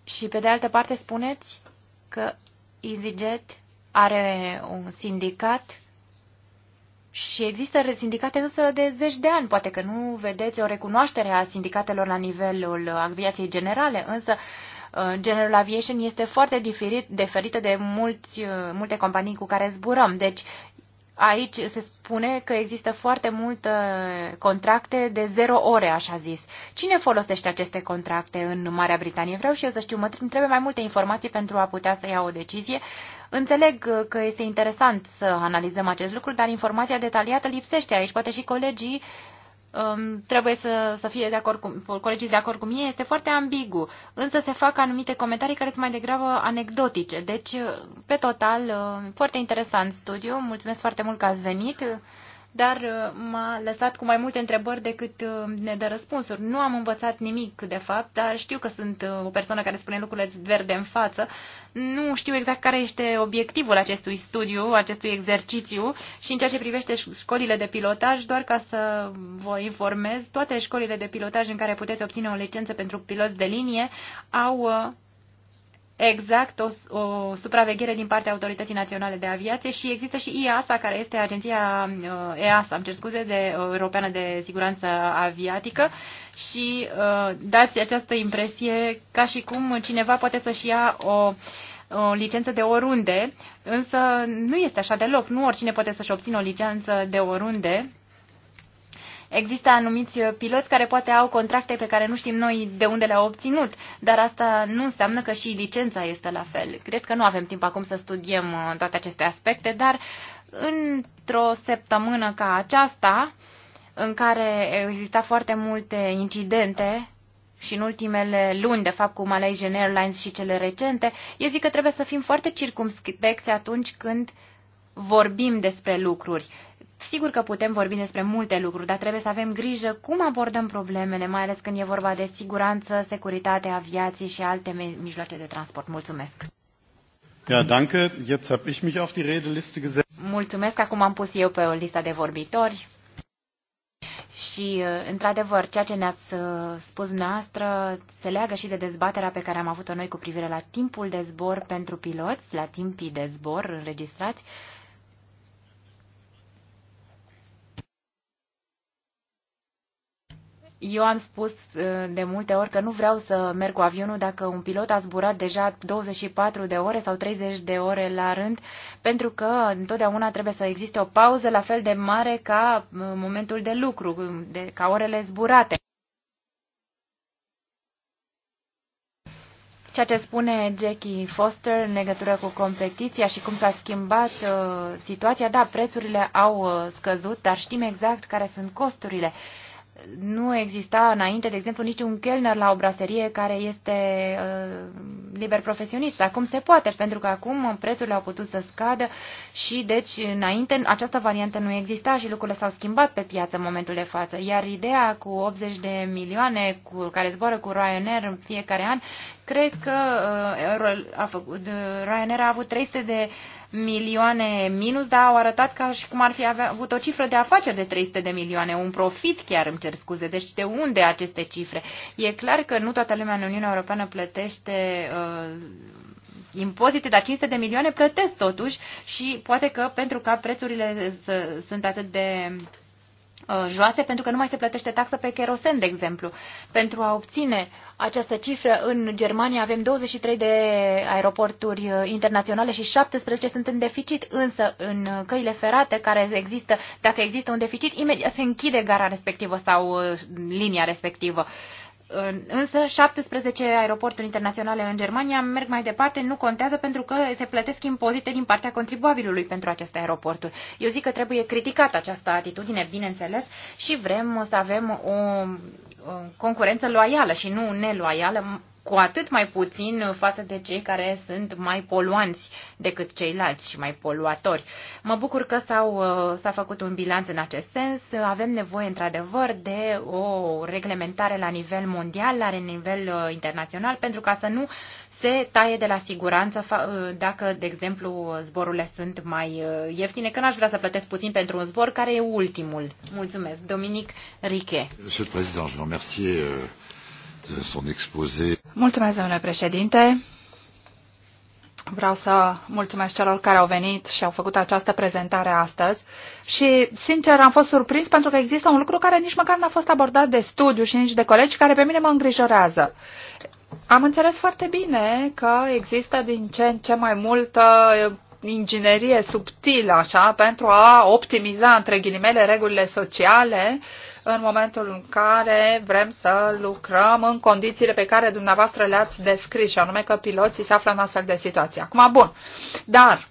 B: Și pe de altă parte spuneți că EasyJet are un sindicat și există sindicate însă de zeci de ani. Poate că nu vedeți o recunoaștere a sindicatelor la nivelul aviației generale, însă uh, General Aviation este foarte diferit, diferită de mulți, uh, multe companii cu care zburăm. Deci Aici se spune că există foarte multe contracte de zero ore, așa zis. Cine folosește aceste contracte în Marea Britanie? Vreau și eu să știu, mă trebuie mai multe informații pentru a putea să iau o decizie. Înțeleg că este interesant să analizăm acest lucru, dar informația detaliată lipsește aici. Poate și colegii uh, Um, trebuie să, să fie de acord cu colegii de acord cu mine, este foarte ambigu. Însă se fac anumite comentarii care sunt mai degrabă anecdotice. Deci, pe total, uh, foarte interesant studiu. Mulțumesc foarte mult că ați venit dar uh, m-a lăsat cu mai multe întrebări decât uh, ne dă răspunsuri. Nu am învățat nimic, de fapt, dar știu că sunt uh, o persoană care spune lucrurile verde în față. Nu știu exact care este obiectivul acestui studiu, acestui exercițiu și în ceea ce privește școlile de pilotaj, doar ca să vă informez, toate școlile de pilotaj în care puteți obține o licență pentru pilot de linie au exact o, o supraveghere din partea Autorității Naționale de Aviație și există și EASA, care este agenția uh, EASA, am cer scuze, de uh, Europeană de Siguranță Aviatică și uh, dați această impresie ca și cum cineva poate să-și ia o o licență de oriunde, însă nu este așa deloc. Nu oricine poate să-și obțină o licență de oriunde Există anumiți uh, piloți care poate au contracte pe care nu știm noi de unde le-au obținut, dar asta nu înseamnă că și licența este la fel. Cred că nu avem timp acum să studiem uh, toate aceste aspecte, dar într-o săptămână ca aceasta, în care exista foarte multe incidente și în ultimele luni, de fapt, cu Malaysian Airlines și cele recente, eu zic că trebuie să fim foarte circumspecți atunci când vorbim despre lucruri. Sigur că putem vorbi despre multe lucruri, dar trebuie să avem grijă cum abordăm problemele, mai ales când e vorba de siguranță, securitate, aviație și alte mijloace de transport. Mulțumesc!
A: Ja, danke. Jetzt habe ich mich auf die Redeliste gesetzt.
B: Mulțumesc, acum am pus eu pe o lista de vorbitori. Și, uh, într-adevăr, ceea ce ne-ați uh, spus noastră se leagă și de dezbaterea pe care am avut-o noi cu privire la timpul de zbor pentru piloți, la timpii de zbor înregistrați. Uh, Eu am spus uh, de multe ori că nu vreau să merg cu avionul dacă un pilot a zburat deja 24 de ore sau 30 de ore la rând, pentru că întotdeauna trebuie să existe o pauză la fel de mare ca uh, momentul de lucru, uh, de, ca orele zburate. Ceea ce spune Jackie Foster în legătură cu competiția și cum s-a schimbat uh, situația, da, prețurile au uh, scăzut, dar știm exact care sunt costurile. Uh, nu exista înainte, de exemplu, niciun chelner la o braserie care este uh, liber profesionist. Acum se poate, pentru că acum prețurile au putut să scadă și, deci, înainte această variantă nu exista și lucrurile s-au schimbat pe piață în momentul de față. Iar ideea cu 80 de milioane cu, care zboară cu Ryanair în fiecare an, cred că uh, a făcut, uh, Ryanair a avut 300 de uh, milioane minus, dar au arătat ca și cum ar fi avut o cifră de afaceri de 300 de milioane, un profit chiar, îmi cer scuze. Deci de unde aceste cifre? E clar că nu toată lumea în Uniunea Europeană plătește uh, impozite, dar 500 de milioane plătesc totuși și poate că pentru că prețurile sunt atât de Uh, joase pentru că nu mai se plătește taxă pe kerosen, de exemplu. Pentru a obține această cifră, în Germania avem 23 de aeroporturi uh, internaționale și 17 sunt în deficit, însă în căile ferate care există, dacă există un deficit, imediat se închide gara respectivă sau uh, linia respectivă. Uh, Însă 17 aeroporturi internaționale în Germania merg mai departe, nu contează pentru că se plătesc impozite din partea contribuabilului pentru aceste aeroporturi. Eu zic că trebuie criticat această atitudine, bineînțeles, și vrem să avem o concurență loială și nu neloială, cu atât mai puțin față de cei care sunt mai poluanți decât ceilalți și mai poluatori. Mă bucur că s-au, uh, s-a făcut un bilanț în acest sens. Avem nevoie, într-adevăr, de o reglementare la nivel mondial, la nivel uh, internațional, pentru ca să nu se taie de la siguranță uh, dacă, de exemplu, zborurile sunt mai ieftine, că n-aș vrea să plătesc puțin pentru un zbor care e ultimul. Mulțumesc. Dominic Riche.
A: Monsieur le Président, je vous remercie euh, son
C: Mulțumesc, domnule președinte. Vreau să mulțumesc celor care au venit și au făcut această prezentare astăzi și, sincer, am fost surprins pentru că există un lucru care nici măcar n-a fost abordat de studiu și nici de colegi care pe mine mă îngrijorează. Am înțeles foarte bine că există din ce în ce mai multă inginerie subtilă, așa, pentru a optimiza, între ghilimele, regulile sociale în momentul în care vrem să lucrăm în condițiile pe care dumneavoastră le-ați descris, și anume că piloții se află în astfel de situații. Acum, bun, dar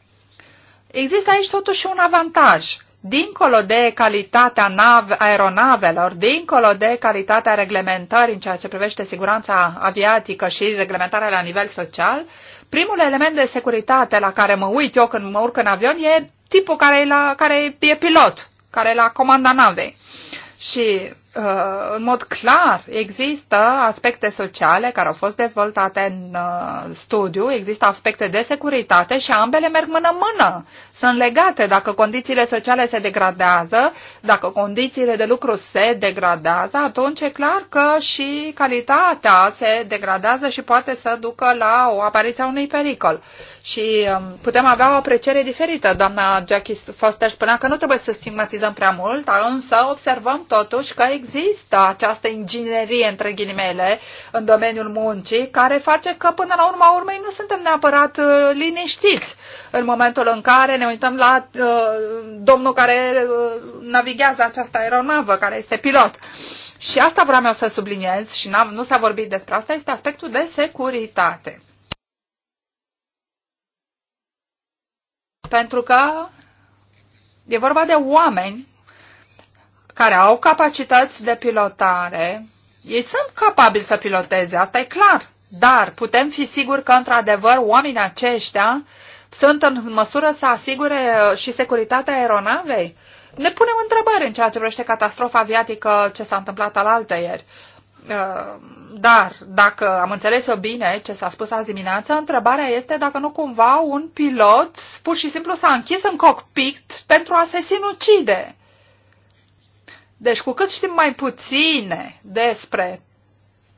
C: există aici totuși un avantaj. Dincolo de calitatea nav- aeronavelor, dincolo de calitatea reglementării în ceea ce privește siguranța aviatică și reglementarea la nivel social, uh, Primul element de securitate la care mă uit eu când mă urc în avion e tipul care e, la, care e pilot, care e la comanda navei. Și Uh, în mod clar există aspecte sociale care au fost dezvoltate în uh, studiu, există aspecte de securitate și ambele merg mână-mână. Sunt legate. Dacă condițiile sociale se degradează, dacă condițiile de lucru se degradează, atunci e clar că și calitatea se degradează și poate să ducă la o apariția unui pericol. Și um, putem avea o apreciere diferită. Doamna Jackie Foster spunea că nu trebuie să stigmatizăm prea mult, însă observăm totuși că există există această inginerie, între ghilimele, în domeniul muncii, care face că până la urma urmei nu suntem neapărat uh, liniștiți în momentul în care ne uităm la uh, domnul care uh, navighează această aeronavă, care este pilot. Și asta vreau să subliniez și nu s-a vorbit despre asta, este aspectul de securitate. Pentru că e vorba de oameni care au capacități de pilotare, ei sunt capabili să piloteze, asta e clar. Dar putem fi siguri că, într-adevăr, oamenii aceștia sunt în măsură să asigure uh, și securitatea aeronavei? Ne punem întrebări în ceea ce vrește catastrofa aviatică ce s-a întâmplat al ieri. Uh, dar, dacă am înțeles eu bine ce s-a spus azi dimineață, întrebarea este dacă nu cumva un pilot pur și simplu s-a închis în cockpit pentru a se sinucide. Deci cu cât știm mai puține despre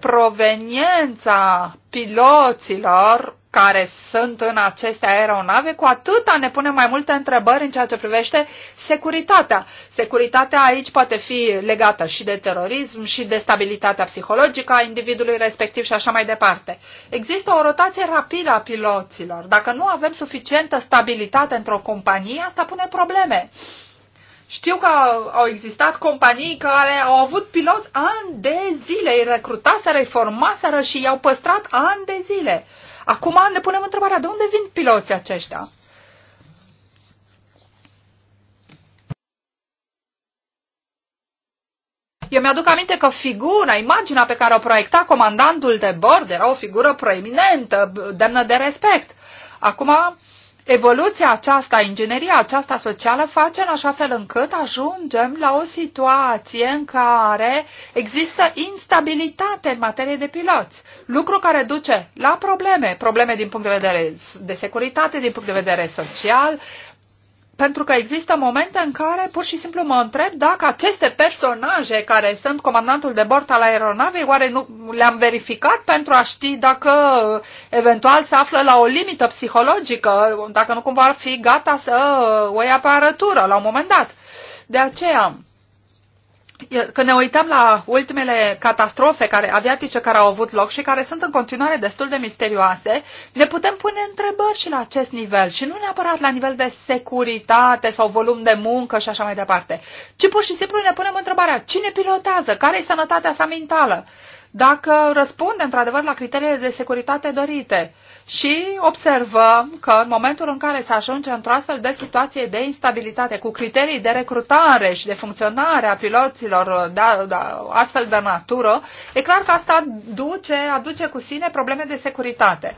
C: proveniența piloților care sunt în aceste aeronave, cu atâta ne punem mai multe întrebări în ceea ce privește securitatea. Securitatea aici poate fi legată și de terorism, și de stabilitatea psihologică a individului respectiv și așa mai departe. Există o rotație rapidă a piloților. Dacă nu avem suficientă stabilitate într-o companie, asta pune probleme. Uh, știu că au existat companii care au avut piloți ani de zile, îi recrutaseră, îi formaseră și i-au păstrat ani de zile. Acum ne punem întrebarea, de unde vin piloții aceștia? Eu mi-aduc aminte că figura, imaginea pe care o proiecta comandantul de bord era o figură proeminentă, demnă de respect. Acum, Evoluția aceasta, ingineria aceasta socială face în așa fel încât ajungem la o situație în care există instabilitate în materie de piloți, lucru care duce la probleme, probleme din punct de vedere de securitate, din punct de vedere social, pentru că există momente în care pur și simplu mă întreb dacă aceste personaje care sunt comandantul de bord al aeronavei, oare nu le-am verificat pentru a ști dacă uh, eventual se află la o limită psihologică, dacă nu cumva ar fi gata să uh, o ia pe arătură la un moment dat. De aceea, când ne uităm la ultimele catastrofe care, aviatice care au avut loc și care sunt în continuare destul de misterioase, ne putem pune întrebări și la acest nivel și nu neapărat la nivel de securitate sau volum de muncă și așa mai departe, ci pur și simplu ne punem întrebarea cine pilotează, care e sănătatea sa mentală, dacă răspunde într-adevăr la criteriile de securitate dorite și observăm că în momentul în care se ajunge într-o astfel de situație de instabilitate cu criterii de recrutare și de funcționare a piloților de, de astfel de natură, e clar că asta duce, aduce cu sine probleme de securitate.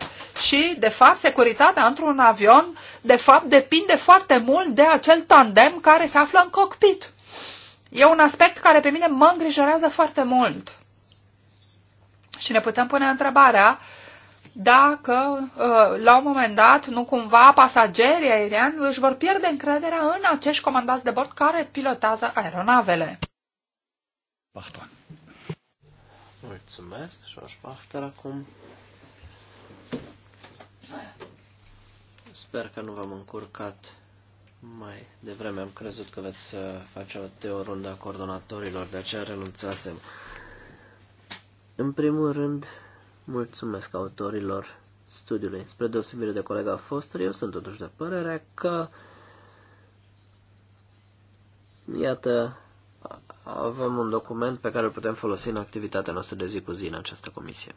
C: Și, de fapt, securitatea într-un avion, de fapt, depinde foarte mult de acel tandem care se află în cockpit. E un aspect care pe mine mă îngrijorează foarte mult. Și ne putem pune întrebarea, uh, dacă uh, la un moment dat, nu cumva, pasagerii aerieni își vor pierde încrederea în acești comandați de bord care pilotează aeronavele.
D: Bachtan. Mulțumesc, George Bachter, acum. Sper că nu v-am încurcat mai devreme. Am crezut că veți uh, face o, teorundă a coordonatorilor, de aceea renunțasem. În primul rând, Mulțumesc autorilor studiului. Spre deosebire de colega Foster, eu sunt totuși de părere că, iată, avem un document pe care îl putem folosi în activitatea noastră de zi cu zi în această comisie.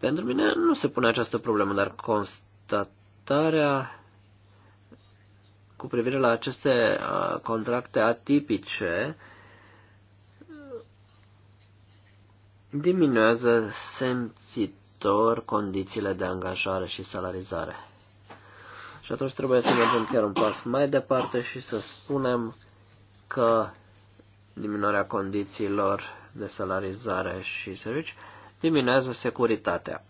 D: Pentru mine nu se pune această problemă, dar constatarea cu privire la aceste contracte atipice diminuează sensitor condițiile de angajare și salarizare. Și atunci trebuie să mergem chiar un pas mai departe și să spunem că diminuarea condițiilor de salarizare și servici diminuează securitatea.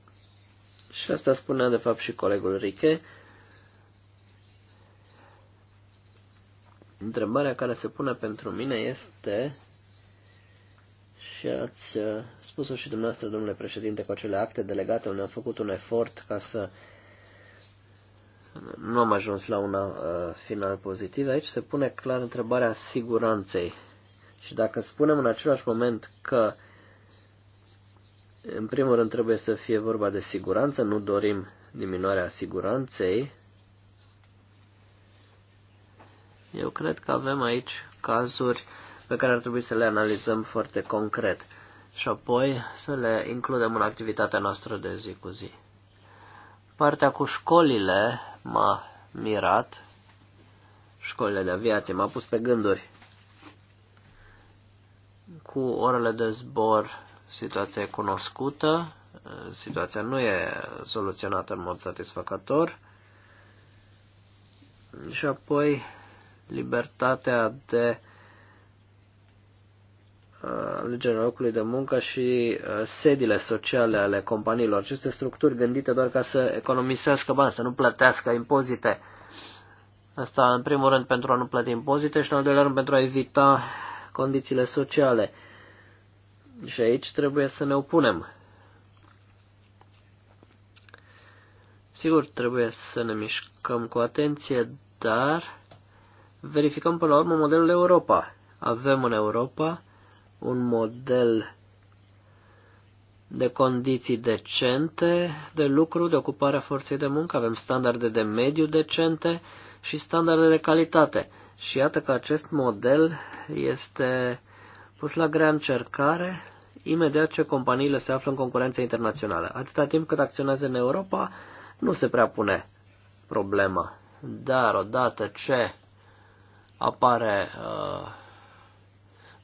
D: Și asta spunea de fapt și colegul Riche. Întrebarea care se pune pentru mine este și ați uh, spus-o și dumneavoastră, domnule președinte, cu acele acte delegate unde am făcut un efort ca să nu am ajuns la una uh, final pozitiv. Aici se pune clar întrebarea siguranței. Și dacă spunem în același moment că în primul rând trebuie să fie vorba de siguranță, nu dorim diminuarea siguranței, eu cred că avem aici cazuri pe care ar trebui să le analizăm foarte concret și apoi să le includem în activitatea noastră de zi cu zi. Partea cu școlile m-a mirat, școlile de aviație m-a pus pe gânduri. Cu orele de zbor situația e cunoscută, situația nu e soluționată în mod satisfăcător și apoi libertatea de Uh, alegerea locului de muncă și uh, sediile sociale ale companiilor. Aceste structuri gândite doar ca să economisească bani, să nu plătească impozite. Asta în primul rând pentru a nu plăti impozite și în al doilea rând pentru a evita condițiile sociale. Și aici trebuie să ne opunem. Sigur, trebuie să ne mișcăm cu atenție, dar verificăm până la urmă modelul Europa. Avem în Europa un model de condiții decente de lucru, de ocupare a forței de muncă, avem standarde de mediu decente și standarde de calitate. Și iată că acest model este pus la grea încercare imediat ce companiile se află în concurență internațională. Atâta timp cât acționează în Europa, nu se prea pune problema. Dar odată ce apare uh,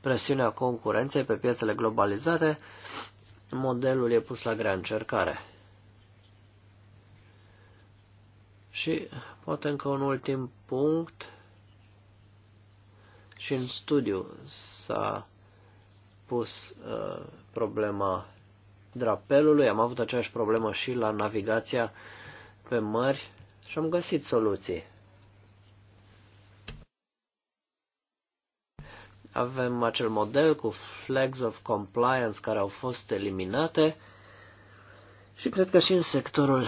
D: presiunea concurenței pe piețele globalizate, modelul e pus la grea încercare. Și poate încă un ultim punct. Și în studiu s-a pus uh, problema drapelului. Am avut aceeași problemă și la navigația pe mări și am găsit soluții. Avem acel model cu flags of compliance care au fost eliminate și cred că și în sectorul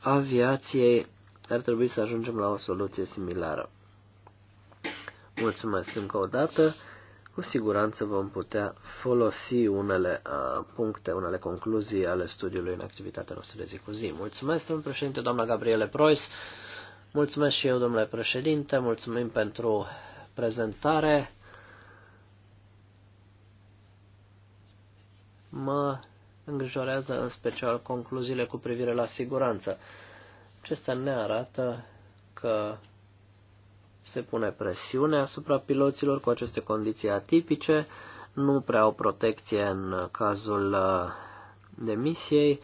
D: aviației ar trebui să ajungem la o soluție similară. Mulțumesc încă o dată. Cu siguranță vom putea folosi unele uh, puncte, unele concluzii ale studiului în activitatea noastră de zi cu zi. Mulțumesc, domnul președinte, doamna Gabriele Preuss. Mulțumesc și eu, domnule președinte. Mulțumim pentru prezentare. mă îngrijorează în special concluziile cu privire la siguranță. Acestea ne arată că se pune presiune asupra piloților cu aceste condiții atipice, nu prea au protecție în cazul uh, demisiei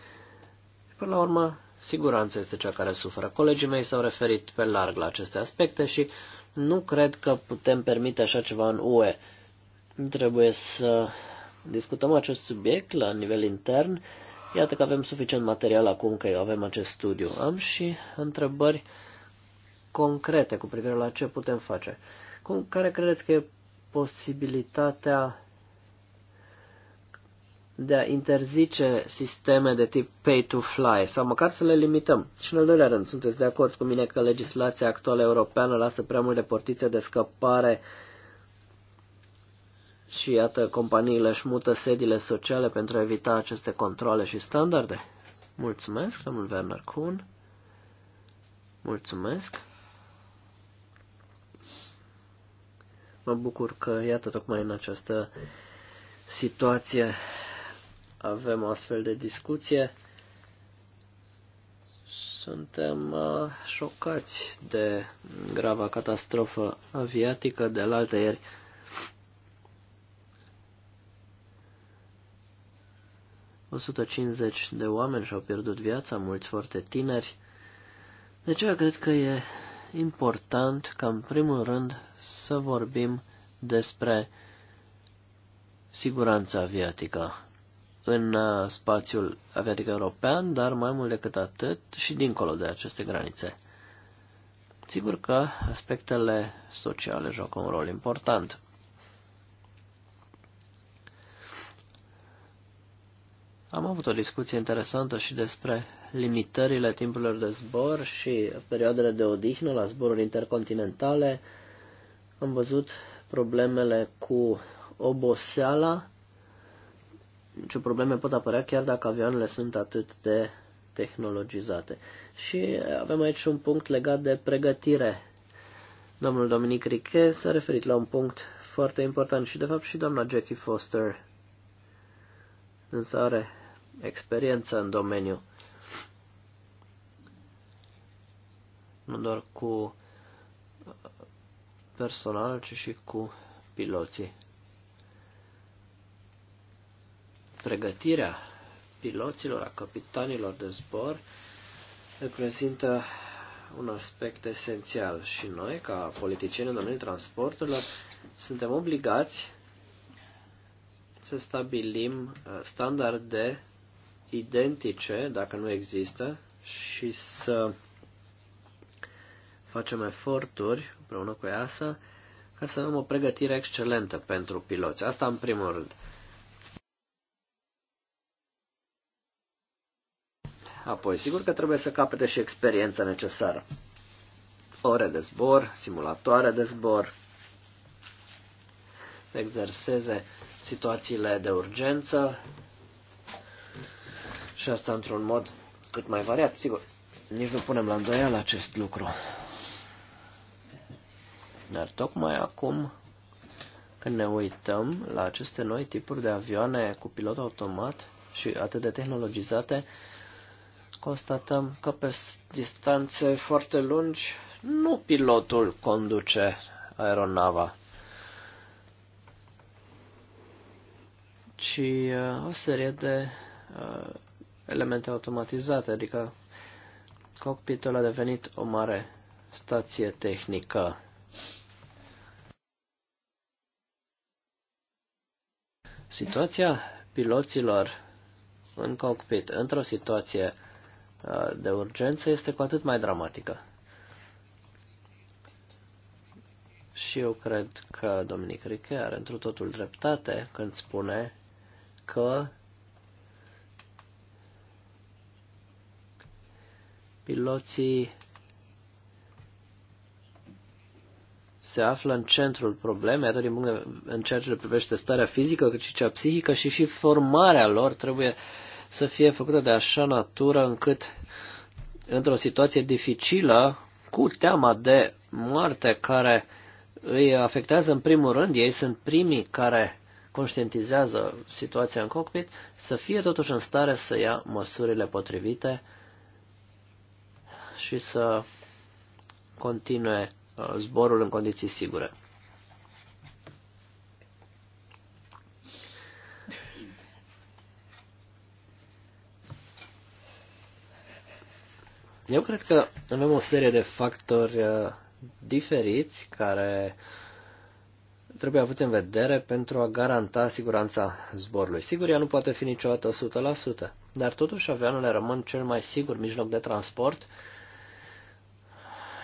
D: și până la urmă siguranța este cea care suferă. Colegii mei s-au referit pe larg la aceste aspecte și nu cred că putem permite așa ceva în UE. Trebuie să discutăm acest subiect la nivel intern. Iată că avem suficient material acum că avem acest studiu. Am și întrebări concrete cu privire la ce putem face. Cum, care credeți că e posibilitatea de a interzice sisteme de tip pay to fly sau măcar să le limităm. Și în al doilea rând, sunteți de acord cu mine că legislația actuală europeană lasă prea multe portițe de scăpare și iată, companiile își mută sediile sociale pentru a evita aceste controle și standarde. Mulțumesc, domnul Werner Kuhn. Mulțumesc. Mă bucur că, iată, tocmai în această situație avem o astfel de discuție. Suntem uh, șocați de grava catastrofă aviatică de la ieri. 150 de oameni și-au pierdut viața, mulți foarte tineri. De aceea cred că e important ca în primul rând să vorbim despre siguranța aviatică în uh, spațiul aviatic european, dar mai mult decât atât și dincolo de aceste granițe. Sigur că aspectele sociale joacă un rol important. Am avut o discuție interesantă și despre limitările timpurilor de zbor și perioadele de odihnă la zboruri intercontinentale. Am văzut problemele cu oboseala, ce probleme pot apărea chiar dacă avioanele sunt atât de tehnologizate. Și avem aici un punct legat de pregătire. Domnul Dominic Riche s-a referit la un punct foarte important și de fapt și doamna Jackie Foster însă are experiență în domeniu. Nu doar cu uh, personal, ci și cu piloții. Pregătirea piloților, a capitanilor de zbor, reprezintă un aspect esențial și noi, ca politicieni în domeniul transporturilor, suntem obligați să stabilim uh, standarde identice, dacă nu există, și să facem eforturi împreună cu EASA ca să avem o pregătire excelentă pentru piloți. Asta în primul rând. Apoi, sigur că trebuie să capete și experiența necesară. Ore de zbor, simulatoare de zbor, să exerseze situațiile de urgență, și asta într-un mod cât mai variat, sigur. Nici nu punem la îndoială acest lucru. Dar tocmai acum, când ne uităm la aceste noi tipuri de avioane cu pilot automat și atât de tehnologizate, constatăm că pe distanțe foarte lungi nu pilotul conduce aeronava, ci uh, o serie de uh, elemente automatizate, adică cockpitul a devenit o mare stație tehnică. Situația piloților în cockpit, într-o situație de urgență, este cu atât mai dramatică. Și eu cred că Dominic Riche are într totul dreptate când spune că Piloții se află în centrul problemei, atât din punct de, în ceea ce privește starea fizică, cât și cea psihică și și formarea lor trebuie să fie făcută de așa natură încât într-o situație dificilă, cu teama de moarte care îi afectează în primul rând, ei sunt primii care conștientizează situația în cockpit, să fie totuși în stare să ia măsurile potrivite și să continue uh, zborul în condiții sigure. Eu cred că avem o serie de factori uh, diferiți care trebuie avut în vedere pentru a garanta siguranța zborului. Sigur, ea nu poate fi niciodată 100%, dar totuși avionul rămân cel mai sigur mijloc de transport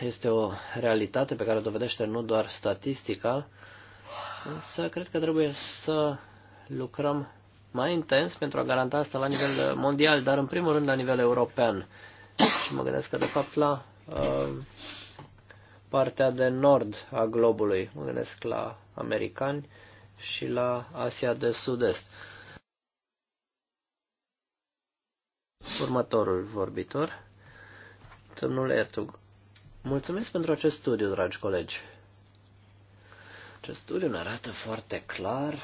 D: este o realitate pe care o dovedește nu doar statistica, însă cred că trebuie să lucrăm mai intens pentru a garanta asta la nivel mondial, dar în primul rând la nivel european. Și mă gândesc că, de fapt, la uh, partea de nord a globului. Mă gândesc la americani și la Asia de Sud-Est. Următorul vorbitor, domnul Ertug. Mulțumesc pentru acest studiu, dragi colegi. Acest studiu ne arată foarte clar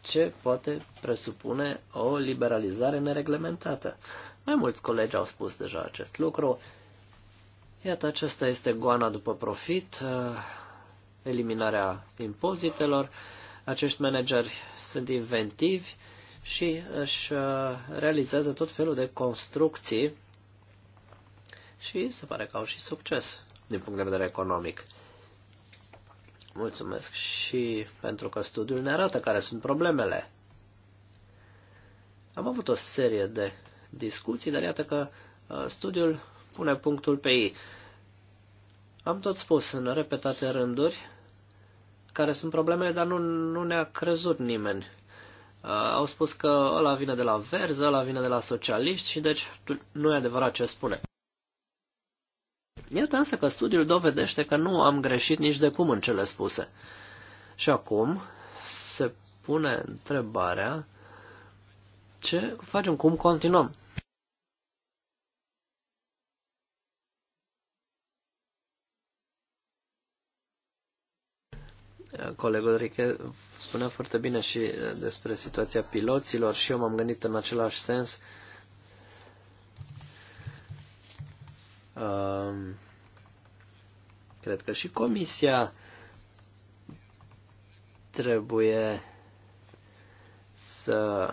D: ce poate presupune o liberalizare nereglementată. Mai mulți colegi au spus deja acest lucru. Iată, acesta este goana după profit, eliminarea impozitelor. Acești manageri sunt inventivi și își uh, realizează tot felul de construcții și se pare că au și succes din punct de vedere economic. Mulțumesc și pentru că studiul ne arată care sunt problemele. Am avut o serie de discuții, dar iată că uh, studiul pune punctul pe ei. Am tot spus în repetate rânduri care sunt problemele, dar nu, nu ne-a crezut nimeni. Uh, au spus că ăla vine de la Verză, ăla vine de la socialiști și deci nu e adevărat ce spune. Iată însă că studiul dovedește că nu am greșit nici de cum în cele spuse. Și acum se pune întrebarea ce facem, cum continuăm. Colegul Rike spunea foarte bine și eh, despre situația piloților și eu m-am gândit în același sens. Cred că și comisia trebuie să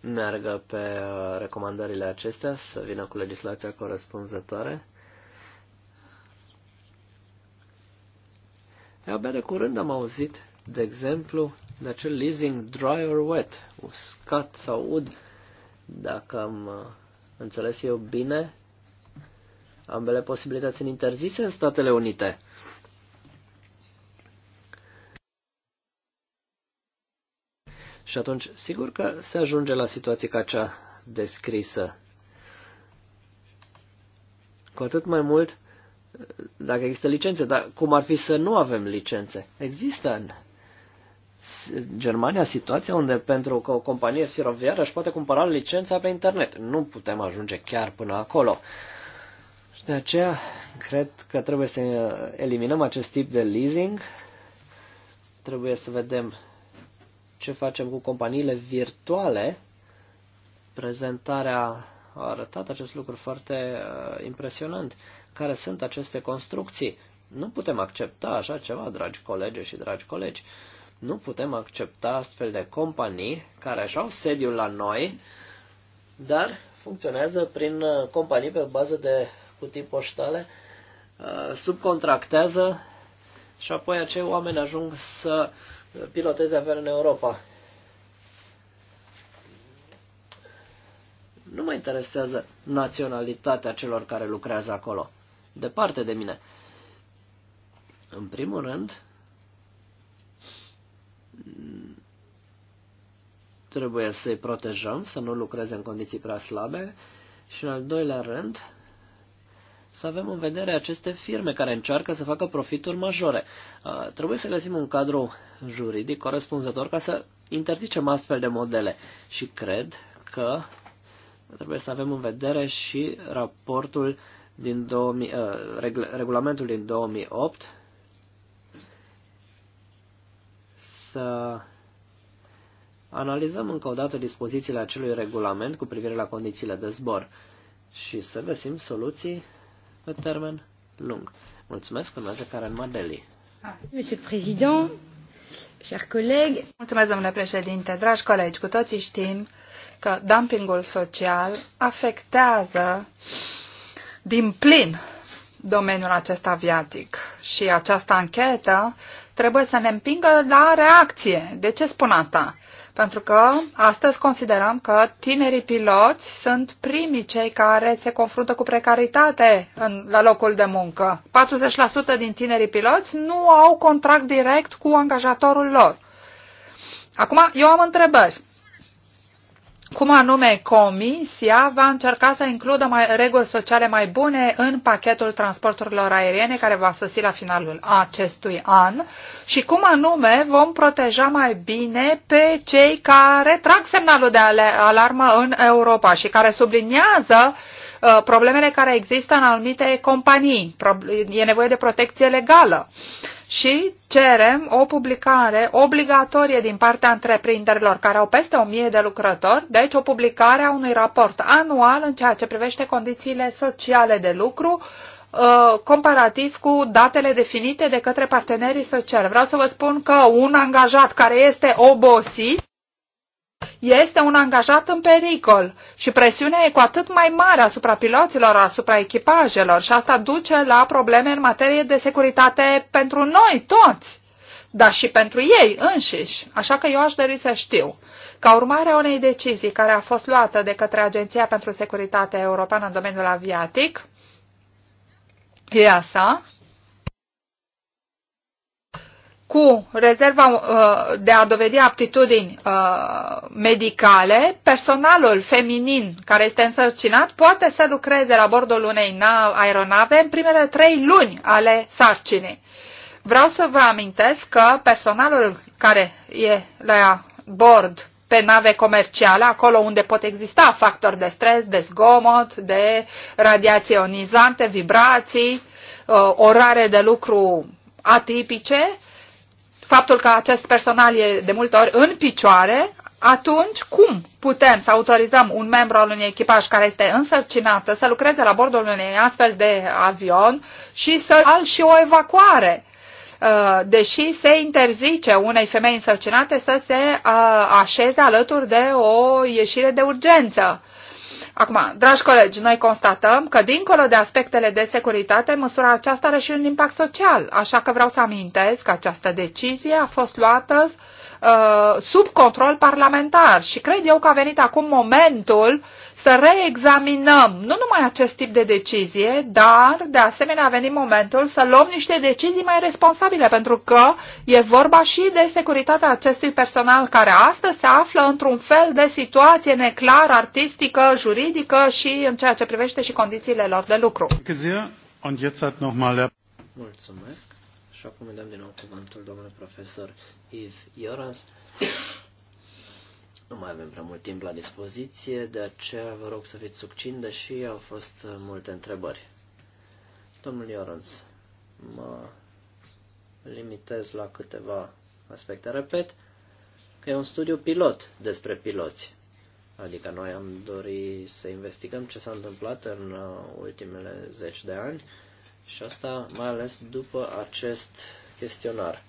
D: meargă pe eh, recomandările acestea, să vină cu legislația corespunzătoare. Abia de curând am auzit, de exemplu, de acel leasing dry or wet, uscat sau ud, dacă am uh, înțeles eu bine, ambele posibilități sunt interzise în Statele Unite. Și atunci, sigur că se ajunge la situații ca cea descrisă. Cu atât mai mult dacă există licențe, dar cum ar fi să nu avem licențe? Există în Germania situația unde pentru că o companie feroviară își poate cumpăra licența pe internet. Nu putem ajunge chiar până acolo. Și de aceea cred că trebuie să eliminăm acest tip de leasing. Trebuie să vedem ce facem cu companiile virtuale. Prezentarea a arătat acest lucru foarte uh, impresionant care sunt aceste construcții. Nu putem accepta așa ceva, dragi colegi și dragi colegi. Nu putem accepta astfel de companii care așa au sediul la noi, dar funcționează prin uh, companii pe bază de cutii poștale, uh, subcontractează și apoi acei oameni ajung să uh, piloteze avere în Europa. Nu mă interesează naționalitatea celor care lucrează acolo departe de mine. În primul rând, trebuie să-i protejăm, să nu lucreze în condiții prea slabe și, în al doilea rând, să avem în vedere aceste firme care încearcă să facă profituri majore. Uh, trebuie să găsim un cadru juridic corespunzător ca să interzicem astfel de modele și cred că trebuie să avem în vedere și raportul din 2000, uh, regl regulamentul din 2008 să analizăm încă o dată dispozițiile acelui regulament cu privire la condițiile de zbor și să găsim soluții pe termen lung. Mulțumesc, urmează Karen Madeli.
C: Monsieur Président, chers collègues. Mulțumesc, domnule președinte, dragi colegi, cu toții știm că dumpingul social afectează din plin domeniul acesta aviatic și această anchetă trebuie să ne împingă la reacție. De ce spun asta? Pentru că astăzi considerăm că tinerii piloți sunt primii cei care se confruntă cu precaritate în, la locul de muncă. 40% din tinerii piloți nu au contract direct cu angajatorul lor. Acum, eu am întrebări cum anume Comisia va încerca să includă mai, reguli sociale mai bune în pachetul transporturilor aeriene care va sosi la finalul acestui an și cum anume vom proteja mai bine pe cei care trag semnalul de alarmă în Europa și care subliniază uh, problemele care există în anumite companii. E nevoie de protecție legală. Uh, și cerem o publicare obligatorie din partea întreprinderilor care au peste 1000 de lucrători, deci o publicare a unui raport anual în ceea ce privește condițiile sociale de lucru, uh, comparativ cu datele definite de către partenerii sociali. Vreau să vă spun că un angajat care este obosit este un angajat în pericol și presiunea e cu atât mai mare asupra piloților, asupra echipajelor și asta duce la probleme în materie de securitate pentru noi toți, dar și pentru ei înșiși. Așa că eu aș dori să știu. Ca urmare a unei decizii care a fost luată de către Agenția pentru securitate Europeană în domeniul aviatic, EASA, cu rezerva uh, de a dovedi aptitudini uh, medicale, personalul feminin care este însărcinat poate să lucreze la bordul unei aeronave în primele trei luni ale sarcinii. Vreau să vă amintesc că personalul care e la bord pe nave comerciale, acolo unde pot exista factori de stres, de zgomot, de radiaționizante, ionizante, vibrații, uh, orare de lucru atipice, faptul că acest personal e de multe ori în picioare, atunci cum putem să autorizăm un membru al unui echipaj care este însărcinată să lucreze la bordul unui astfel de avion și să al și o evacuare? Uh, deși se interzice unei femei însărcinate să se uh, așeze alături de o ieșire de urgență Acum, dragi colegi, noi constatăm că, dincolo de aspectele de securitate, măsura aceasta are și un impact social, așa că vreau să amintesc că această decizie a fost luată Uh, sub control parlamentar și cred eu că a venit acum momentul să reexaminăm nu numai acest tip de decizie, dar de asemenea a venit momentul să luăm niște decizii mai responsabile, pentru că e vorba și de securitatea acestui personal care astăzi se află într-un fel de situație neclară, artistică, juridică și în ceea ce privește și condițiile lor de lucru.
D: Mulțumesc. Și acum îi dăm din nou cuvântul domnului profesor respectiv Ioras. Nu mai avem prea mult timp la dispoziție, de aceea vă rog să fiți succint, deși au fost uh, multe întrebări. Domnul Ioranț, mă limitez la câteva aspecte. Repet că e un studiu pilot despre piloți. Adică noi am dorit să investigăm ce s-a întâmplat în uh, ultimele zeci de ani și asta mai ales după acest chestionar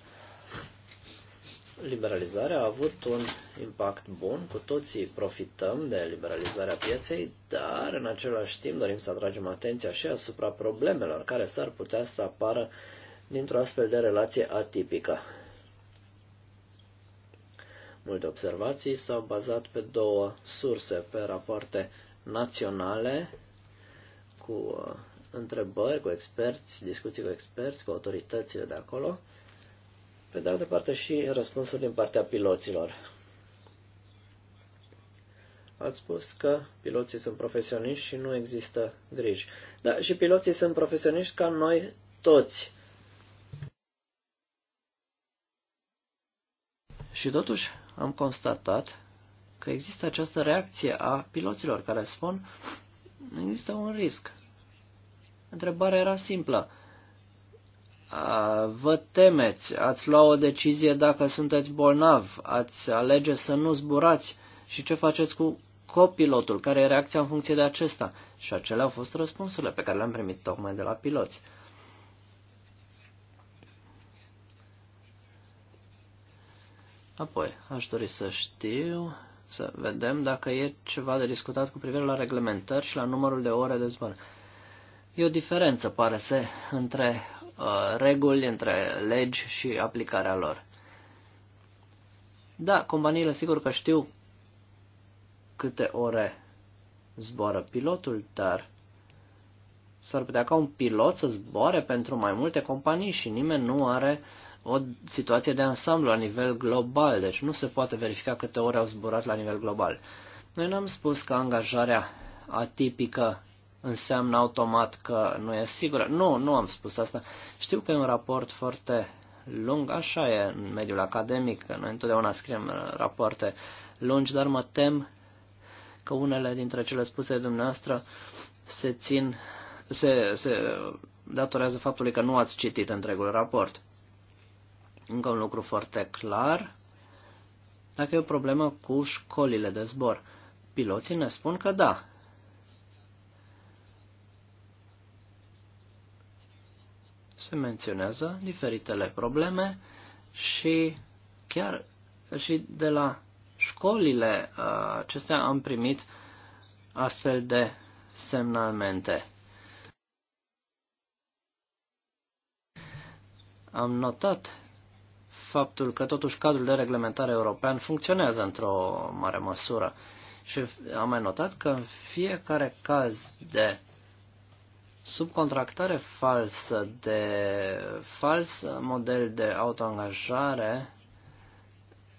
D: liberalizarea a avut un impact bun, cu toții profităm de liberalizarea pieței, dar în același timp dorim să atragem atenția și asupra problemelor care s-ar putea să apară dintr-o astfel de relație atipică. Multe observații s-au bazat pe două surse, pe rapoarte naționale cu uh, întrebări, cu experți, discuții cu experți, cu autoritățile de acolo, pe de altă parte și răspunsul din partea piloților. Ați spus că piloții sunt profesioniști și nu există griji. Da, și piloții sunt profesioniști ca noi toți. Și totuși am constatat că există această reacție a piloților care spun există un risc. Întrebarea era simplă vă temeți, ați lua o decizie dacă sunteți bolnav, ați alege să nu zburați și ce faceți cu copilotul, care e reacția în funcție de acesta. Și acelea au fost răspunsurile pe care le-am primit tocmai de la piloți. Apoi, aș dori să știu, să vedem dacă e ceva de discutat cu privire la reglementări și la numărul de ore de zbor. E o diferență, pare să, între Uh, reguli, între legi și aplicarea lor. Da, companiile sigur că știu câte ore zboară pilotul, dar s-ar putea ca un pilot să zboare pentru mai multe companii și nimeni nu are o situație de ansamblu la nivel global, deci nu se poate verifica câte ore au zburat la nivel global. Noi n-am spus că angajarea atipică înseamnă automat că nu e sigură. Nu, nu am spus asta. Știu că e un raport foarte lung, așa e în mediul academic, că noi întotdeauna scriem rapoarte lungi, dar mă tem că unele dintre cele spuse de dumneavoastră se țin, se, se datorează faptului că nu ați citit întregul raport. Încă un lucru foarte clar, dacă e o problemă cu școlile de zbor. Piloții ne spun că da, se menționează diferitele probleme și chiar și de la școlile uh, acestea am primit astfel de semnalmente. Am notat faptul că totuși cadrul de reglementare european funcționează într-o mare măsură și am mai notat că în fiecare caz de subcontractare falsă, de fals model de autoangajare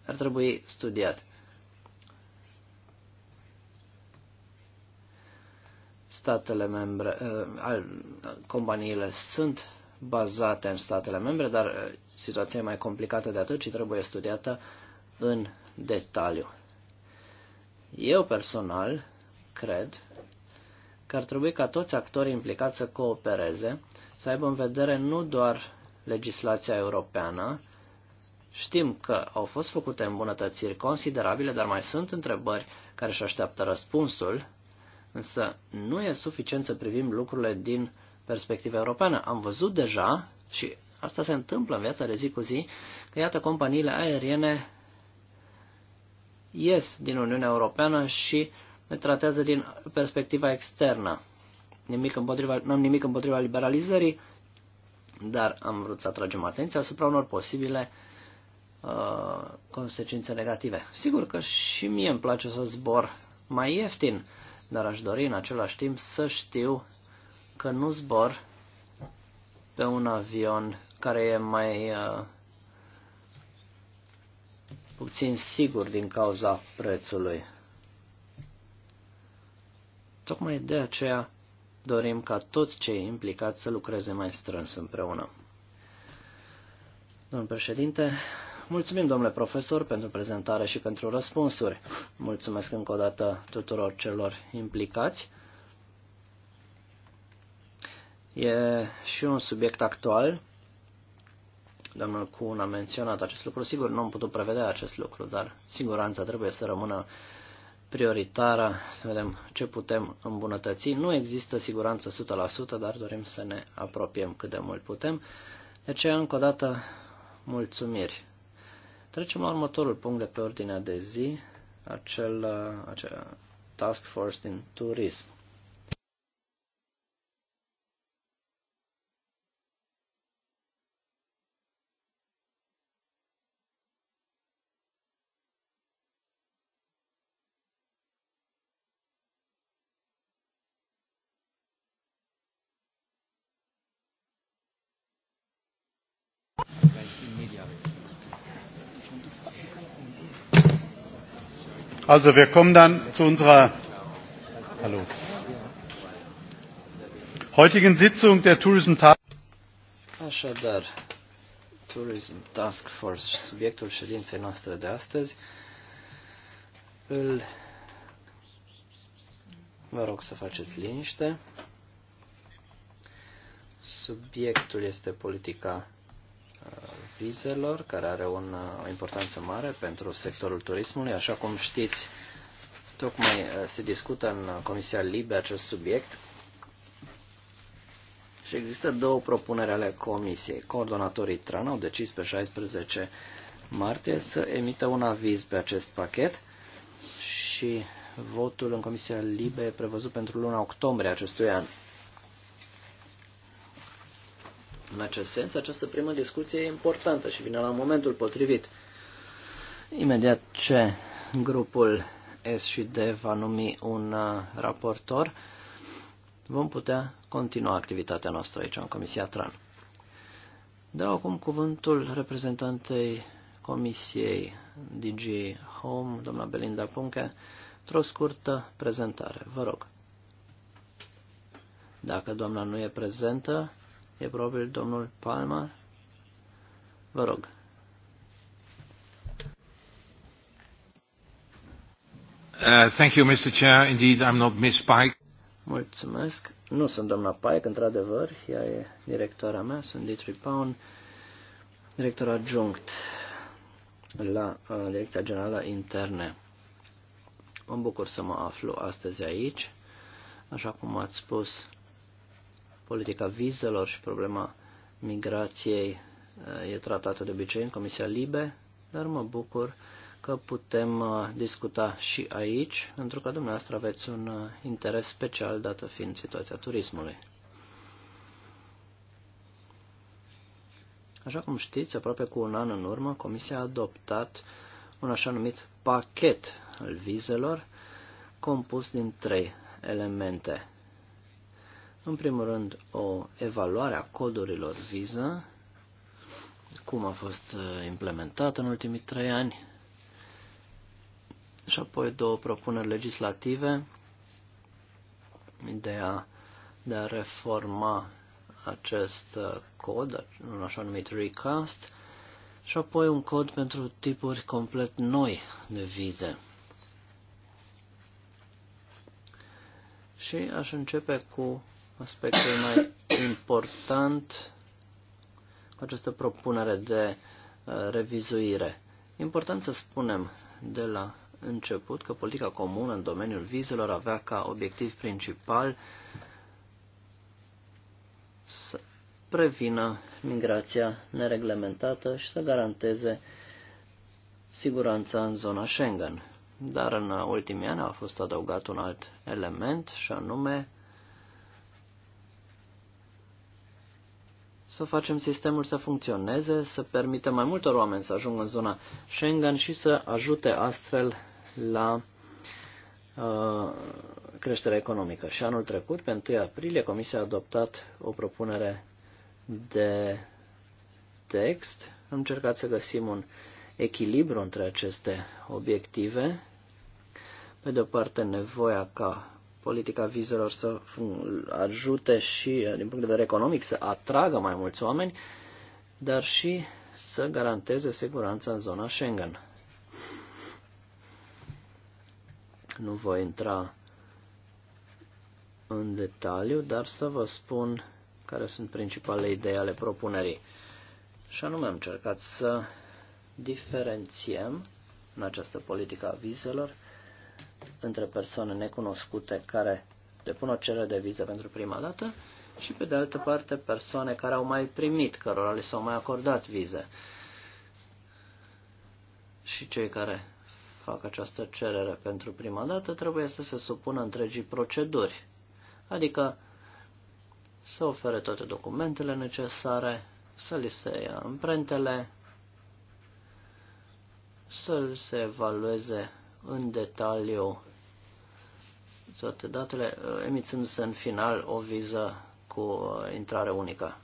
D: ar trebui studiat. Statele membre, uh, al, companiile sunt bazate în statele membre, dar uh, situația e mai complicată de atât și trebuie studiată în detaliu. Eu personal cred că ar trebui ca toți actorii implicați să coopereze, să aibă în vedere nu doar legislația europeană, Știm că au fost făcute îmbunătățiri considerabile, dar mai sunt întrebări care își așteaptă răspunsul, însă nu e suficient să privim lucrurile din perspectiva europeană. Am văzut deja, și asta se întâmplă în viața de zi cu zi, că iată companiile aeriene ies din Uniunea Europeană și ne tratează din perspectiva externă. Nimic împotriva, nu am nimic împotriva liberalizării, dar am vrut să atragem atenția asupra unor posibile uh, consecințe negative. Sigur că și mie îmi place să zbor mai ieftin, dar aș dori în același timp să știu că nu zbor pe un avion care e mai uh, puțin sigur din cauza prețului. Tocmai de aceea dorim ca toți cei implicați să lucreze mai strâns împreună. Domnul președinte, mulțumim, domnule profesor, pentru prezentare și pentru răspunsuri. Mulțumesc încă o dată tuturor celor implicați. E și un subiect actual. Domnul Cun a menționat acest lucru. Sigur, nu am putut prevedea acest lucru, dar siguranța trebuie să rămână prioritară, să vedem ce putem îmbunătăți. Nu există siguranță 100%, dar dorim să ne apropiem cât de mult putem. De aceea, încă o dată, mulțumiri. Trecem la următorul punct de pe ordinea de zi, acel, acel task force din turism.
A: Also wir kommen dann zu unserer Hallo. heutigen Sitzung der Tourism Task
D: Așadar, Tourism Task Force, subiectul ședinței noastre de astăzi, îl vă rog să faceți liniște. Subiectul este politica uh, vizelor, care are un, o importanță mare pentru sectorul turismului. Așa cum știți, tocmai uh, se discută în Comisia Libe acest subiect și există două propuneri ale Comisiei. Coordonatorii TRAN au decis pe 16 martie să emită un aviz pe acest pachet și votul în Comisia Libe e prevăzut pentru luna octombrie acestui an. În acest sens, această primă discuție e importantă și vine la momentul potrivit. Imediat ce grupul S și D va numi un uh, raportor, vom putea continua activitatea noastră aici, în Comisia TRAN. Dau acum cuvântul reprezentantei Comisiei DG Home, doamna Belinda Punche, într-o scurtă prezentare. Vă rog. Dacă doamna nu e prezentă, e probabil domnul Palma. Vă rog.
E: Uh, thank you, Mr. Chair. Indeed, I'm not Miss
D: Pike. Mulțumesc. Nu sunt doamna Pike, într-adevăr. Ea e directoarea mea. Sunt Dietrich Paun, director adjunct la uh, Direcția Generală Interne. Mă bucur să mă aflu astăzi aici. Așa cum ați spus, politica vizelor și problema migrației eh, e tratată de obicei în Comisia Libe, dar mă bucur că putem eh, discuta și aici, pentru că dumneavoastră aveți un eh, interes special, dată fiind situația turismului. Așa cum știți, aproape cu un an în urmă, Comisia a adoptat un așa numit pachet al vizelor, compus din trei elemente. În primul rând, o evaluare a codurilor viză, cum a fost uh, implementat în ultimii trei ani, și apoi două propuneri legislative, ideea de a reforma acest uh, cod, un așa numit recast, și apoi un cod pentru tipuri complet noi de vize. Și aș începe cu aspectul mai important cu această propunere de uh, revizuire. Important să spunem de la început că politica comună în domeniul vizelor avea ca obiectiv principal să prevină migrația nereglementată și să garanteze siguranța în zona Schengen. Dar în ultimii ani a fost adăugat un alt element și anume să facem sistemul să funcționeze, să permită mai multor oameni să ajungă în zona Schengen și să ajute astfel la uh, creșterea economică. Și anul trecut, pe 1 aprilie, Comisia a adoptat o propunere de text. Am încercat să găsim un echilibru între aceste obiective. Pe de o parte, nevoia ca politica vizelor să ajute și, eh, din punct de vedere economic, să atragă mai mulți oameni, dar și să garanteze siguranța în zona Schengen. Nu voi intra în detaliu, dar să vă spun care sunt principalele idei ale propunerii. Și anume am încercat să diferențiem în această politică a vizelor între persoane necunoscute care depun o cerere de viză pentru prima dată și, pe de altă parte, persoane care au mai primit, cărora le s-au mai acordat vize. Și cei care fac această cerere pentru prima dată trebuie să se supună întregii proceduri, adică să ofere toate documentele necesare, să li se ia amprentele, să li se evalueze în detaliu toate datele, uh, emițându-se în final o viză cu uh, intrare unică.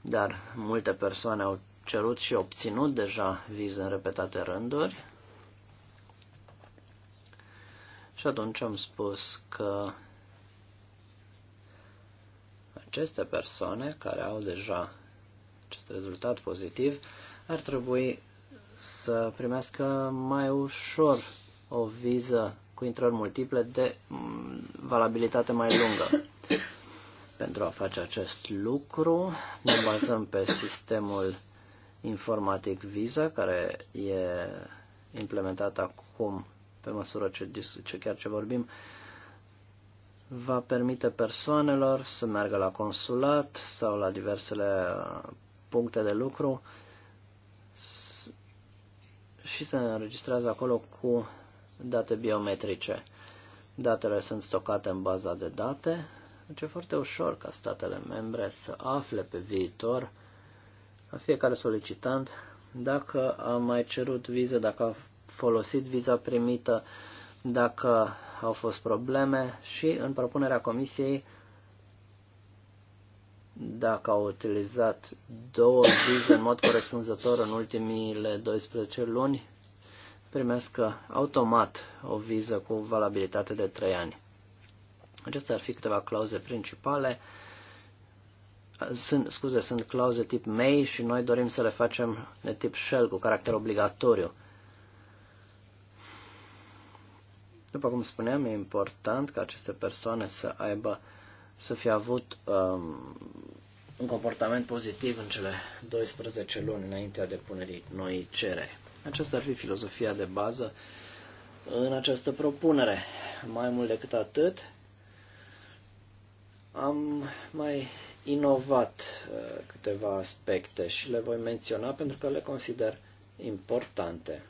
D: Dar multe persoane au cerut și obținut deja vize în repetate rânduri. Și atunci am spus că aceste persoane care au deja acest rezultat pozitiv ar trebui să primească mai ușor o viză cu intrări multiple de mm, valabilitate mai lungă. Pentru a face acest lucru, ne bazăm pe sistemul informatic Visa, care e implementat acum pe măsură ce, ce chiar ce vorbim, va permite persoanelor să meargă la consulat sau la diversele puncte de lucru și se înregistrează acolo cu date biometrice. Datele sunt stocate în baza de date, deci e foarte ușor ca statele membre să afle pe viitor la fiecare solicitant dacă a mai cerut viză, dacă a folosit viza primită, dacă au fost probleme și în propunerea comisiei dacă au utilizat două vize în mod corespunzător în ultimile 12 luni, primesc automat o viză cu valabilitate de 3 ani. Acestea ar fi câteva clauze principale. Sunt, scuze, sunt clauze tip MEI și noi dorim să le facem de tip Shell, cu caracter obligatoriu. După cum spuneam, e important ca aceste persoane să aibă să fi avut um, un comportament pozitiv în cele 12 luni înaintea depunerii noii cereri. Aceasta ar fi filozofia de bază în această propunere. Mai mult decât atât, am mai inovat uh, câteva aspecte și le voi menționa pentru că le consider importante.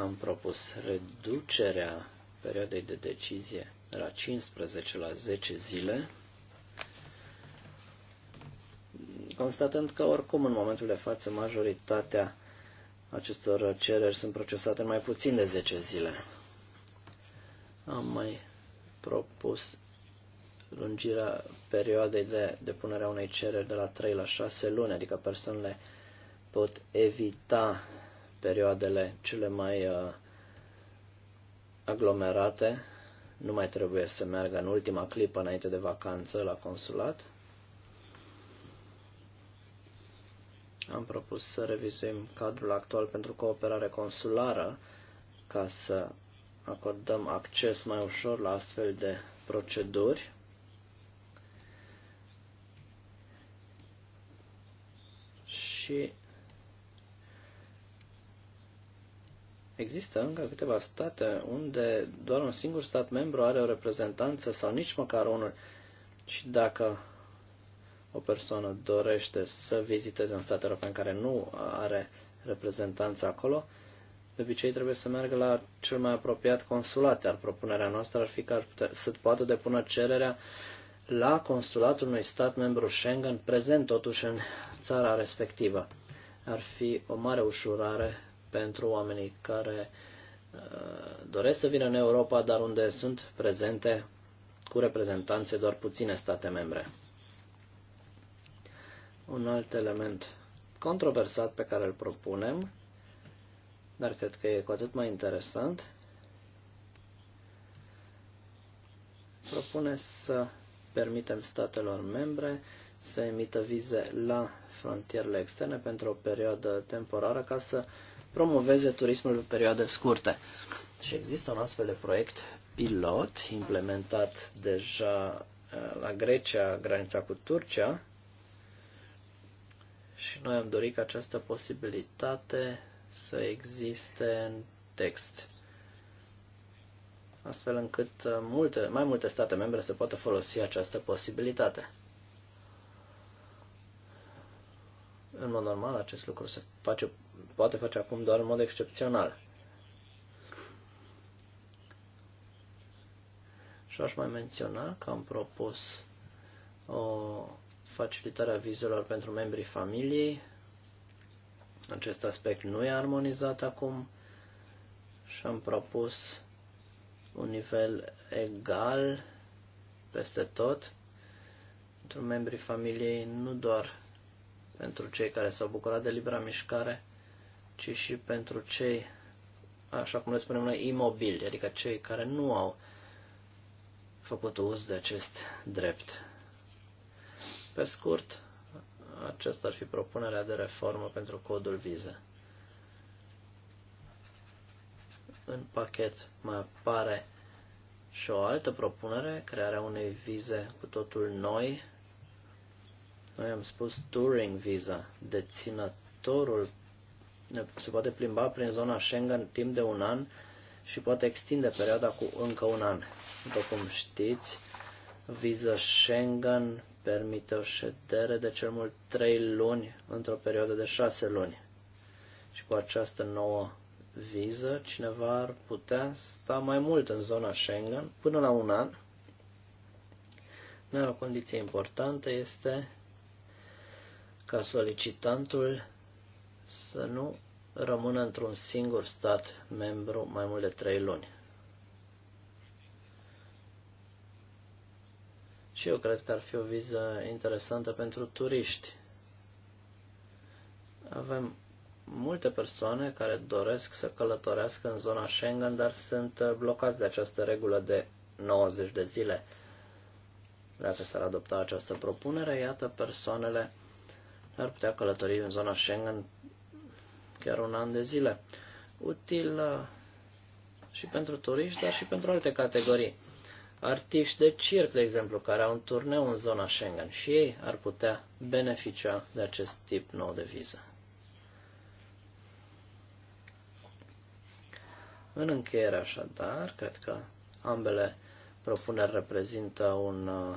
D: am propus reducerea perioadei de decizie de la 15 la 10 zile, constatând că oricum în momentul de față majoritatea acestor cereri sunt procesate în mai puțin de 10 zile. Am mai propus lungirea perioadei de depunere a unei cereri de la 3 la 6 luni, adică persoanele pot evita perioadele cele mai uh, aglomerate nu mai trebuie să meargă în ultima clipă înainte de vacanță la consulat. Am propus să revizuim cadrul actual pentru cooperare consulară ca să acordăm acces mai ușor la astfel de proceduri. Și Există încă câteva state unde doar un singur stat membru are o reprezentanță sau nici măcar unul. Și dacă o persoană dorește să viziteze un stat european care nu are reprezentanță acolo, de obicei trebuie să meargă la cel mai apropiat consulat, iar propunerea noastră ar fi că ar putea, să poată depună cererea la consulatul unui stat membru Schengen prezent totuși în țara respectivă. Ar fi o mare ușurare pentru oamenii care uh, doresc să vină în Europa, dar unde sunt prezente cu reprezentanțe doar puține state membre. Un alt element controversat pe care îl propunem, dar cred că e cu atât mai interesant, propune să permitem statelor membre să emită vize la frontierele externe pentru o perioadă temporară ca să uh, promoveze turismul pe perioade scurte. Și există un astfel de proiect pilot implementat deja uh, la Grecia, granița cu Turcia, și noi am dorit ca această posibilitate să existe în text, astfel încât uh, multe, mai multe state membre să poată folosi această posibilitate. În mod normal, acest lucru se face, poate face acum doar în mod excepțional. Și aș mai menționa că am propus o facilitare a vizelor pentru membrii familiei. Acest aspect nu e armonizat acum și am propus un nivel egal peste tot pentru membrii familiei, nu doar pentru cei care s-au bucurat de libera mișcare, ci și pentru cei, așa cum le spunem noi, imobili, adică cei care nu au făcut uz de acest drept. Pe scurt, aceasta ar fi propunerea de reformă pentru codul vize. În pachet mai apare și o altă propunere, crearea unei vize cu totul noi noi am spus touring visa. Deținătorul se poate plimba prin zona Schengen timp de un an și poate extinde perioada cu încă un an. După cum știți, viza Schengen permite o ședere de cel mult 3 luni într-o perioadă de 6 luni. Și cu această nouă viză, cineva ar putea sta mai mult în zona Schengen, până la un an. Dar o condiție importantă este ca solicitantul să nu rămână într-un singur stat membru mai mult de trei luni. Și eu cred că ar fi o viză interesantă pentru turiști. Avem multe persoane care doresc să călătorească în zona Schengen, dar sunt blocați de această regulă de 90 de zile. Dacă s-ar adopta această propunere, iată persoanele ar putea călători în zona Schengen chiar un an de zile. Util uh, și pentru turiști, dar și pentru alte categorii. Artiști de circ, de exemplu, care au un turneu în zona Schengen și ei ar putea beneficia de acest tip nou de viză. În încheiere, așadar, cred că ambele propuneri reprezintă un uh,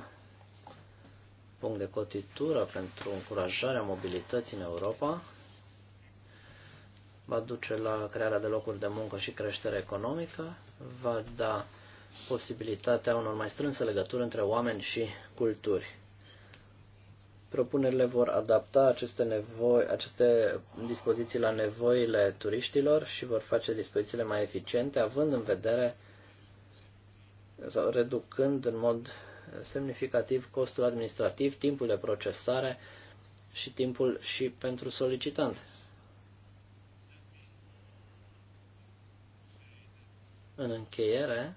D: punct de cotitură pentru încurajarea mobilității în Europa, va duce la crearea de locuri de muncă și creștere economică, va da posibilitatea unor mai strânse legături între oameni și culturi. Propunerile vor adapta aceste, nevoi, aceste dispoziții la nevoile turiștilor și vor face dispozițiile mai eficiente, având în vedere sau reducând în mod semnificativ costul administrativ, timpul de procesare și timpul și pentru solicitant. În încheiere,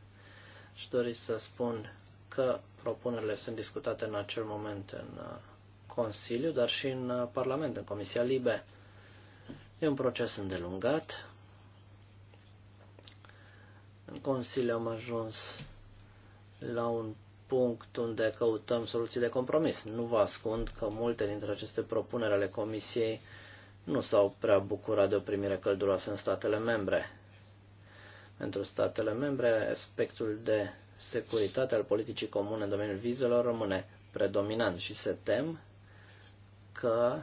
D: aș dori să spun că propunerile sunt discutate în acel moment în uh, Consiliu, dar și în uh, Parlament, în Comisia Libe. E un proces îndelungat. În Consiliu am ajuns la un punct unde căutăm soluții de compromis. Nu vă ascund că multe dintre aceste propuneri ale Comisiei nu s-au prea bucurat de o primire călduroasă în statele membre. Pentru statele membre, aspectul de securitate al politicii comune în domeniul vizelor rămâne predominant și se tem că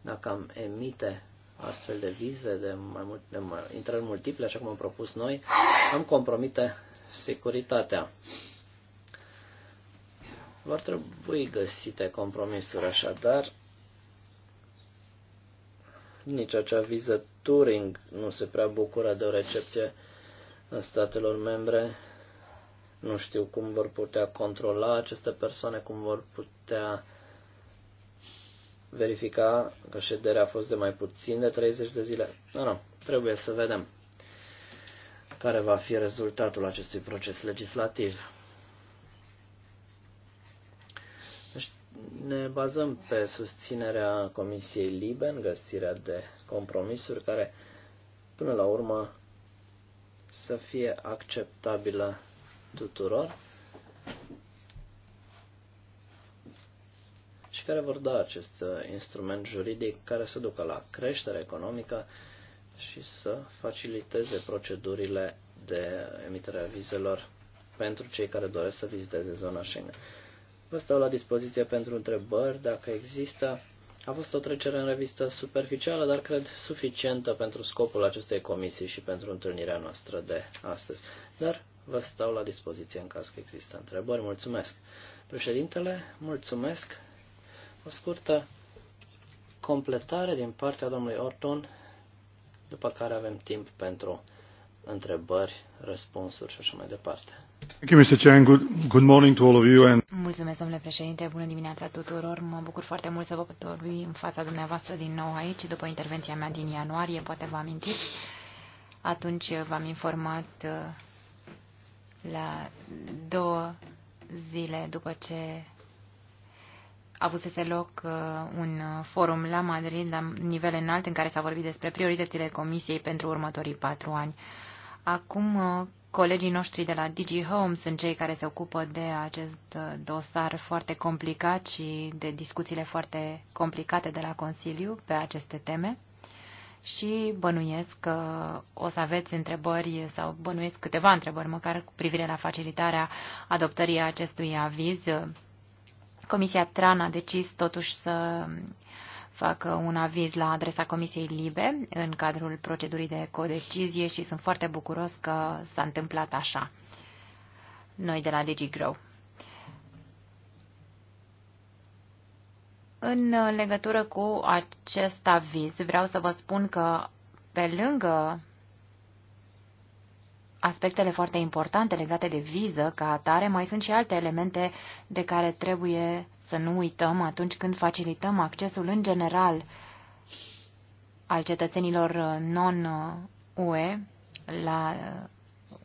D: dacă am emite astfel de vize de, mai mult, de intrări multiple, așa cum am propus noi, am compromite securitatea. Vor trebui găsite compromisuri așadar. Nici acea viză Turing nu se prea bucură de o recepție în statelor membre. Nu știu cum vor putea controla aceste persoane, cum vor putea verifica că șederea a fost de mai puțin de 30 de zile. Nu, nu, trebuie să vedem care va fi rezultatul acestui proces legislativ. Ne bazăm pe susținerea Comisiei Libe în găsirea de compromisuri care, până la urmă, să fie acceptabilă tuturor și care vor da acest uh, instrument juridic care să ducă la creștere economică și să faciliteze procedurile de emitere a vizelor pentru cei care doresc să viziteze zona Schengen. Vă stau la dispoziție pentru întrebări, dacă există. A fost o trecere în revistă superficială, dar cred suficientă pentru scopul acestei comisii și pentru întâlnirea noastră de astăzi. Dar vă stau la dispoziție în caz că există întrebări. Mulțumesc. Președintele, mulțumesc. O scurtă completare din partea domnului Orton, după care avem timp pentru întrebări, răspunsuri și așa mai departe.
B: Mulțumesc, domnule președinte. Bună dimineața tuturor. Mă bucur foarte mult să vă pot vorbi în fața dumneavoastră din nou aici, după intervenția mea din ianuarie, poate vă amintiți. Atunci v-am informat uh, la două zile după ce a avusese loc uh, un uh, forum la Madrid, la nivel înalt, în care s-a vorbit despre prioritățile Comisiei pentru următorii patru ani. Acum Colegii noștri de la Digi Home sunt cei care se ocupă de acest uh, dosar foarte complicat și de discuțiile foarte complicate de la Consiliu pe aceste teme și bănuiesc că o să aveți întrebări sau bănuiesc câteva întrebări măcar cu privire la facilitarea adoptării acestui aviz. Comisia TRAN a decis totuși să facă un aviz la adresa Comisiei Libe în cadrul procedurii de codecizie și sunt foarte bucuros că s-a întâmplat așa. Noi de la DigiGrow. În legătură cu acest aviz, vreau să vă spun că pe lângă aspectele foarte importante legate de viză ca atare, mai sunt și alte elemente de care trebuie să nu uităm atunci când facilităm accesul în general al cetățenilor non-UE la,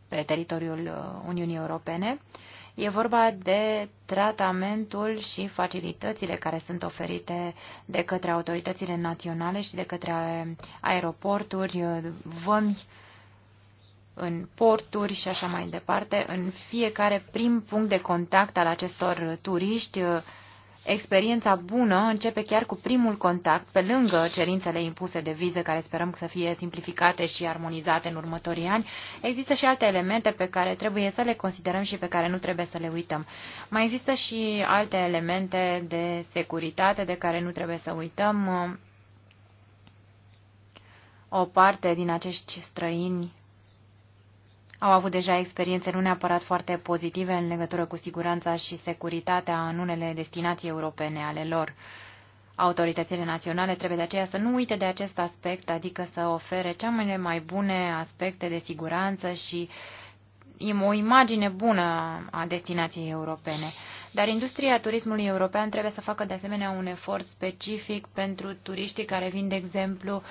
B: pe teritoriul Uniunii Europene. E vorba de tratamentul și facilitățile care sunt oferite de către autoritățile naționale și de către aeroporturi, vămi, în porturi și așa mai departe, în fiecare prim punct de contact al acestor turiști, experiența bună începe chiar cu primul contact, pe lângă cerințele impuse de viză, care sperăm să fie simplificate și armonizate în următorii ani, există și alte elemente pe care trebuie să le considerăm și pe care nu trebuie să le uităm. Mai există și alte elemente de securitate de care nu trebuie să uităm. O parte din acești străini au avut deja experiențe nu neapărat foarte pozitive în legătură cu siguranța și securitatea în unele destinații europene ale lor. Autoritățile naționale trebuie de aceea să nu uite de acest aspect, adică să ofere cea mai bune aspecte de siguranță și o imagine bună a destinației europene. Dar industria turismului european trebuie să facă de asemenea un efort specific pentru turiștii care vin, de exemplu,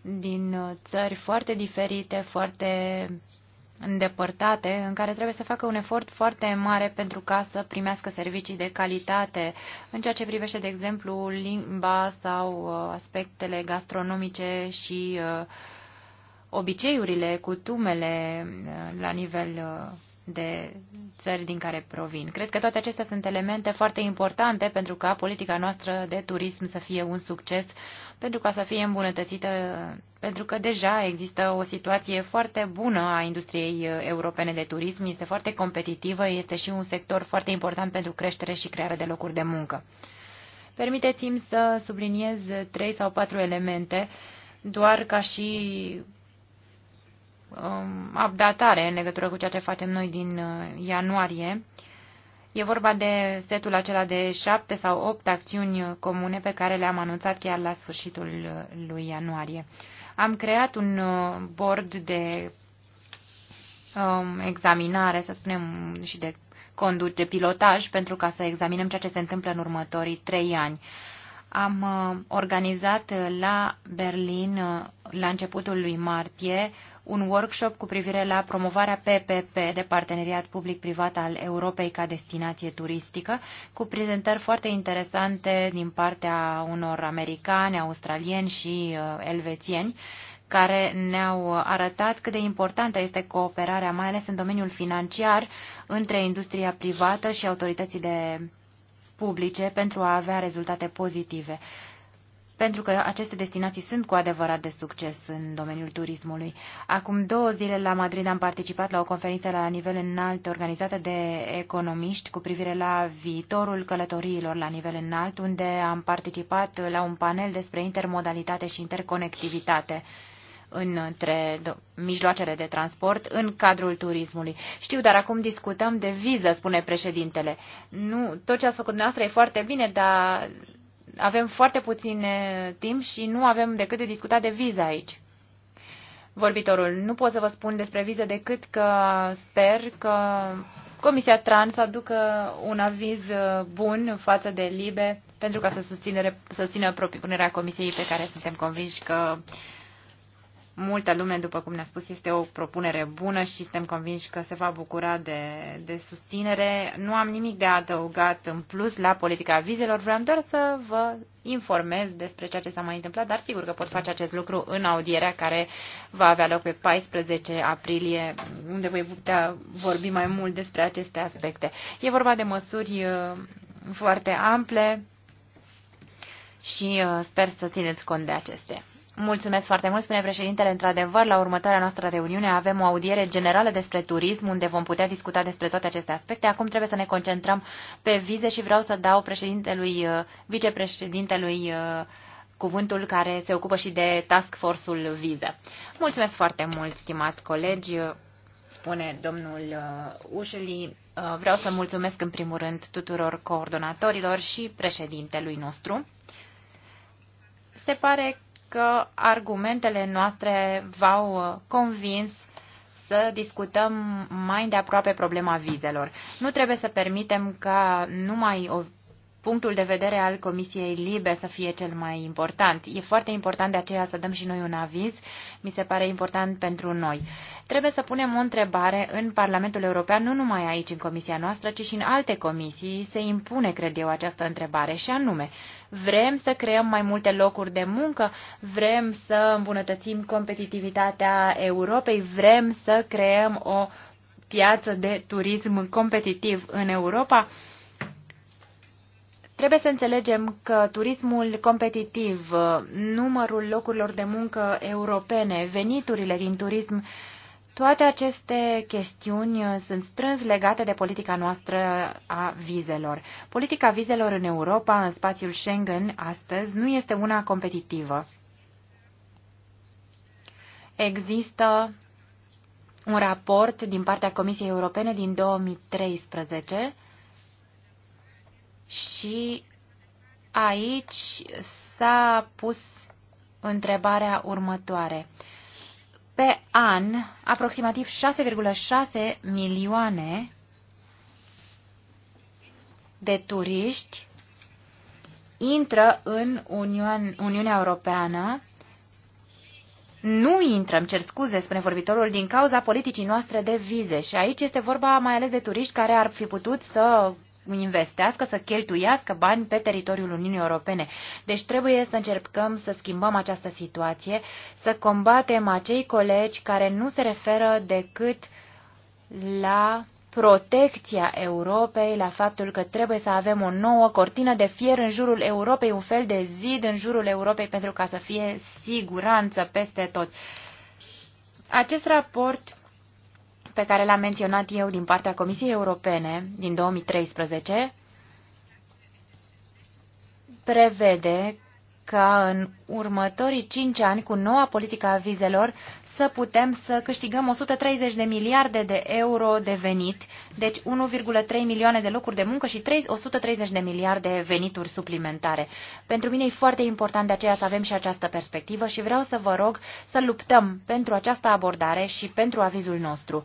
B: din țări foarte diferite, foarte îndepărtate, în care trebuie să facă un efort foarte mare pentru ca să primească servicii de calitate, în ceea ce privește, de exemplu, limba sau uh, aspectele gastronomice și uh, obiceiurile, cutumele uh, la nivel de țări din care provin. Cred că toate acestea sunt elemente foarte importante pentru ca politica noastră de turism să fie un succes pentru ca să fie îmbunătățită, pentru că deja există o situație foarte bună a industriei uh, europene de turism, este foarte competitivă, este și un sector foarte important pentru creștere și crearea de locuri de muncă. Permiteți-mi să subliniez trei sau patru elemente, doar ca și um, updatare în legătură cu ceea ce facem noi din uh, ianuarie. Uh, E vorba de setul acela de șapte sau opt acțiuni comune pe care le-am anunțat chiar la sfârșitul lui ianuarie. Am creat un uh, board de um, examinare, să spunem, și de conduce, pilotaj, pentru ca să examinăm ceea ce se întâmplă în următorii trei ani. Uh, am uh, organizat uh, la Berlin, uh, la începutul lui martie, un workshop cu privire la promovarea PPP de parteneriat public-privat al Europei ca destinație turistică, cu prezentări foarte interesante din partea unor americani, australieni și elvețieni, care ne-au arătat cât de importantă este cooperarea, mai ales în domeniul financiar, între industria privată și autorității de publice pentru a avea rezultate pozitive pentru că aceste destinații sunt cu adevărat de succes în domeniul turismului. Acum două zile la Madrid am participat la o conferință la nivel înalt organizată de economiști cu privire la viitorul călătoriilor la nivel înalt, unde am participat la un panel despre intermodalitate și interconectivitate între mijloacele de transport în cadrul turismului. Știu, dar acum discutăm de viză, spune președintele. Nu, tot ce ați făcut dumneavoastră e foarte bine, dar avem foarte puțin timp și nu avem decât de discutat de viză aici. Vorbitorul, nu pot să vă spun despre viză decât că sper că Comisia Trans să aducă un aviz uh, bun față de LIBE pentru ca să susțină, să susțină propunerea Comisiei pe care suntem convinși că uh, multă lume, după cum ne-a spus, este o propunere bună și suntem convinși că se va bucura de, de susținere. Nu am nimic de adăugat în plus la politica vizelor, vreau doar să vă informez despre ceea ce s-a mai întâmplat, dar sigur că pot face acest lucru în audierea care va avea loc pe 14 aprilie, unde voi putea vorbi mai mult despre aceste aspecte. E vorba de măsuri uh, foarte ample și uh, sper să țineți cont de acestea. Mulțumesc foarte mult, spune președintele. Într-adevăr, la următoarea noastră reuniune avem o audiere generală despre turism, unde vom putea discuta despre toate aceste aspecte. Acum trebuie să ne concentrăm pe vize și vreau să dau președintelui, uh, vicepreședintelui uh, cuvântul care se ocupă și de task force-ul viză. Mulțumesc foarte mult, stimați colegi, uh, spune domnul Ușeli. Vreau să mulțumesc în primul rând tuturor coordonatorilor și președintelui nostru. Se pare că argumentele noastre v-au uh, convins să discutăm mai de aproape problema vizelor. Nu trebuie să permitem ca numai o punctul de vedere al Comisiei Libe să fie cel mai important. E foarte important de aceea să dăm și noi un aviz, mi se pare important pentru noi. Trebuie să punem o întrebare în Parlamentul European, nu numai aici în comisia noastră, ci și în alte comisii se impune, cred eu, această întrebare și anume, vrem să creăm mai multe locuri de muncă, vrem să îmbunătățim competitivitatea Europei, vrem să creăm o piață de turism competitiv în Europa, Trebuie să înțelegem că turismul competitiv, numărul locurilor de muncă europene, veniturile din turism, toate aceste chestiuni sunt strâns legate de politica noastră a vizelor. Politica vizelor în Europa, în spațiul Schengen, astăzi, nu este una competitivă. Există un raport din partea Comisiei Europene din 2013 și aici s-a pus întrebarea următoare. Pe an, aproximativ 6,6 milioane de turiști intră în Uniunea Europeană, nu intrăm, cer scuze, spune vorbitorul, din cauza politicii noastre de vize. Și aici este vorba mai ales de turiști care ar fi putut să investească, să cheltuiască bani pe teritoriul Uniunii Europene. Deci trebuie să încercăm să schimbăm această situație, să combatem acei colegi care nu se referă decât la protecția Europei, la faptul că trebuie să avem o nouă cortină de fier în jurul Europei, un fel de zid în jurul Europei pentru ca să fie siguranță peste tot. Acest raport pe care l-am menționat eu din partea Comisiei Europene din 2013 prevede ca în următorii cinci ani, cu noua politică a vizelor, să putem să câștigăm 130 de miliarde de euro de venit, deci 1,3 milioane de locuri de muncă și 130 de miliarde de venituri suplimentare. Pentru mine e foarte important de aceea să avem și această perspectivă și vreau să vă rog să luptăm pentru această abordare și pentru avizul nostru.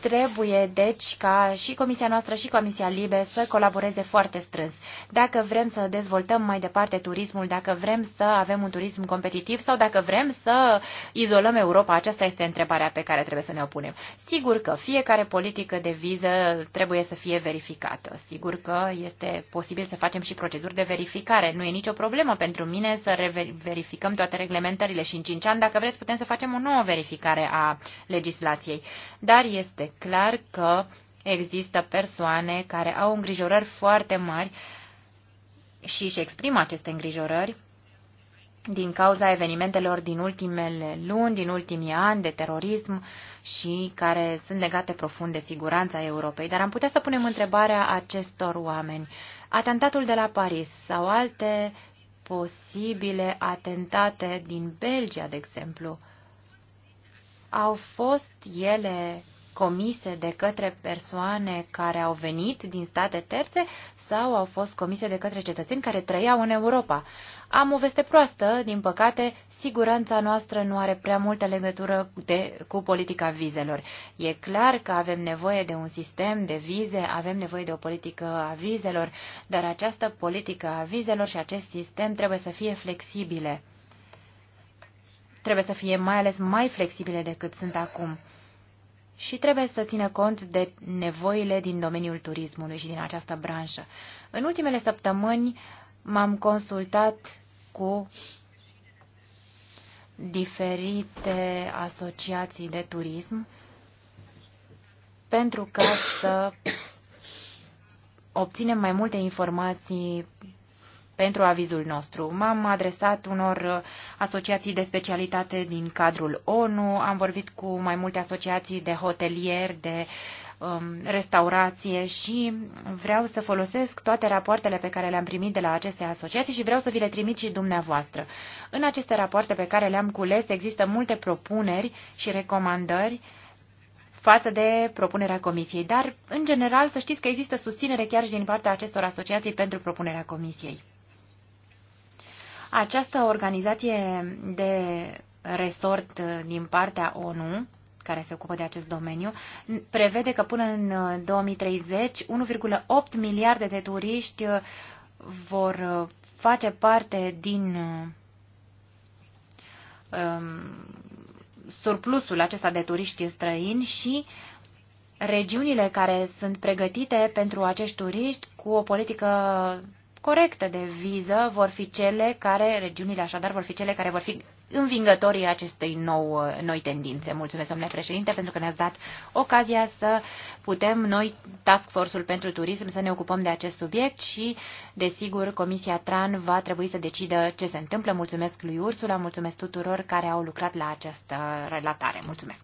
B: Trebuie, deci, ca și Comisia noastră și Comisia Libe să colaboreze foarte strâns. Dacă vrem să dezvoltăm mai departe turismul, dacă vrem să avem un turism competitiv sau dacă vrem să izolăm Europa, aceasta este întrebarea pe care trebuie să ne opunem. Sigur că fiecare politică de viză trebuie să fie verificată. Sigur că este posibil să facem și proceduri de verificare. Nu e nicio problemă pentru mine să verificăm toate reglementările și în 5 ani, dacă vreți, putem să facem o nouă verificare a legislației. Dar este clar că există persoane care au îngrijorări foarte mari și își exprimă aceste îngrijorări din cauza evenimentelor din ultimele luni, din ultimii ani, de terorism și care sunt legate profund de siguranța Europei. Dar am putea să punem întrebarea acestor oameni. Atentatul de la Paris sau alte posibile atentate din Belgia, de exemplu, au fost ele comise de către persoane care au venit din state terțe sau au fost comise de către cetățeni care trăiau în Europa. Am o veste proastă, din păcate, siguranța noastră nu are prea multă legătură de, cu politica vizelor. E clar că avem nevoie de un sistem de vize, avem nevoie de o politică a vizelor, dar această politică a vizelor și acest sistem trebuie să fie flexibile. Trebuie să fie mai ales mai flexibile decât sunt acum și trebuie să țină cont de nevoile din domeniul turismului și din această branșă. În ultimele săptămâni m-am consultat cu diferite asociații de turism pentru ca să obținem mai multe informații pentru avizul nostru. M-am adresat unor asociații de specialitate din cadrul ONU, am vorbit cu mai multe asociații de hotelieri, de um, restaurație și vreau să folosesc toate rapoartele pe care le-am primit de la aceste asociații și vreau să vi le trimit și dumneavoastră. În aceste rapoarte pe care le-am cules există multe propuneri și recomandări față de propunerea comisiei, dar, în general, să știți că există susținere chiar și din partea acestor asociații pentru propunerea comisiei. Această organizație de resort din partea ONU, care se ocupă de acest domeniu, prevede că până în 2030 uh, 1,8 miliarde de turiști uh, vor uh, face parte din um, surplusul acesta de turiști străini și regiunile care sunt pregătite pentru acești turiști cu o politică corectă de viză vor fi cele care, regiunile așadar, vor fi cele care vor fi învingătorii acestei nou, uh, noi tendințe. Mulțumesc, domnule președinte, pentru că ne-ați dat ocazia să putem noi, Task Force-ul pentru Turism, să ne ocupăm de acest subiect și, desigur, Comisia TRAN va trebui să decidă ce se întâmplă. Mulțumesc lui Ursula, mulțumesc tuturor care au lucrat la această relatare. Mulțumesc!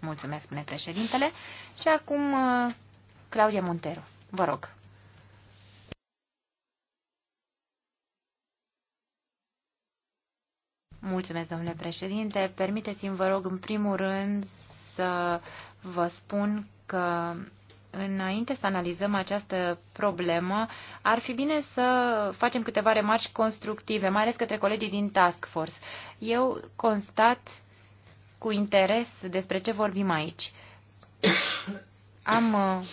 B: Mulțumesc, domnule președintele. Și acum, uh, Claudia Montero, vă rog. Mulțumesc, domnule președinte. Permiteți-mi, vă rog, în primul rând să vă spun că înainte să analizăm această problemă, ar fi bine să facem câteva remarci constructive, mai ales către colegii din Task Force. Eu constat cu interes despre ce vorbim aici. Am uh,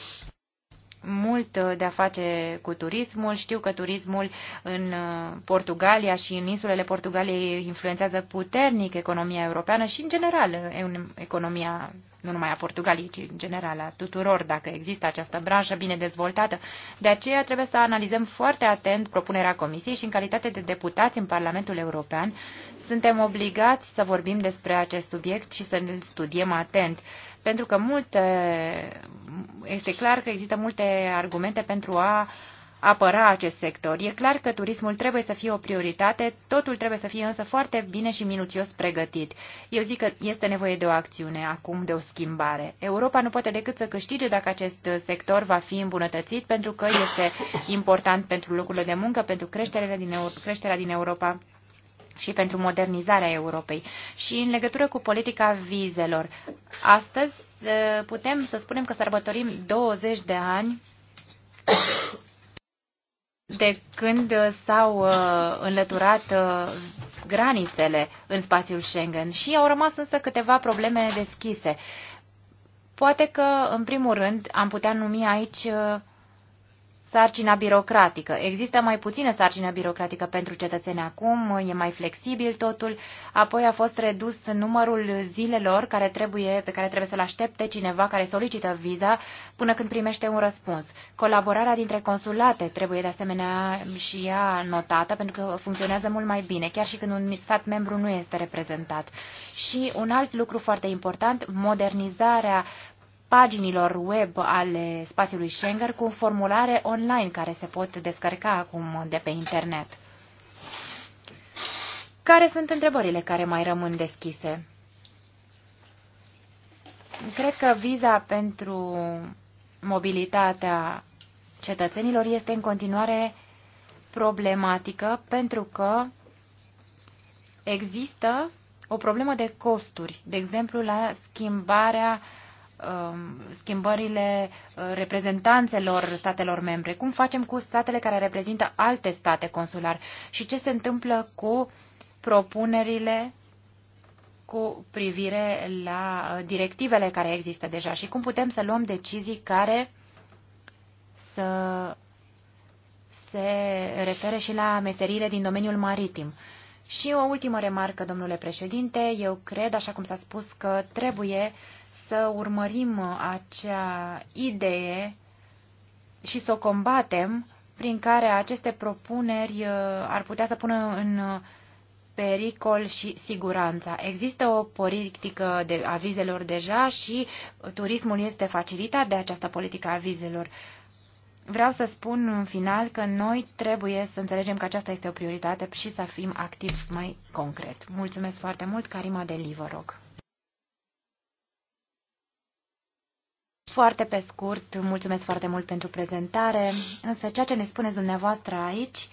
B: mult uh, de a face cu turismul. Știu că turismul în uh, Portugalia și în insulele Portugaliei influențează puternic economia europeană și, în general, economia nu numai a Portugaliei, ci în general a tuturor, dacă există această branșă bine dezvoltată. De aceea trebuie să analizăm foarte atent propunerea Comisiei și, în calitate de deputați în Parlamentul European, suntem obligați să vorbim despre acest subiect și să-l studiem atent pentru că multe, este clar că există multe argumente pentru a apăra acest sector. E clar că turismul trebuie să fie o prioritate, totul trebuie să fie însă foarte bine și minuțios pregătit. Eu zic că este nevoie de o acțiune acum, de o schimbare. Europa nu poate decât să câștige dacă acest sector va fi îmbunătățit, pentru că este important pentru locurile de muncă, pentru creșterea din, creșterea din Europa și pentru modernizarea Europei. Și în legătură cu politica vizelor, astăzi putem să spunem că sărbătorim 20 de ani de când s-au înlăturat granițele în spațiul Schengen și au rămas însă câteva probleme deschise. Poate că, în primul rând, am putea numi aici sarcina birocratică. Există mai puțină sarcină birocratică pentru cetățeni acum, e mai flexibil totul, apoi a fost redus numărul zilelor care trebuie, pe care trebuie să-l aștepte cineva care solicită viza până când primește un răspuns. Colaborarea dintre consulate trebuie de asemenea și ea notată pentru că funcționează mult mai bine, chiar și când un stat membru nu este reprezentat. Și un alt lucru foarte important, modernizarea paginilor web ale spațiului Schengen cu formulare online care se pot descărca acum de pe internet. Care sunt întrebările care mai rămân deschise? Cred că viza pentru mobilitatea cetățenilor este în continuare problematică pentru că există o problemă de costuri, de exemplu la schimbarea uh, Um, schimbările uh, reprezentanțelor statelor membre? Cum facem cu statele care reprezintă alte state consular? Și ce se întâmplă cu propunerile cu privire la uh, directivele care există deja și cum putem să luăm decizii care să se refere și la meserile din domeniul maritim. Și o ultimă remarcă, domnule președinte, eu cred, așa cum s-a spus, că trebuie să urmărim acea idee și să o combatem prin care aceste propuneri uh, ar putea să pună în pericol și siguranța. Există o politică de avizelor deja și turismul este facilitat de această politică a vizelor. Vreau să spun în final că noi trebuie să înțelegem că aceasta este o prioritate și să fim activi mai concret. Mulțumesc foarte mult, Karima de Livoroc. rog. Foarte pe scurt, mulțumesc foarte mult pentru prezentare, însă ceea ce ne spuneți dumneavoastră aici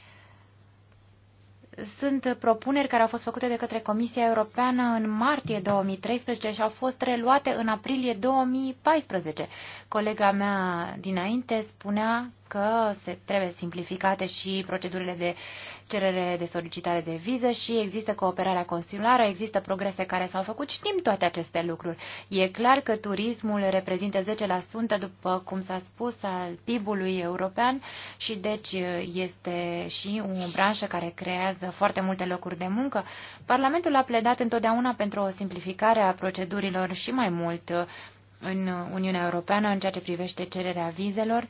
B: sunt propuneri care au fost făcute de către Comisia Europeană în martie 2013 și au fost reluate în aprilie 2014. Colega mea dinainte spunea că se trebuie simplificate și procedurile de cerere de solicitare de viză și există cooperarea consulară, există progrese care s-au făcut, știm toate aceste lucruri. E clar că turismul reprezintă 10%, după cum s-a spus, al PIB-ului european și deci este și o branșă care creează foarte multe locuri de muncă. Parlamentul a pledat întotdeauna pentru o simplificare a procedurilor și mai mult în Uniunea Europeană în ceea ce privește cererea vizelor,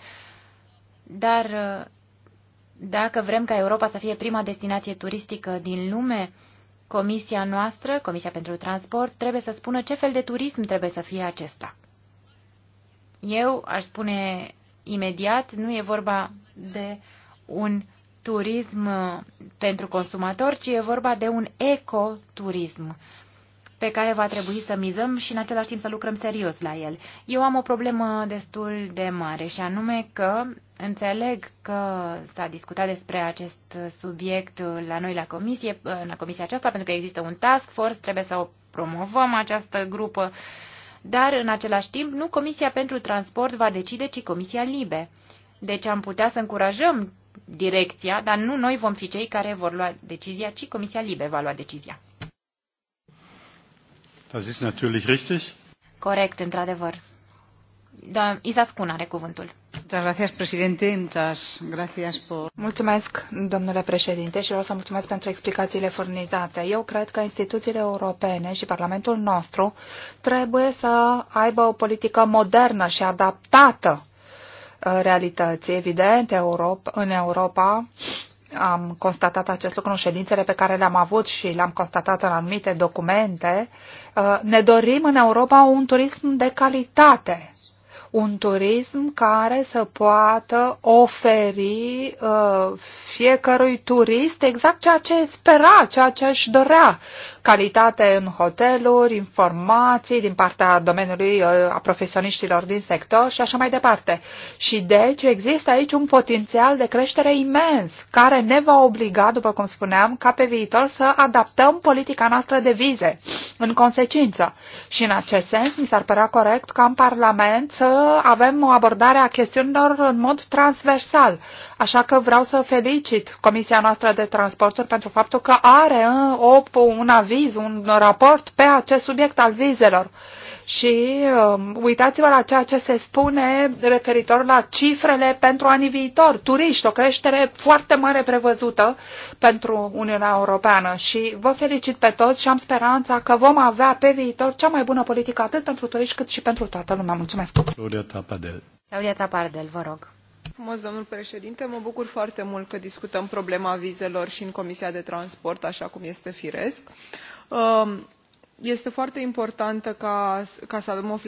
B: dar dacă vrem ca Europa să fie prima destinație turistică din lume, comisia noastră, Comisia pentru Transport, trebuie să spună ce fel de turism trebuie să fie acesta. Eu aș spune imediat, nu e vorba de un turism uh, pentru consumator, ci e vorba de un ecoturism pe care va trebui să mizăm și în același timp să lucrăm serios la el. Eu am o problemă destul de mare și anume că înțeleg că s-a discutat despre acest subiect la noi la comisie, la comisia aceasta, pentru că există un task force, trebuie să o promovăm această grupă, dar în același timp nu Comisia pentru Transport va decide, ci Comisia Libe. Deci am putea să încurajăm direcția, dar nu noi vom fi cei care vor lua decizia, ci Comisia Libe va lua decizia.
A: Das ist natürlich richtig.
B: Corect, într-adevăr. Isa Scun are cuvântul.
C: Mulțumesc, domnule președinte, și vreau să mulțumesc pentru explicațiile furnizate. Eu cred că instituțiile europene și Parlamentul nostru trebuie să aibă o politică modernă și adaptată uh, realității. Evident, Europa, în Europa am constatat acest lucru în ședințele pe care le-am avut și le-am constatat în anumite documente Uh, ne dorim în Europa un turism de calitate, un turism care să poată oferi uh, fiecărui turist exact ceea ce spera, ceea ce își dorea calitate în hoteluri, informații din partea domeniului uh, a profesioniștilor din sector și așa mai departe. Și deci există aici un potențial de creștere imens care ne va obliga, după cum spuneam, ca pe viitor să adaptăm politica noastră de vize în consecință. Și în acest sens mi s-ar părea corect ca în Parlament să avem o abordare a chestiunilor în mod transversal, Așa că vreau să felicit Comisia noastră de Transporturi pentru faptul că are uh, op un aviz, un raport pe acest subiect al vizelor. Și uh, uitați-vă la ceea ce se spune referitor la cifrele pentru anii viitor, turiști, o creștere foarte mare prevăzută pentru Uniunea Europeană. Și vă felicit pe toți și am speranța că vom avea pe viitor cea mai bună politică atât pentru turiști cât și pentru toată lumea. Mulțumesc! Claudia Tapardel.
B: Claudia Tapardel, vă rog
E: domnule președinte mă bucur foarte mult că discutăm problema vizelor și în comisia pentru transport așa cum este firesc. Um, este foarte important să avem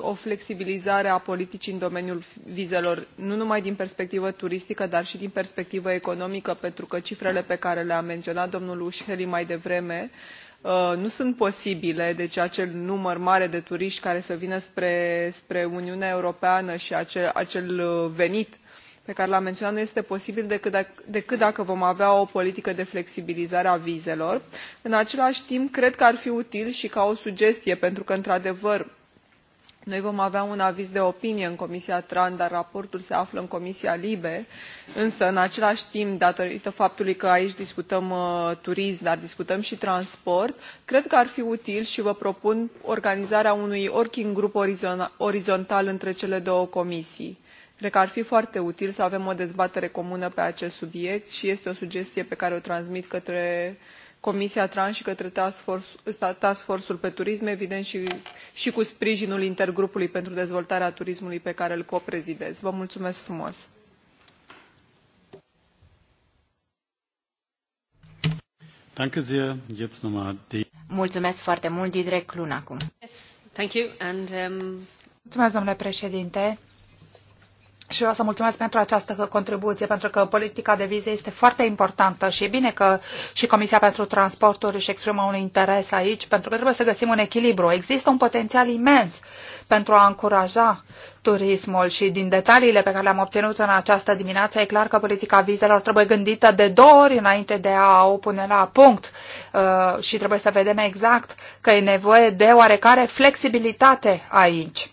E: o flexibilizare a politicii în domeniul vizelor nu numai din perspectivă turistică dar și din perspectivă economică pentru că cifrele pe care le a menționat domnul ujhelyi mai devreme sunt Uh, nu sunt posibile deci acel număr mare de turiști care să vină spre, uniunea europeană și acel, uh, venit pe care l am menționat nu este posibil decât dacă vom avea o politică de flexibilizare a vizelor. în același timp cred că ar fi util și ca o sugestie pentru că într adevăr noi vom avea un aviz de opinie în comisia tran dar raportul se află în comisia libe însă în același timp datorită faptului că aici discutăm uh, turism dar discutăm și transport cred că ar fi util și vă propun organizarea unui working group orizontal între cele două comisii. cred că ar fi foarte util să avem o dezbatere comună pe acest subiect și este o sugestie pe care o transmit către comisia tran și către task force ul pe turism evident și, cu sprijinul intergrupului pentru dezvoltarea turismului pe care îl coprezidez. vă mulțumesc frumos!
B: Mulțumesc foarte mult, Didrek Luna, acum.
E: Um,
C: mulțumesc, domnule președinte și vreau să mulțumesc pentru această contribuție, pentru că politica de vize este foarte importantă și e bine că și Comisia pentru Transporturi își exprimă un interes aici, pentru că trebuie să găsim un echilibru. Există un potențial imens pentru a încuraja turismul și din detaliile pe care le-am obținut în această dimineață e clar că politica vizelor trebuie gândită de două ori înainte de a o pune la punct uh, și trebuie să vedem exact că e nevoie de oarecare flexibilitate aici.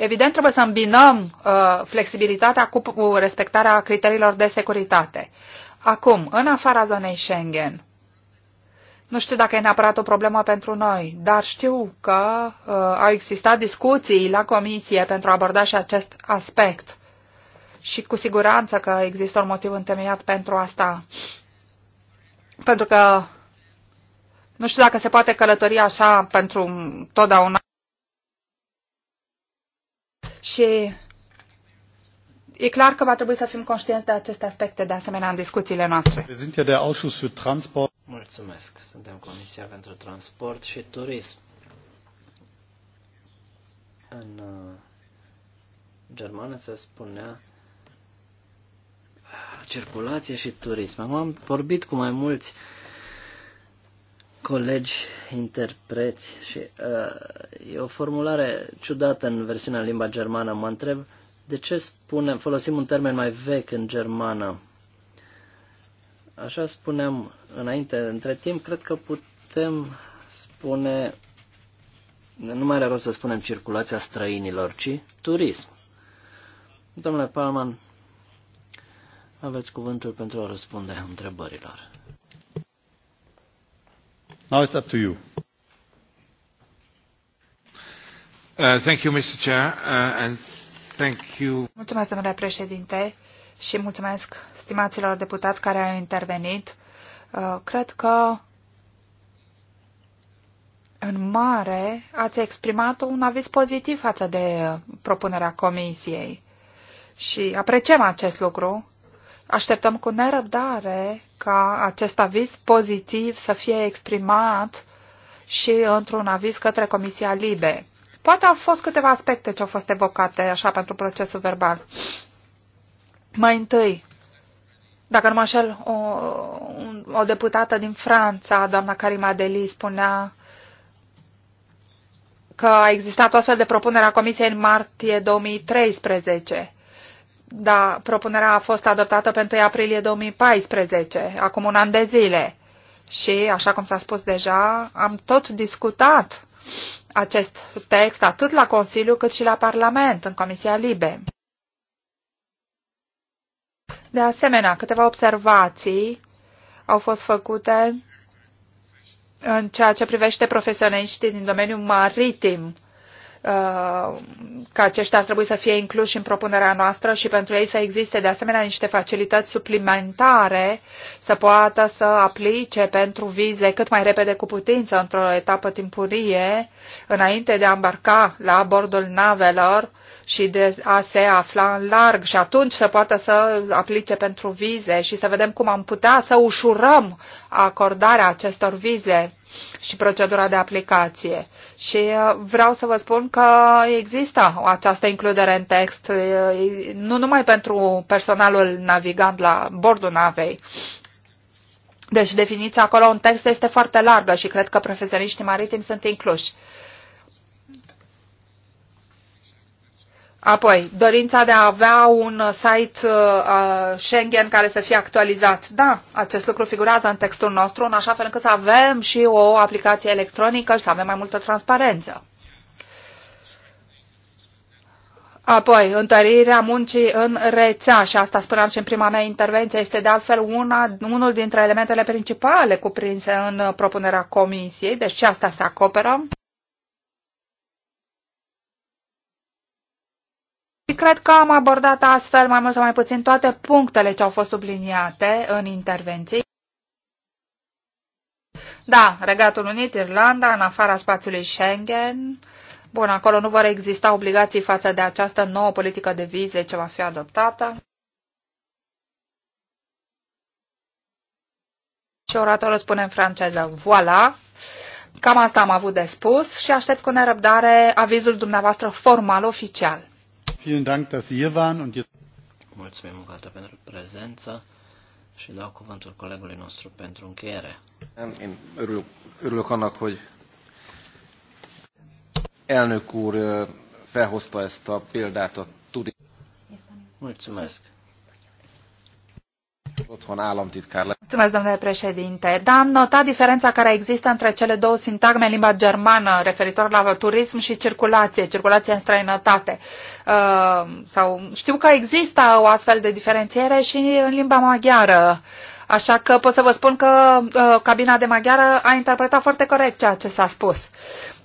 C: Evident, trebuie să îmbinăm uh, flexibilitatea cu, respectarea criteriilor de securitate. Acum, în afara zonei Schengen, nu știu dacă e neapărat o problemă pentru noi, dar știu că uh, au existat discuții la comisie pentru a aborda și acest aspect. Și cu siguranță că există un motiv întemeiat pentru asta. Pentru că nu știu dacă se poate călători așa pentru totdeauna. Și e clar că va trebui să fim conștienți de aceste aspecte de asemenea în discuțiile noastre.
D: Mulțumesc. Suntem Comisia pentru Transport și Turism. În uh, germană se spunea ah, circulație și turism. Acum am vorbit cu mai mulți uh, colegi interpreți și uh, e o formulare ciudată în versiunea în limba germană. Mă întreb de ce spunem, folosim un termen mai vechi în germană. Așa spuneam înainte, între timp, cred că putem spune, nu mai are rost să spunem circulația străinilor, ci turism. Domnule Palman, aveți cuvântul pentru a răspunde întrebărilor.
A: Now it's up to you.
B: Uh, thank you, Mr. Chair, uh, and thank you.
C: Mulțumesc, domnule președinte, și mulțumesc stimaților deputați care au intervenit. Uh, cred că în mare ați exprimat un aviz pozitiv față de uh, propunerea comisiei și apreciem acest lucru Așteptăm cu nerăbdare ca acest aviz pozitiv să fie exprimat și într-un aviz către Comisia Libe. Poate au fost câteva aspecte ce au fost evocate așa pentru procesul verbal. Mai întâi, dacă nu mă așel, o, o deputată din Franța, doamna Karima Deli, spunea că a existat o astfel de propunere a Comisiei în martie 2013 da, propunerea a fost adoptată pe 1 aprilie 2014, acum un an de zile. Și, așa cum s-a spus deja, am tot discutat acest text atât la Consiliu cât și la Parlament, în Comisia Libe. De asemenea, câteva observații au fost făcute în ceea ce privește profesioniștii din domeniul maritim Uh, că aceștia ar trebui să fie incluși în propunerea noastră și pentru ei să existe de asemenea niște facilități suplimentare să poată să aplice pentru vize cât mai repede cu putință într-o etapă timpurie, înainte de a îmbarca la bordul navelor și de a se afla în larg și atunci să poată să aplice pentru vize și să vedem cum am putea să ușurăm acordarea acestor vize și procedura de aplicație. Și uh, vreau să vă spun că există această includere în text, uh, nu numai pentru personalul navigant la bordul navei, deci definiția acolo în text este foarte largă și cred că profesioniștii maritimi sunt incluși. Apoi, dorința de a avea un site uh, Schengen care să fie actualizat. Da, acest lucru figurează în textul nostru, în așa fel încât să avem și o aplicație electronică și să avem mai multă transparență. Apoi, întărirea muncii în rețea, și asta spuneam și în prima mea intervenție, este de altfel una, unul dintre elementele principale cuprinse în propunerea comisiei, deci și asta se acoperă. Și cred că am abordat astfel mai mult sau mai puțin toate punctele ce au fost subliniate în intervenții. Da, Regatul Unit, Irlanda, în afara spațiului Schengen. Bun, acolo nu vor exista obligații față de această nouă politică de vize ce va fi adoptată. Și oratorul spune în franceză, voilà, cam asta am avut de spus și aștept cu nerăbdare avizul dumneavoastră formal oficial.
D: Vielen Dank, dass Sie hier waren und Mulțumim încă o dată pentru prezență și dau cuvântul colegului nostru pentru încheiere. örülök, annak, hogy elnök úr felhozta ezt a példát a
C: Mulțumesc. Mulțumesc, domnule președinte. Da, am notat diferența care există între cele două sintagme în limba germană referitor la turism și circulație, circulație în străinătate. Uh, sau știu că există o astfel de diferențiere și în limba maghiară. Uh, Așa că pot să vă spun că uh, cabina de maghiară a interpretat foarte corect ceea ce s-a spus.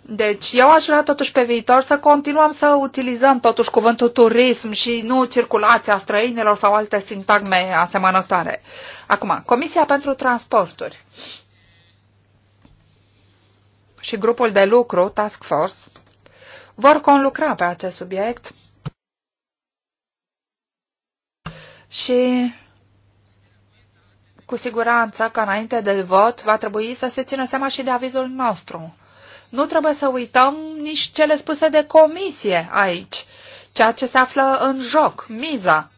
C: Deci eu aș vrea totuși pe viitor să continuăm să utilizăm totuși cuvântul turism și nu circulația străinilor sau alte sintagme asemănătoare. Acum, Comisia pentru Transporturi și grupul de lucru, Task Force, vor conlucra pe acest subiect și cu siguranță că înainte de vot va trebui să se țină seama și de avizul nostru. Nu trebuie să uităm nici cele spuse de comisie aici, ceea ce se află în joc, miza,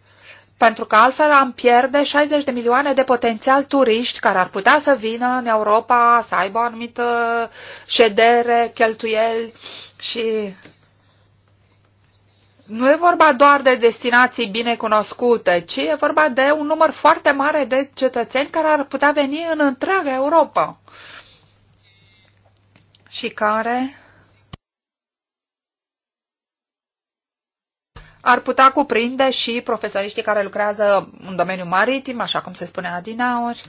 C: pentru că altfel am pierde 60 de milioane de potențial turiști care ar putea să vină în Europa, să aibă o anumită ședere, cheltuieli și nu e vorba doar de destinații bine cunoscute, ci e vorba de un număr foarte mare de cetățeni care ar putea veni în întreaga Europa și care ar putea cuprinde și profesioniștii care lucrează în domeniul maritim, așa cum se spunea adinaori.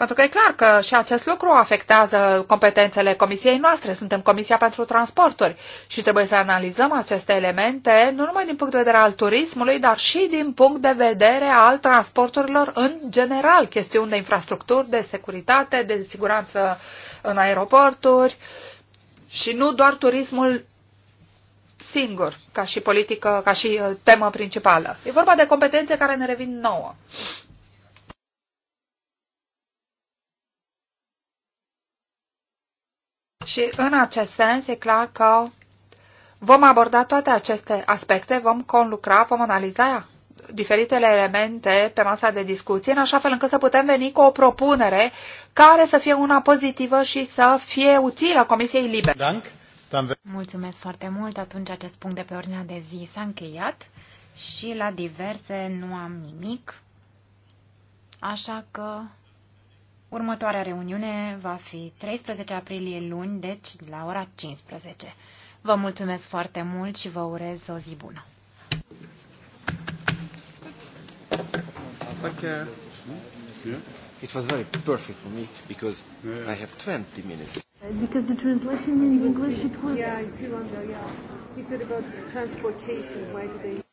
C: Pentru că e clar că și acest lucru afectează competențele comisiei noastre. Suntem Comisia pentru Transporturi și trebuie să analizăm aceste elemente nu numai din punct de vedere al turismului, dar și din punct de vedere al transporturilor în general, chestiuni de infrastructuri, de securitate, de siguranță în aeroporturi și nu doar turismul singur, ca și politică, ca și uh, temă principală. E vorba de competențe care ne revin nouă. Și în acest sens e clar că vom aborda toate aceste aspecte, vom conlucra, vom analiza diferitele elemente pe masa de discuție, în așa fel încât să putem veni cu o propunere care să fie una pozitivă și să fie utilă Comisiei Libere.
B: Mulțumesc foarte mult. Atunci acest punct de pe ordinea de zi s-a încheiat și la diverse nu am nimic. Așa că Următoarea reuniune va fi 13 aprilie luni, deci la ora 15. Vă mulțumesc foarte mult și vă urez o zi bună.
D: It was very perfect for me because yeah. I have 20 minutes. Because the translation in English
C: it was.
E: Yeah, too long ago. Yeah, He said about transportation. Why do they?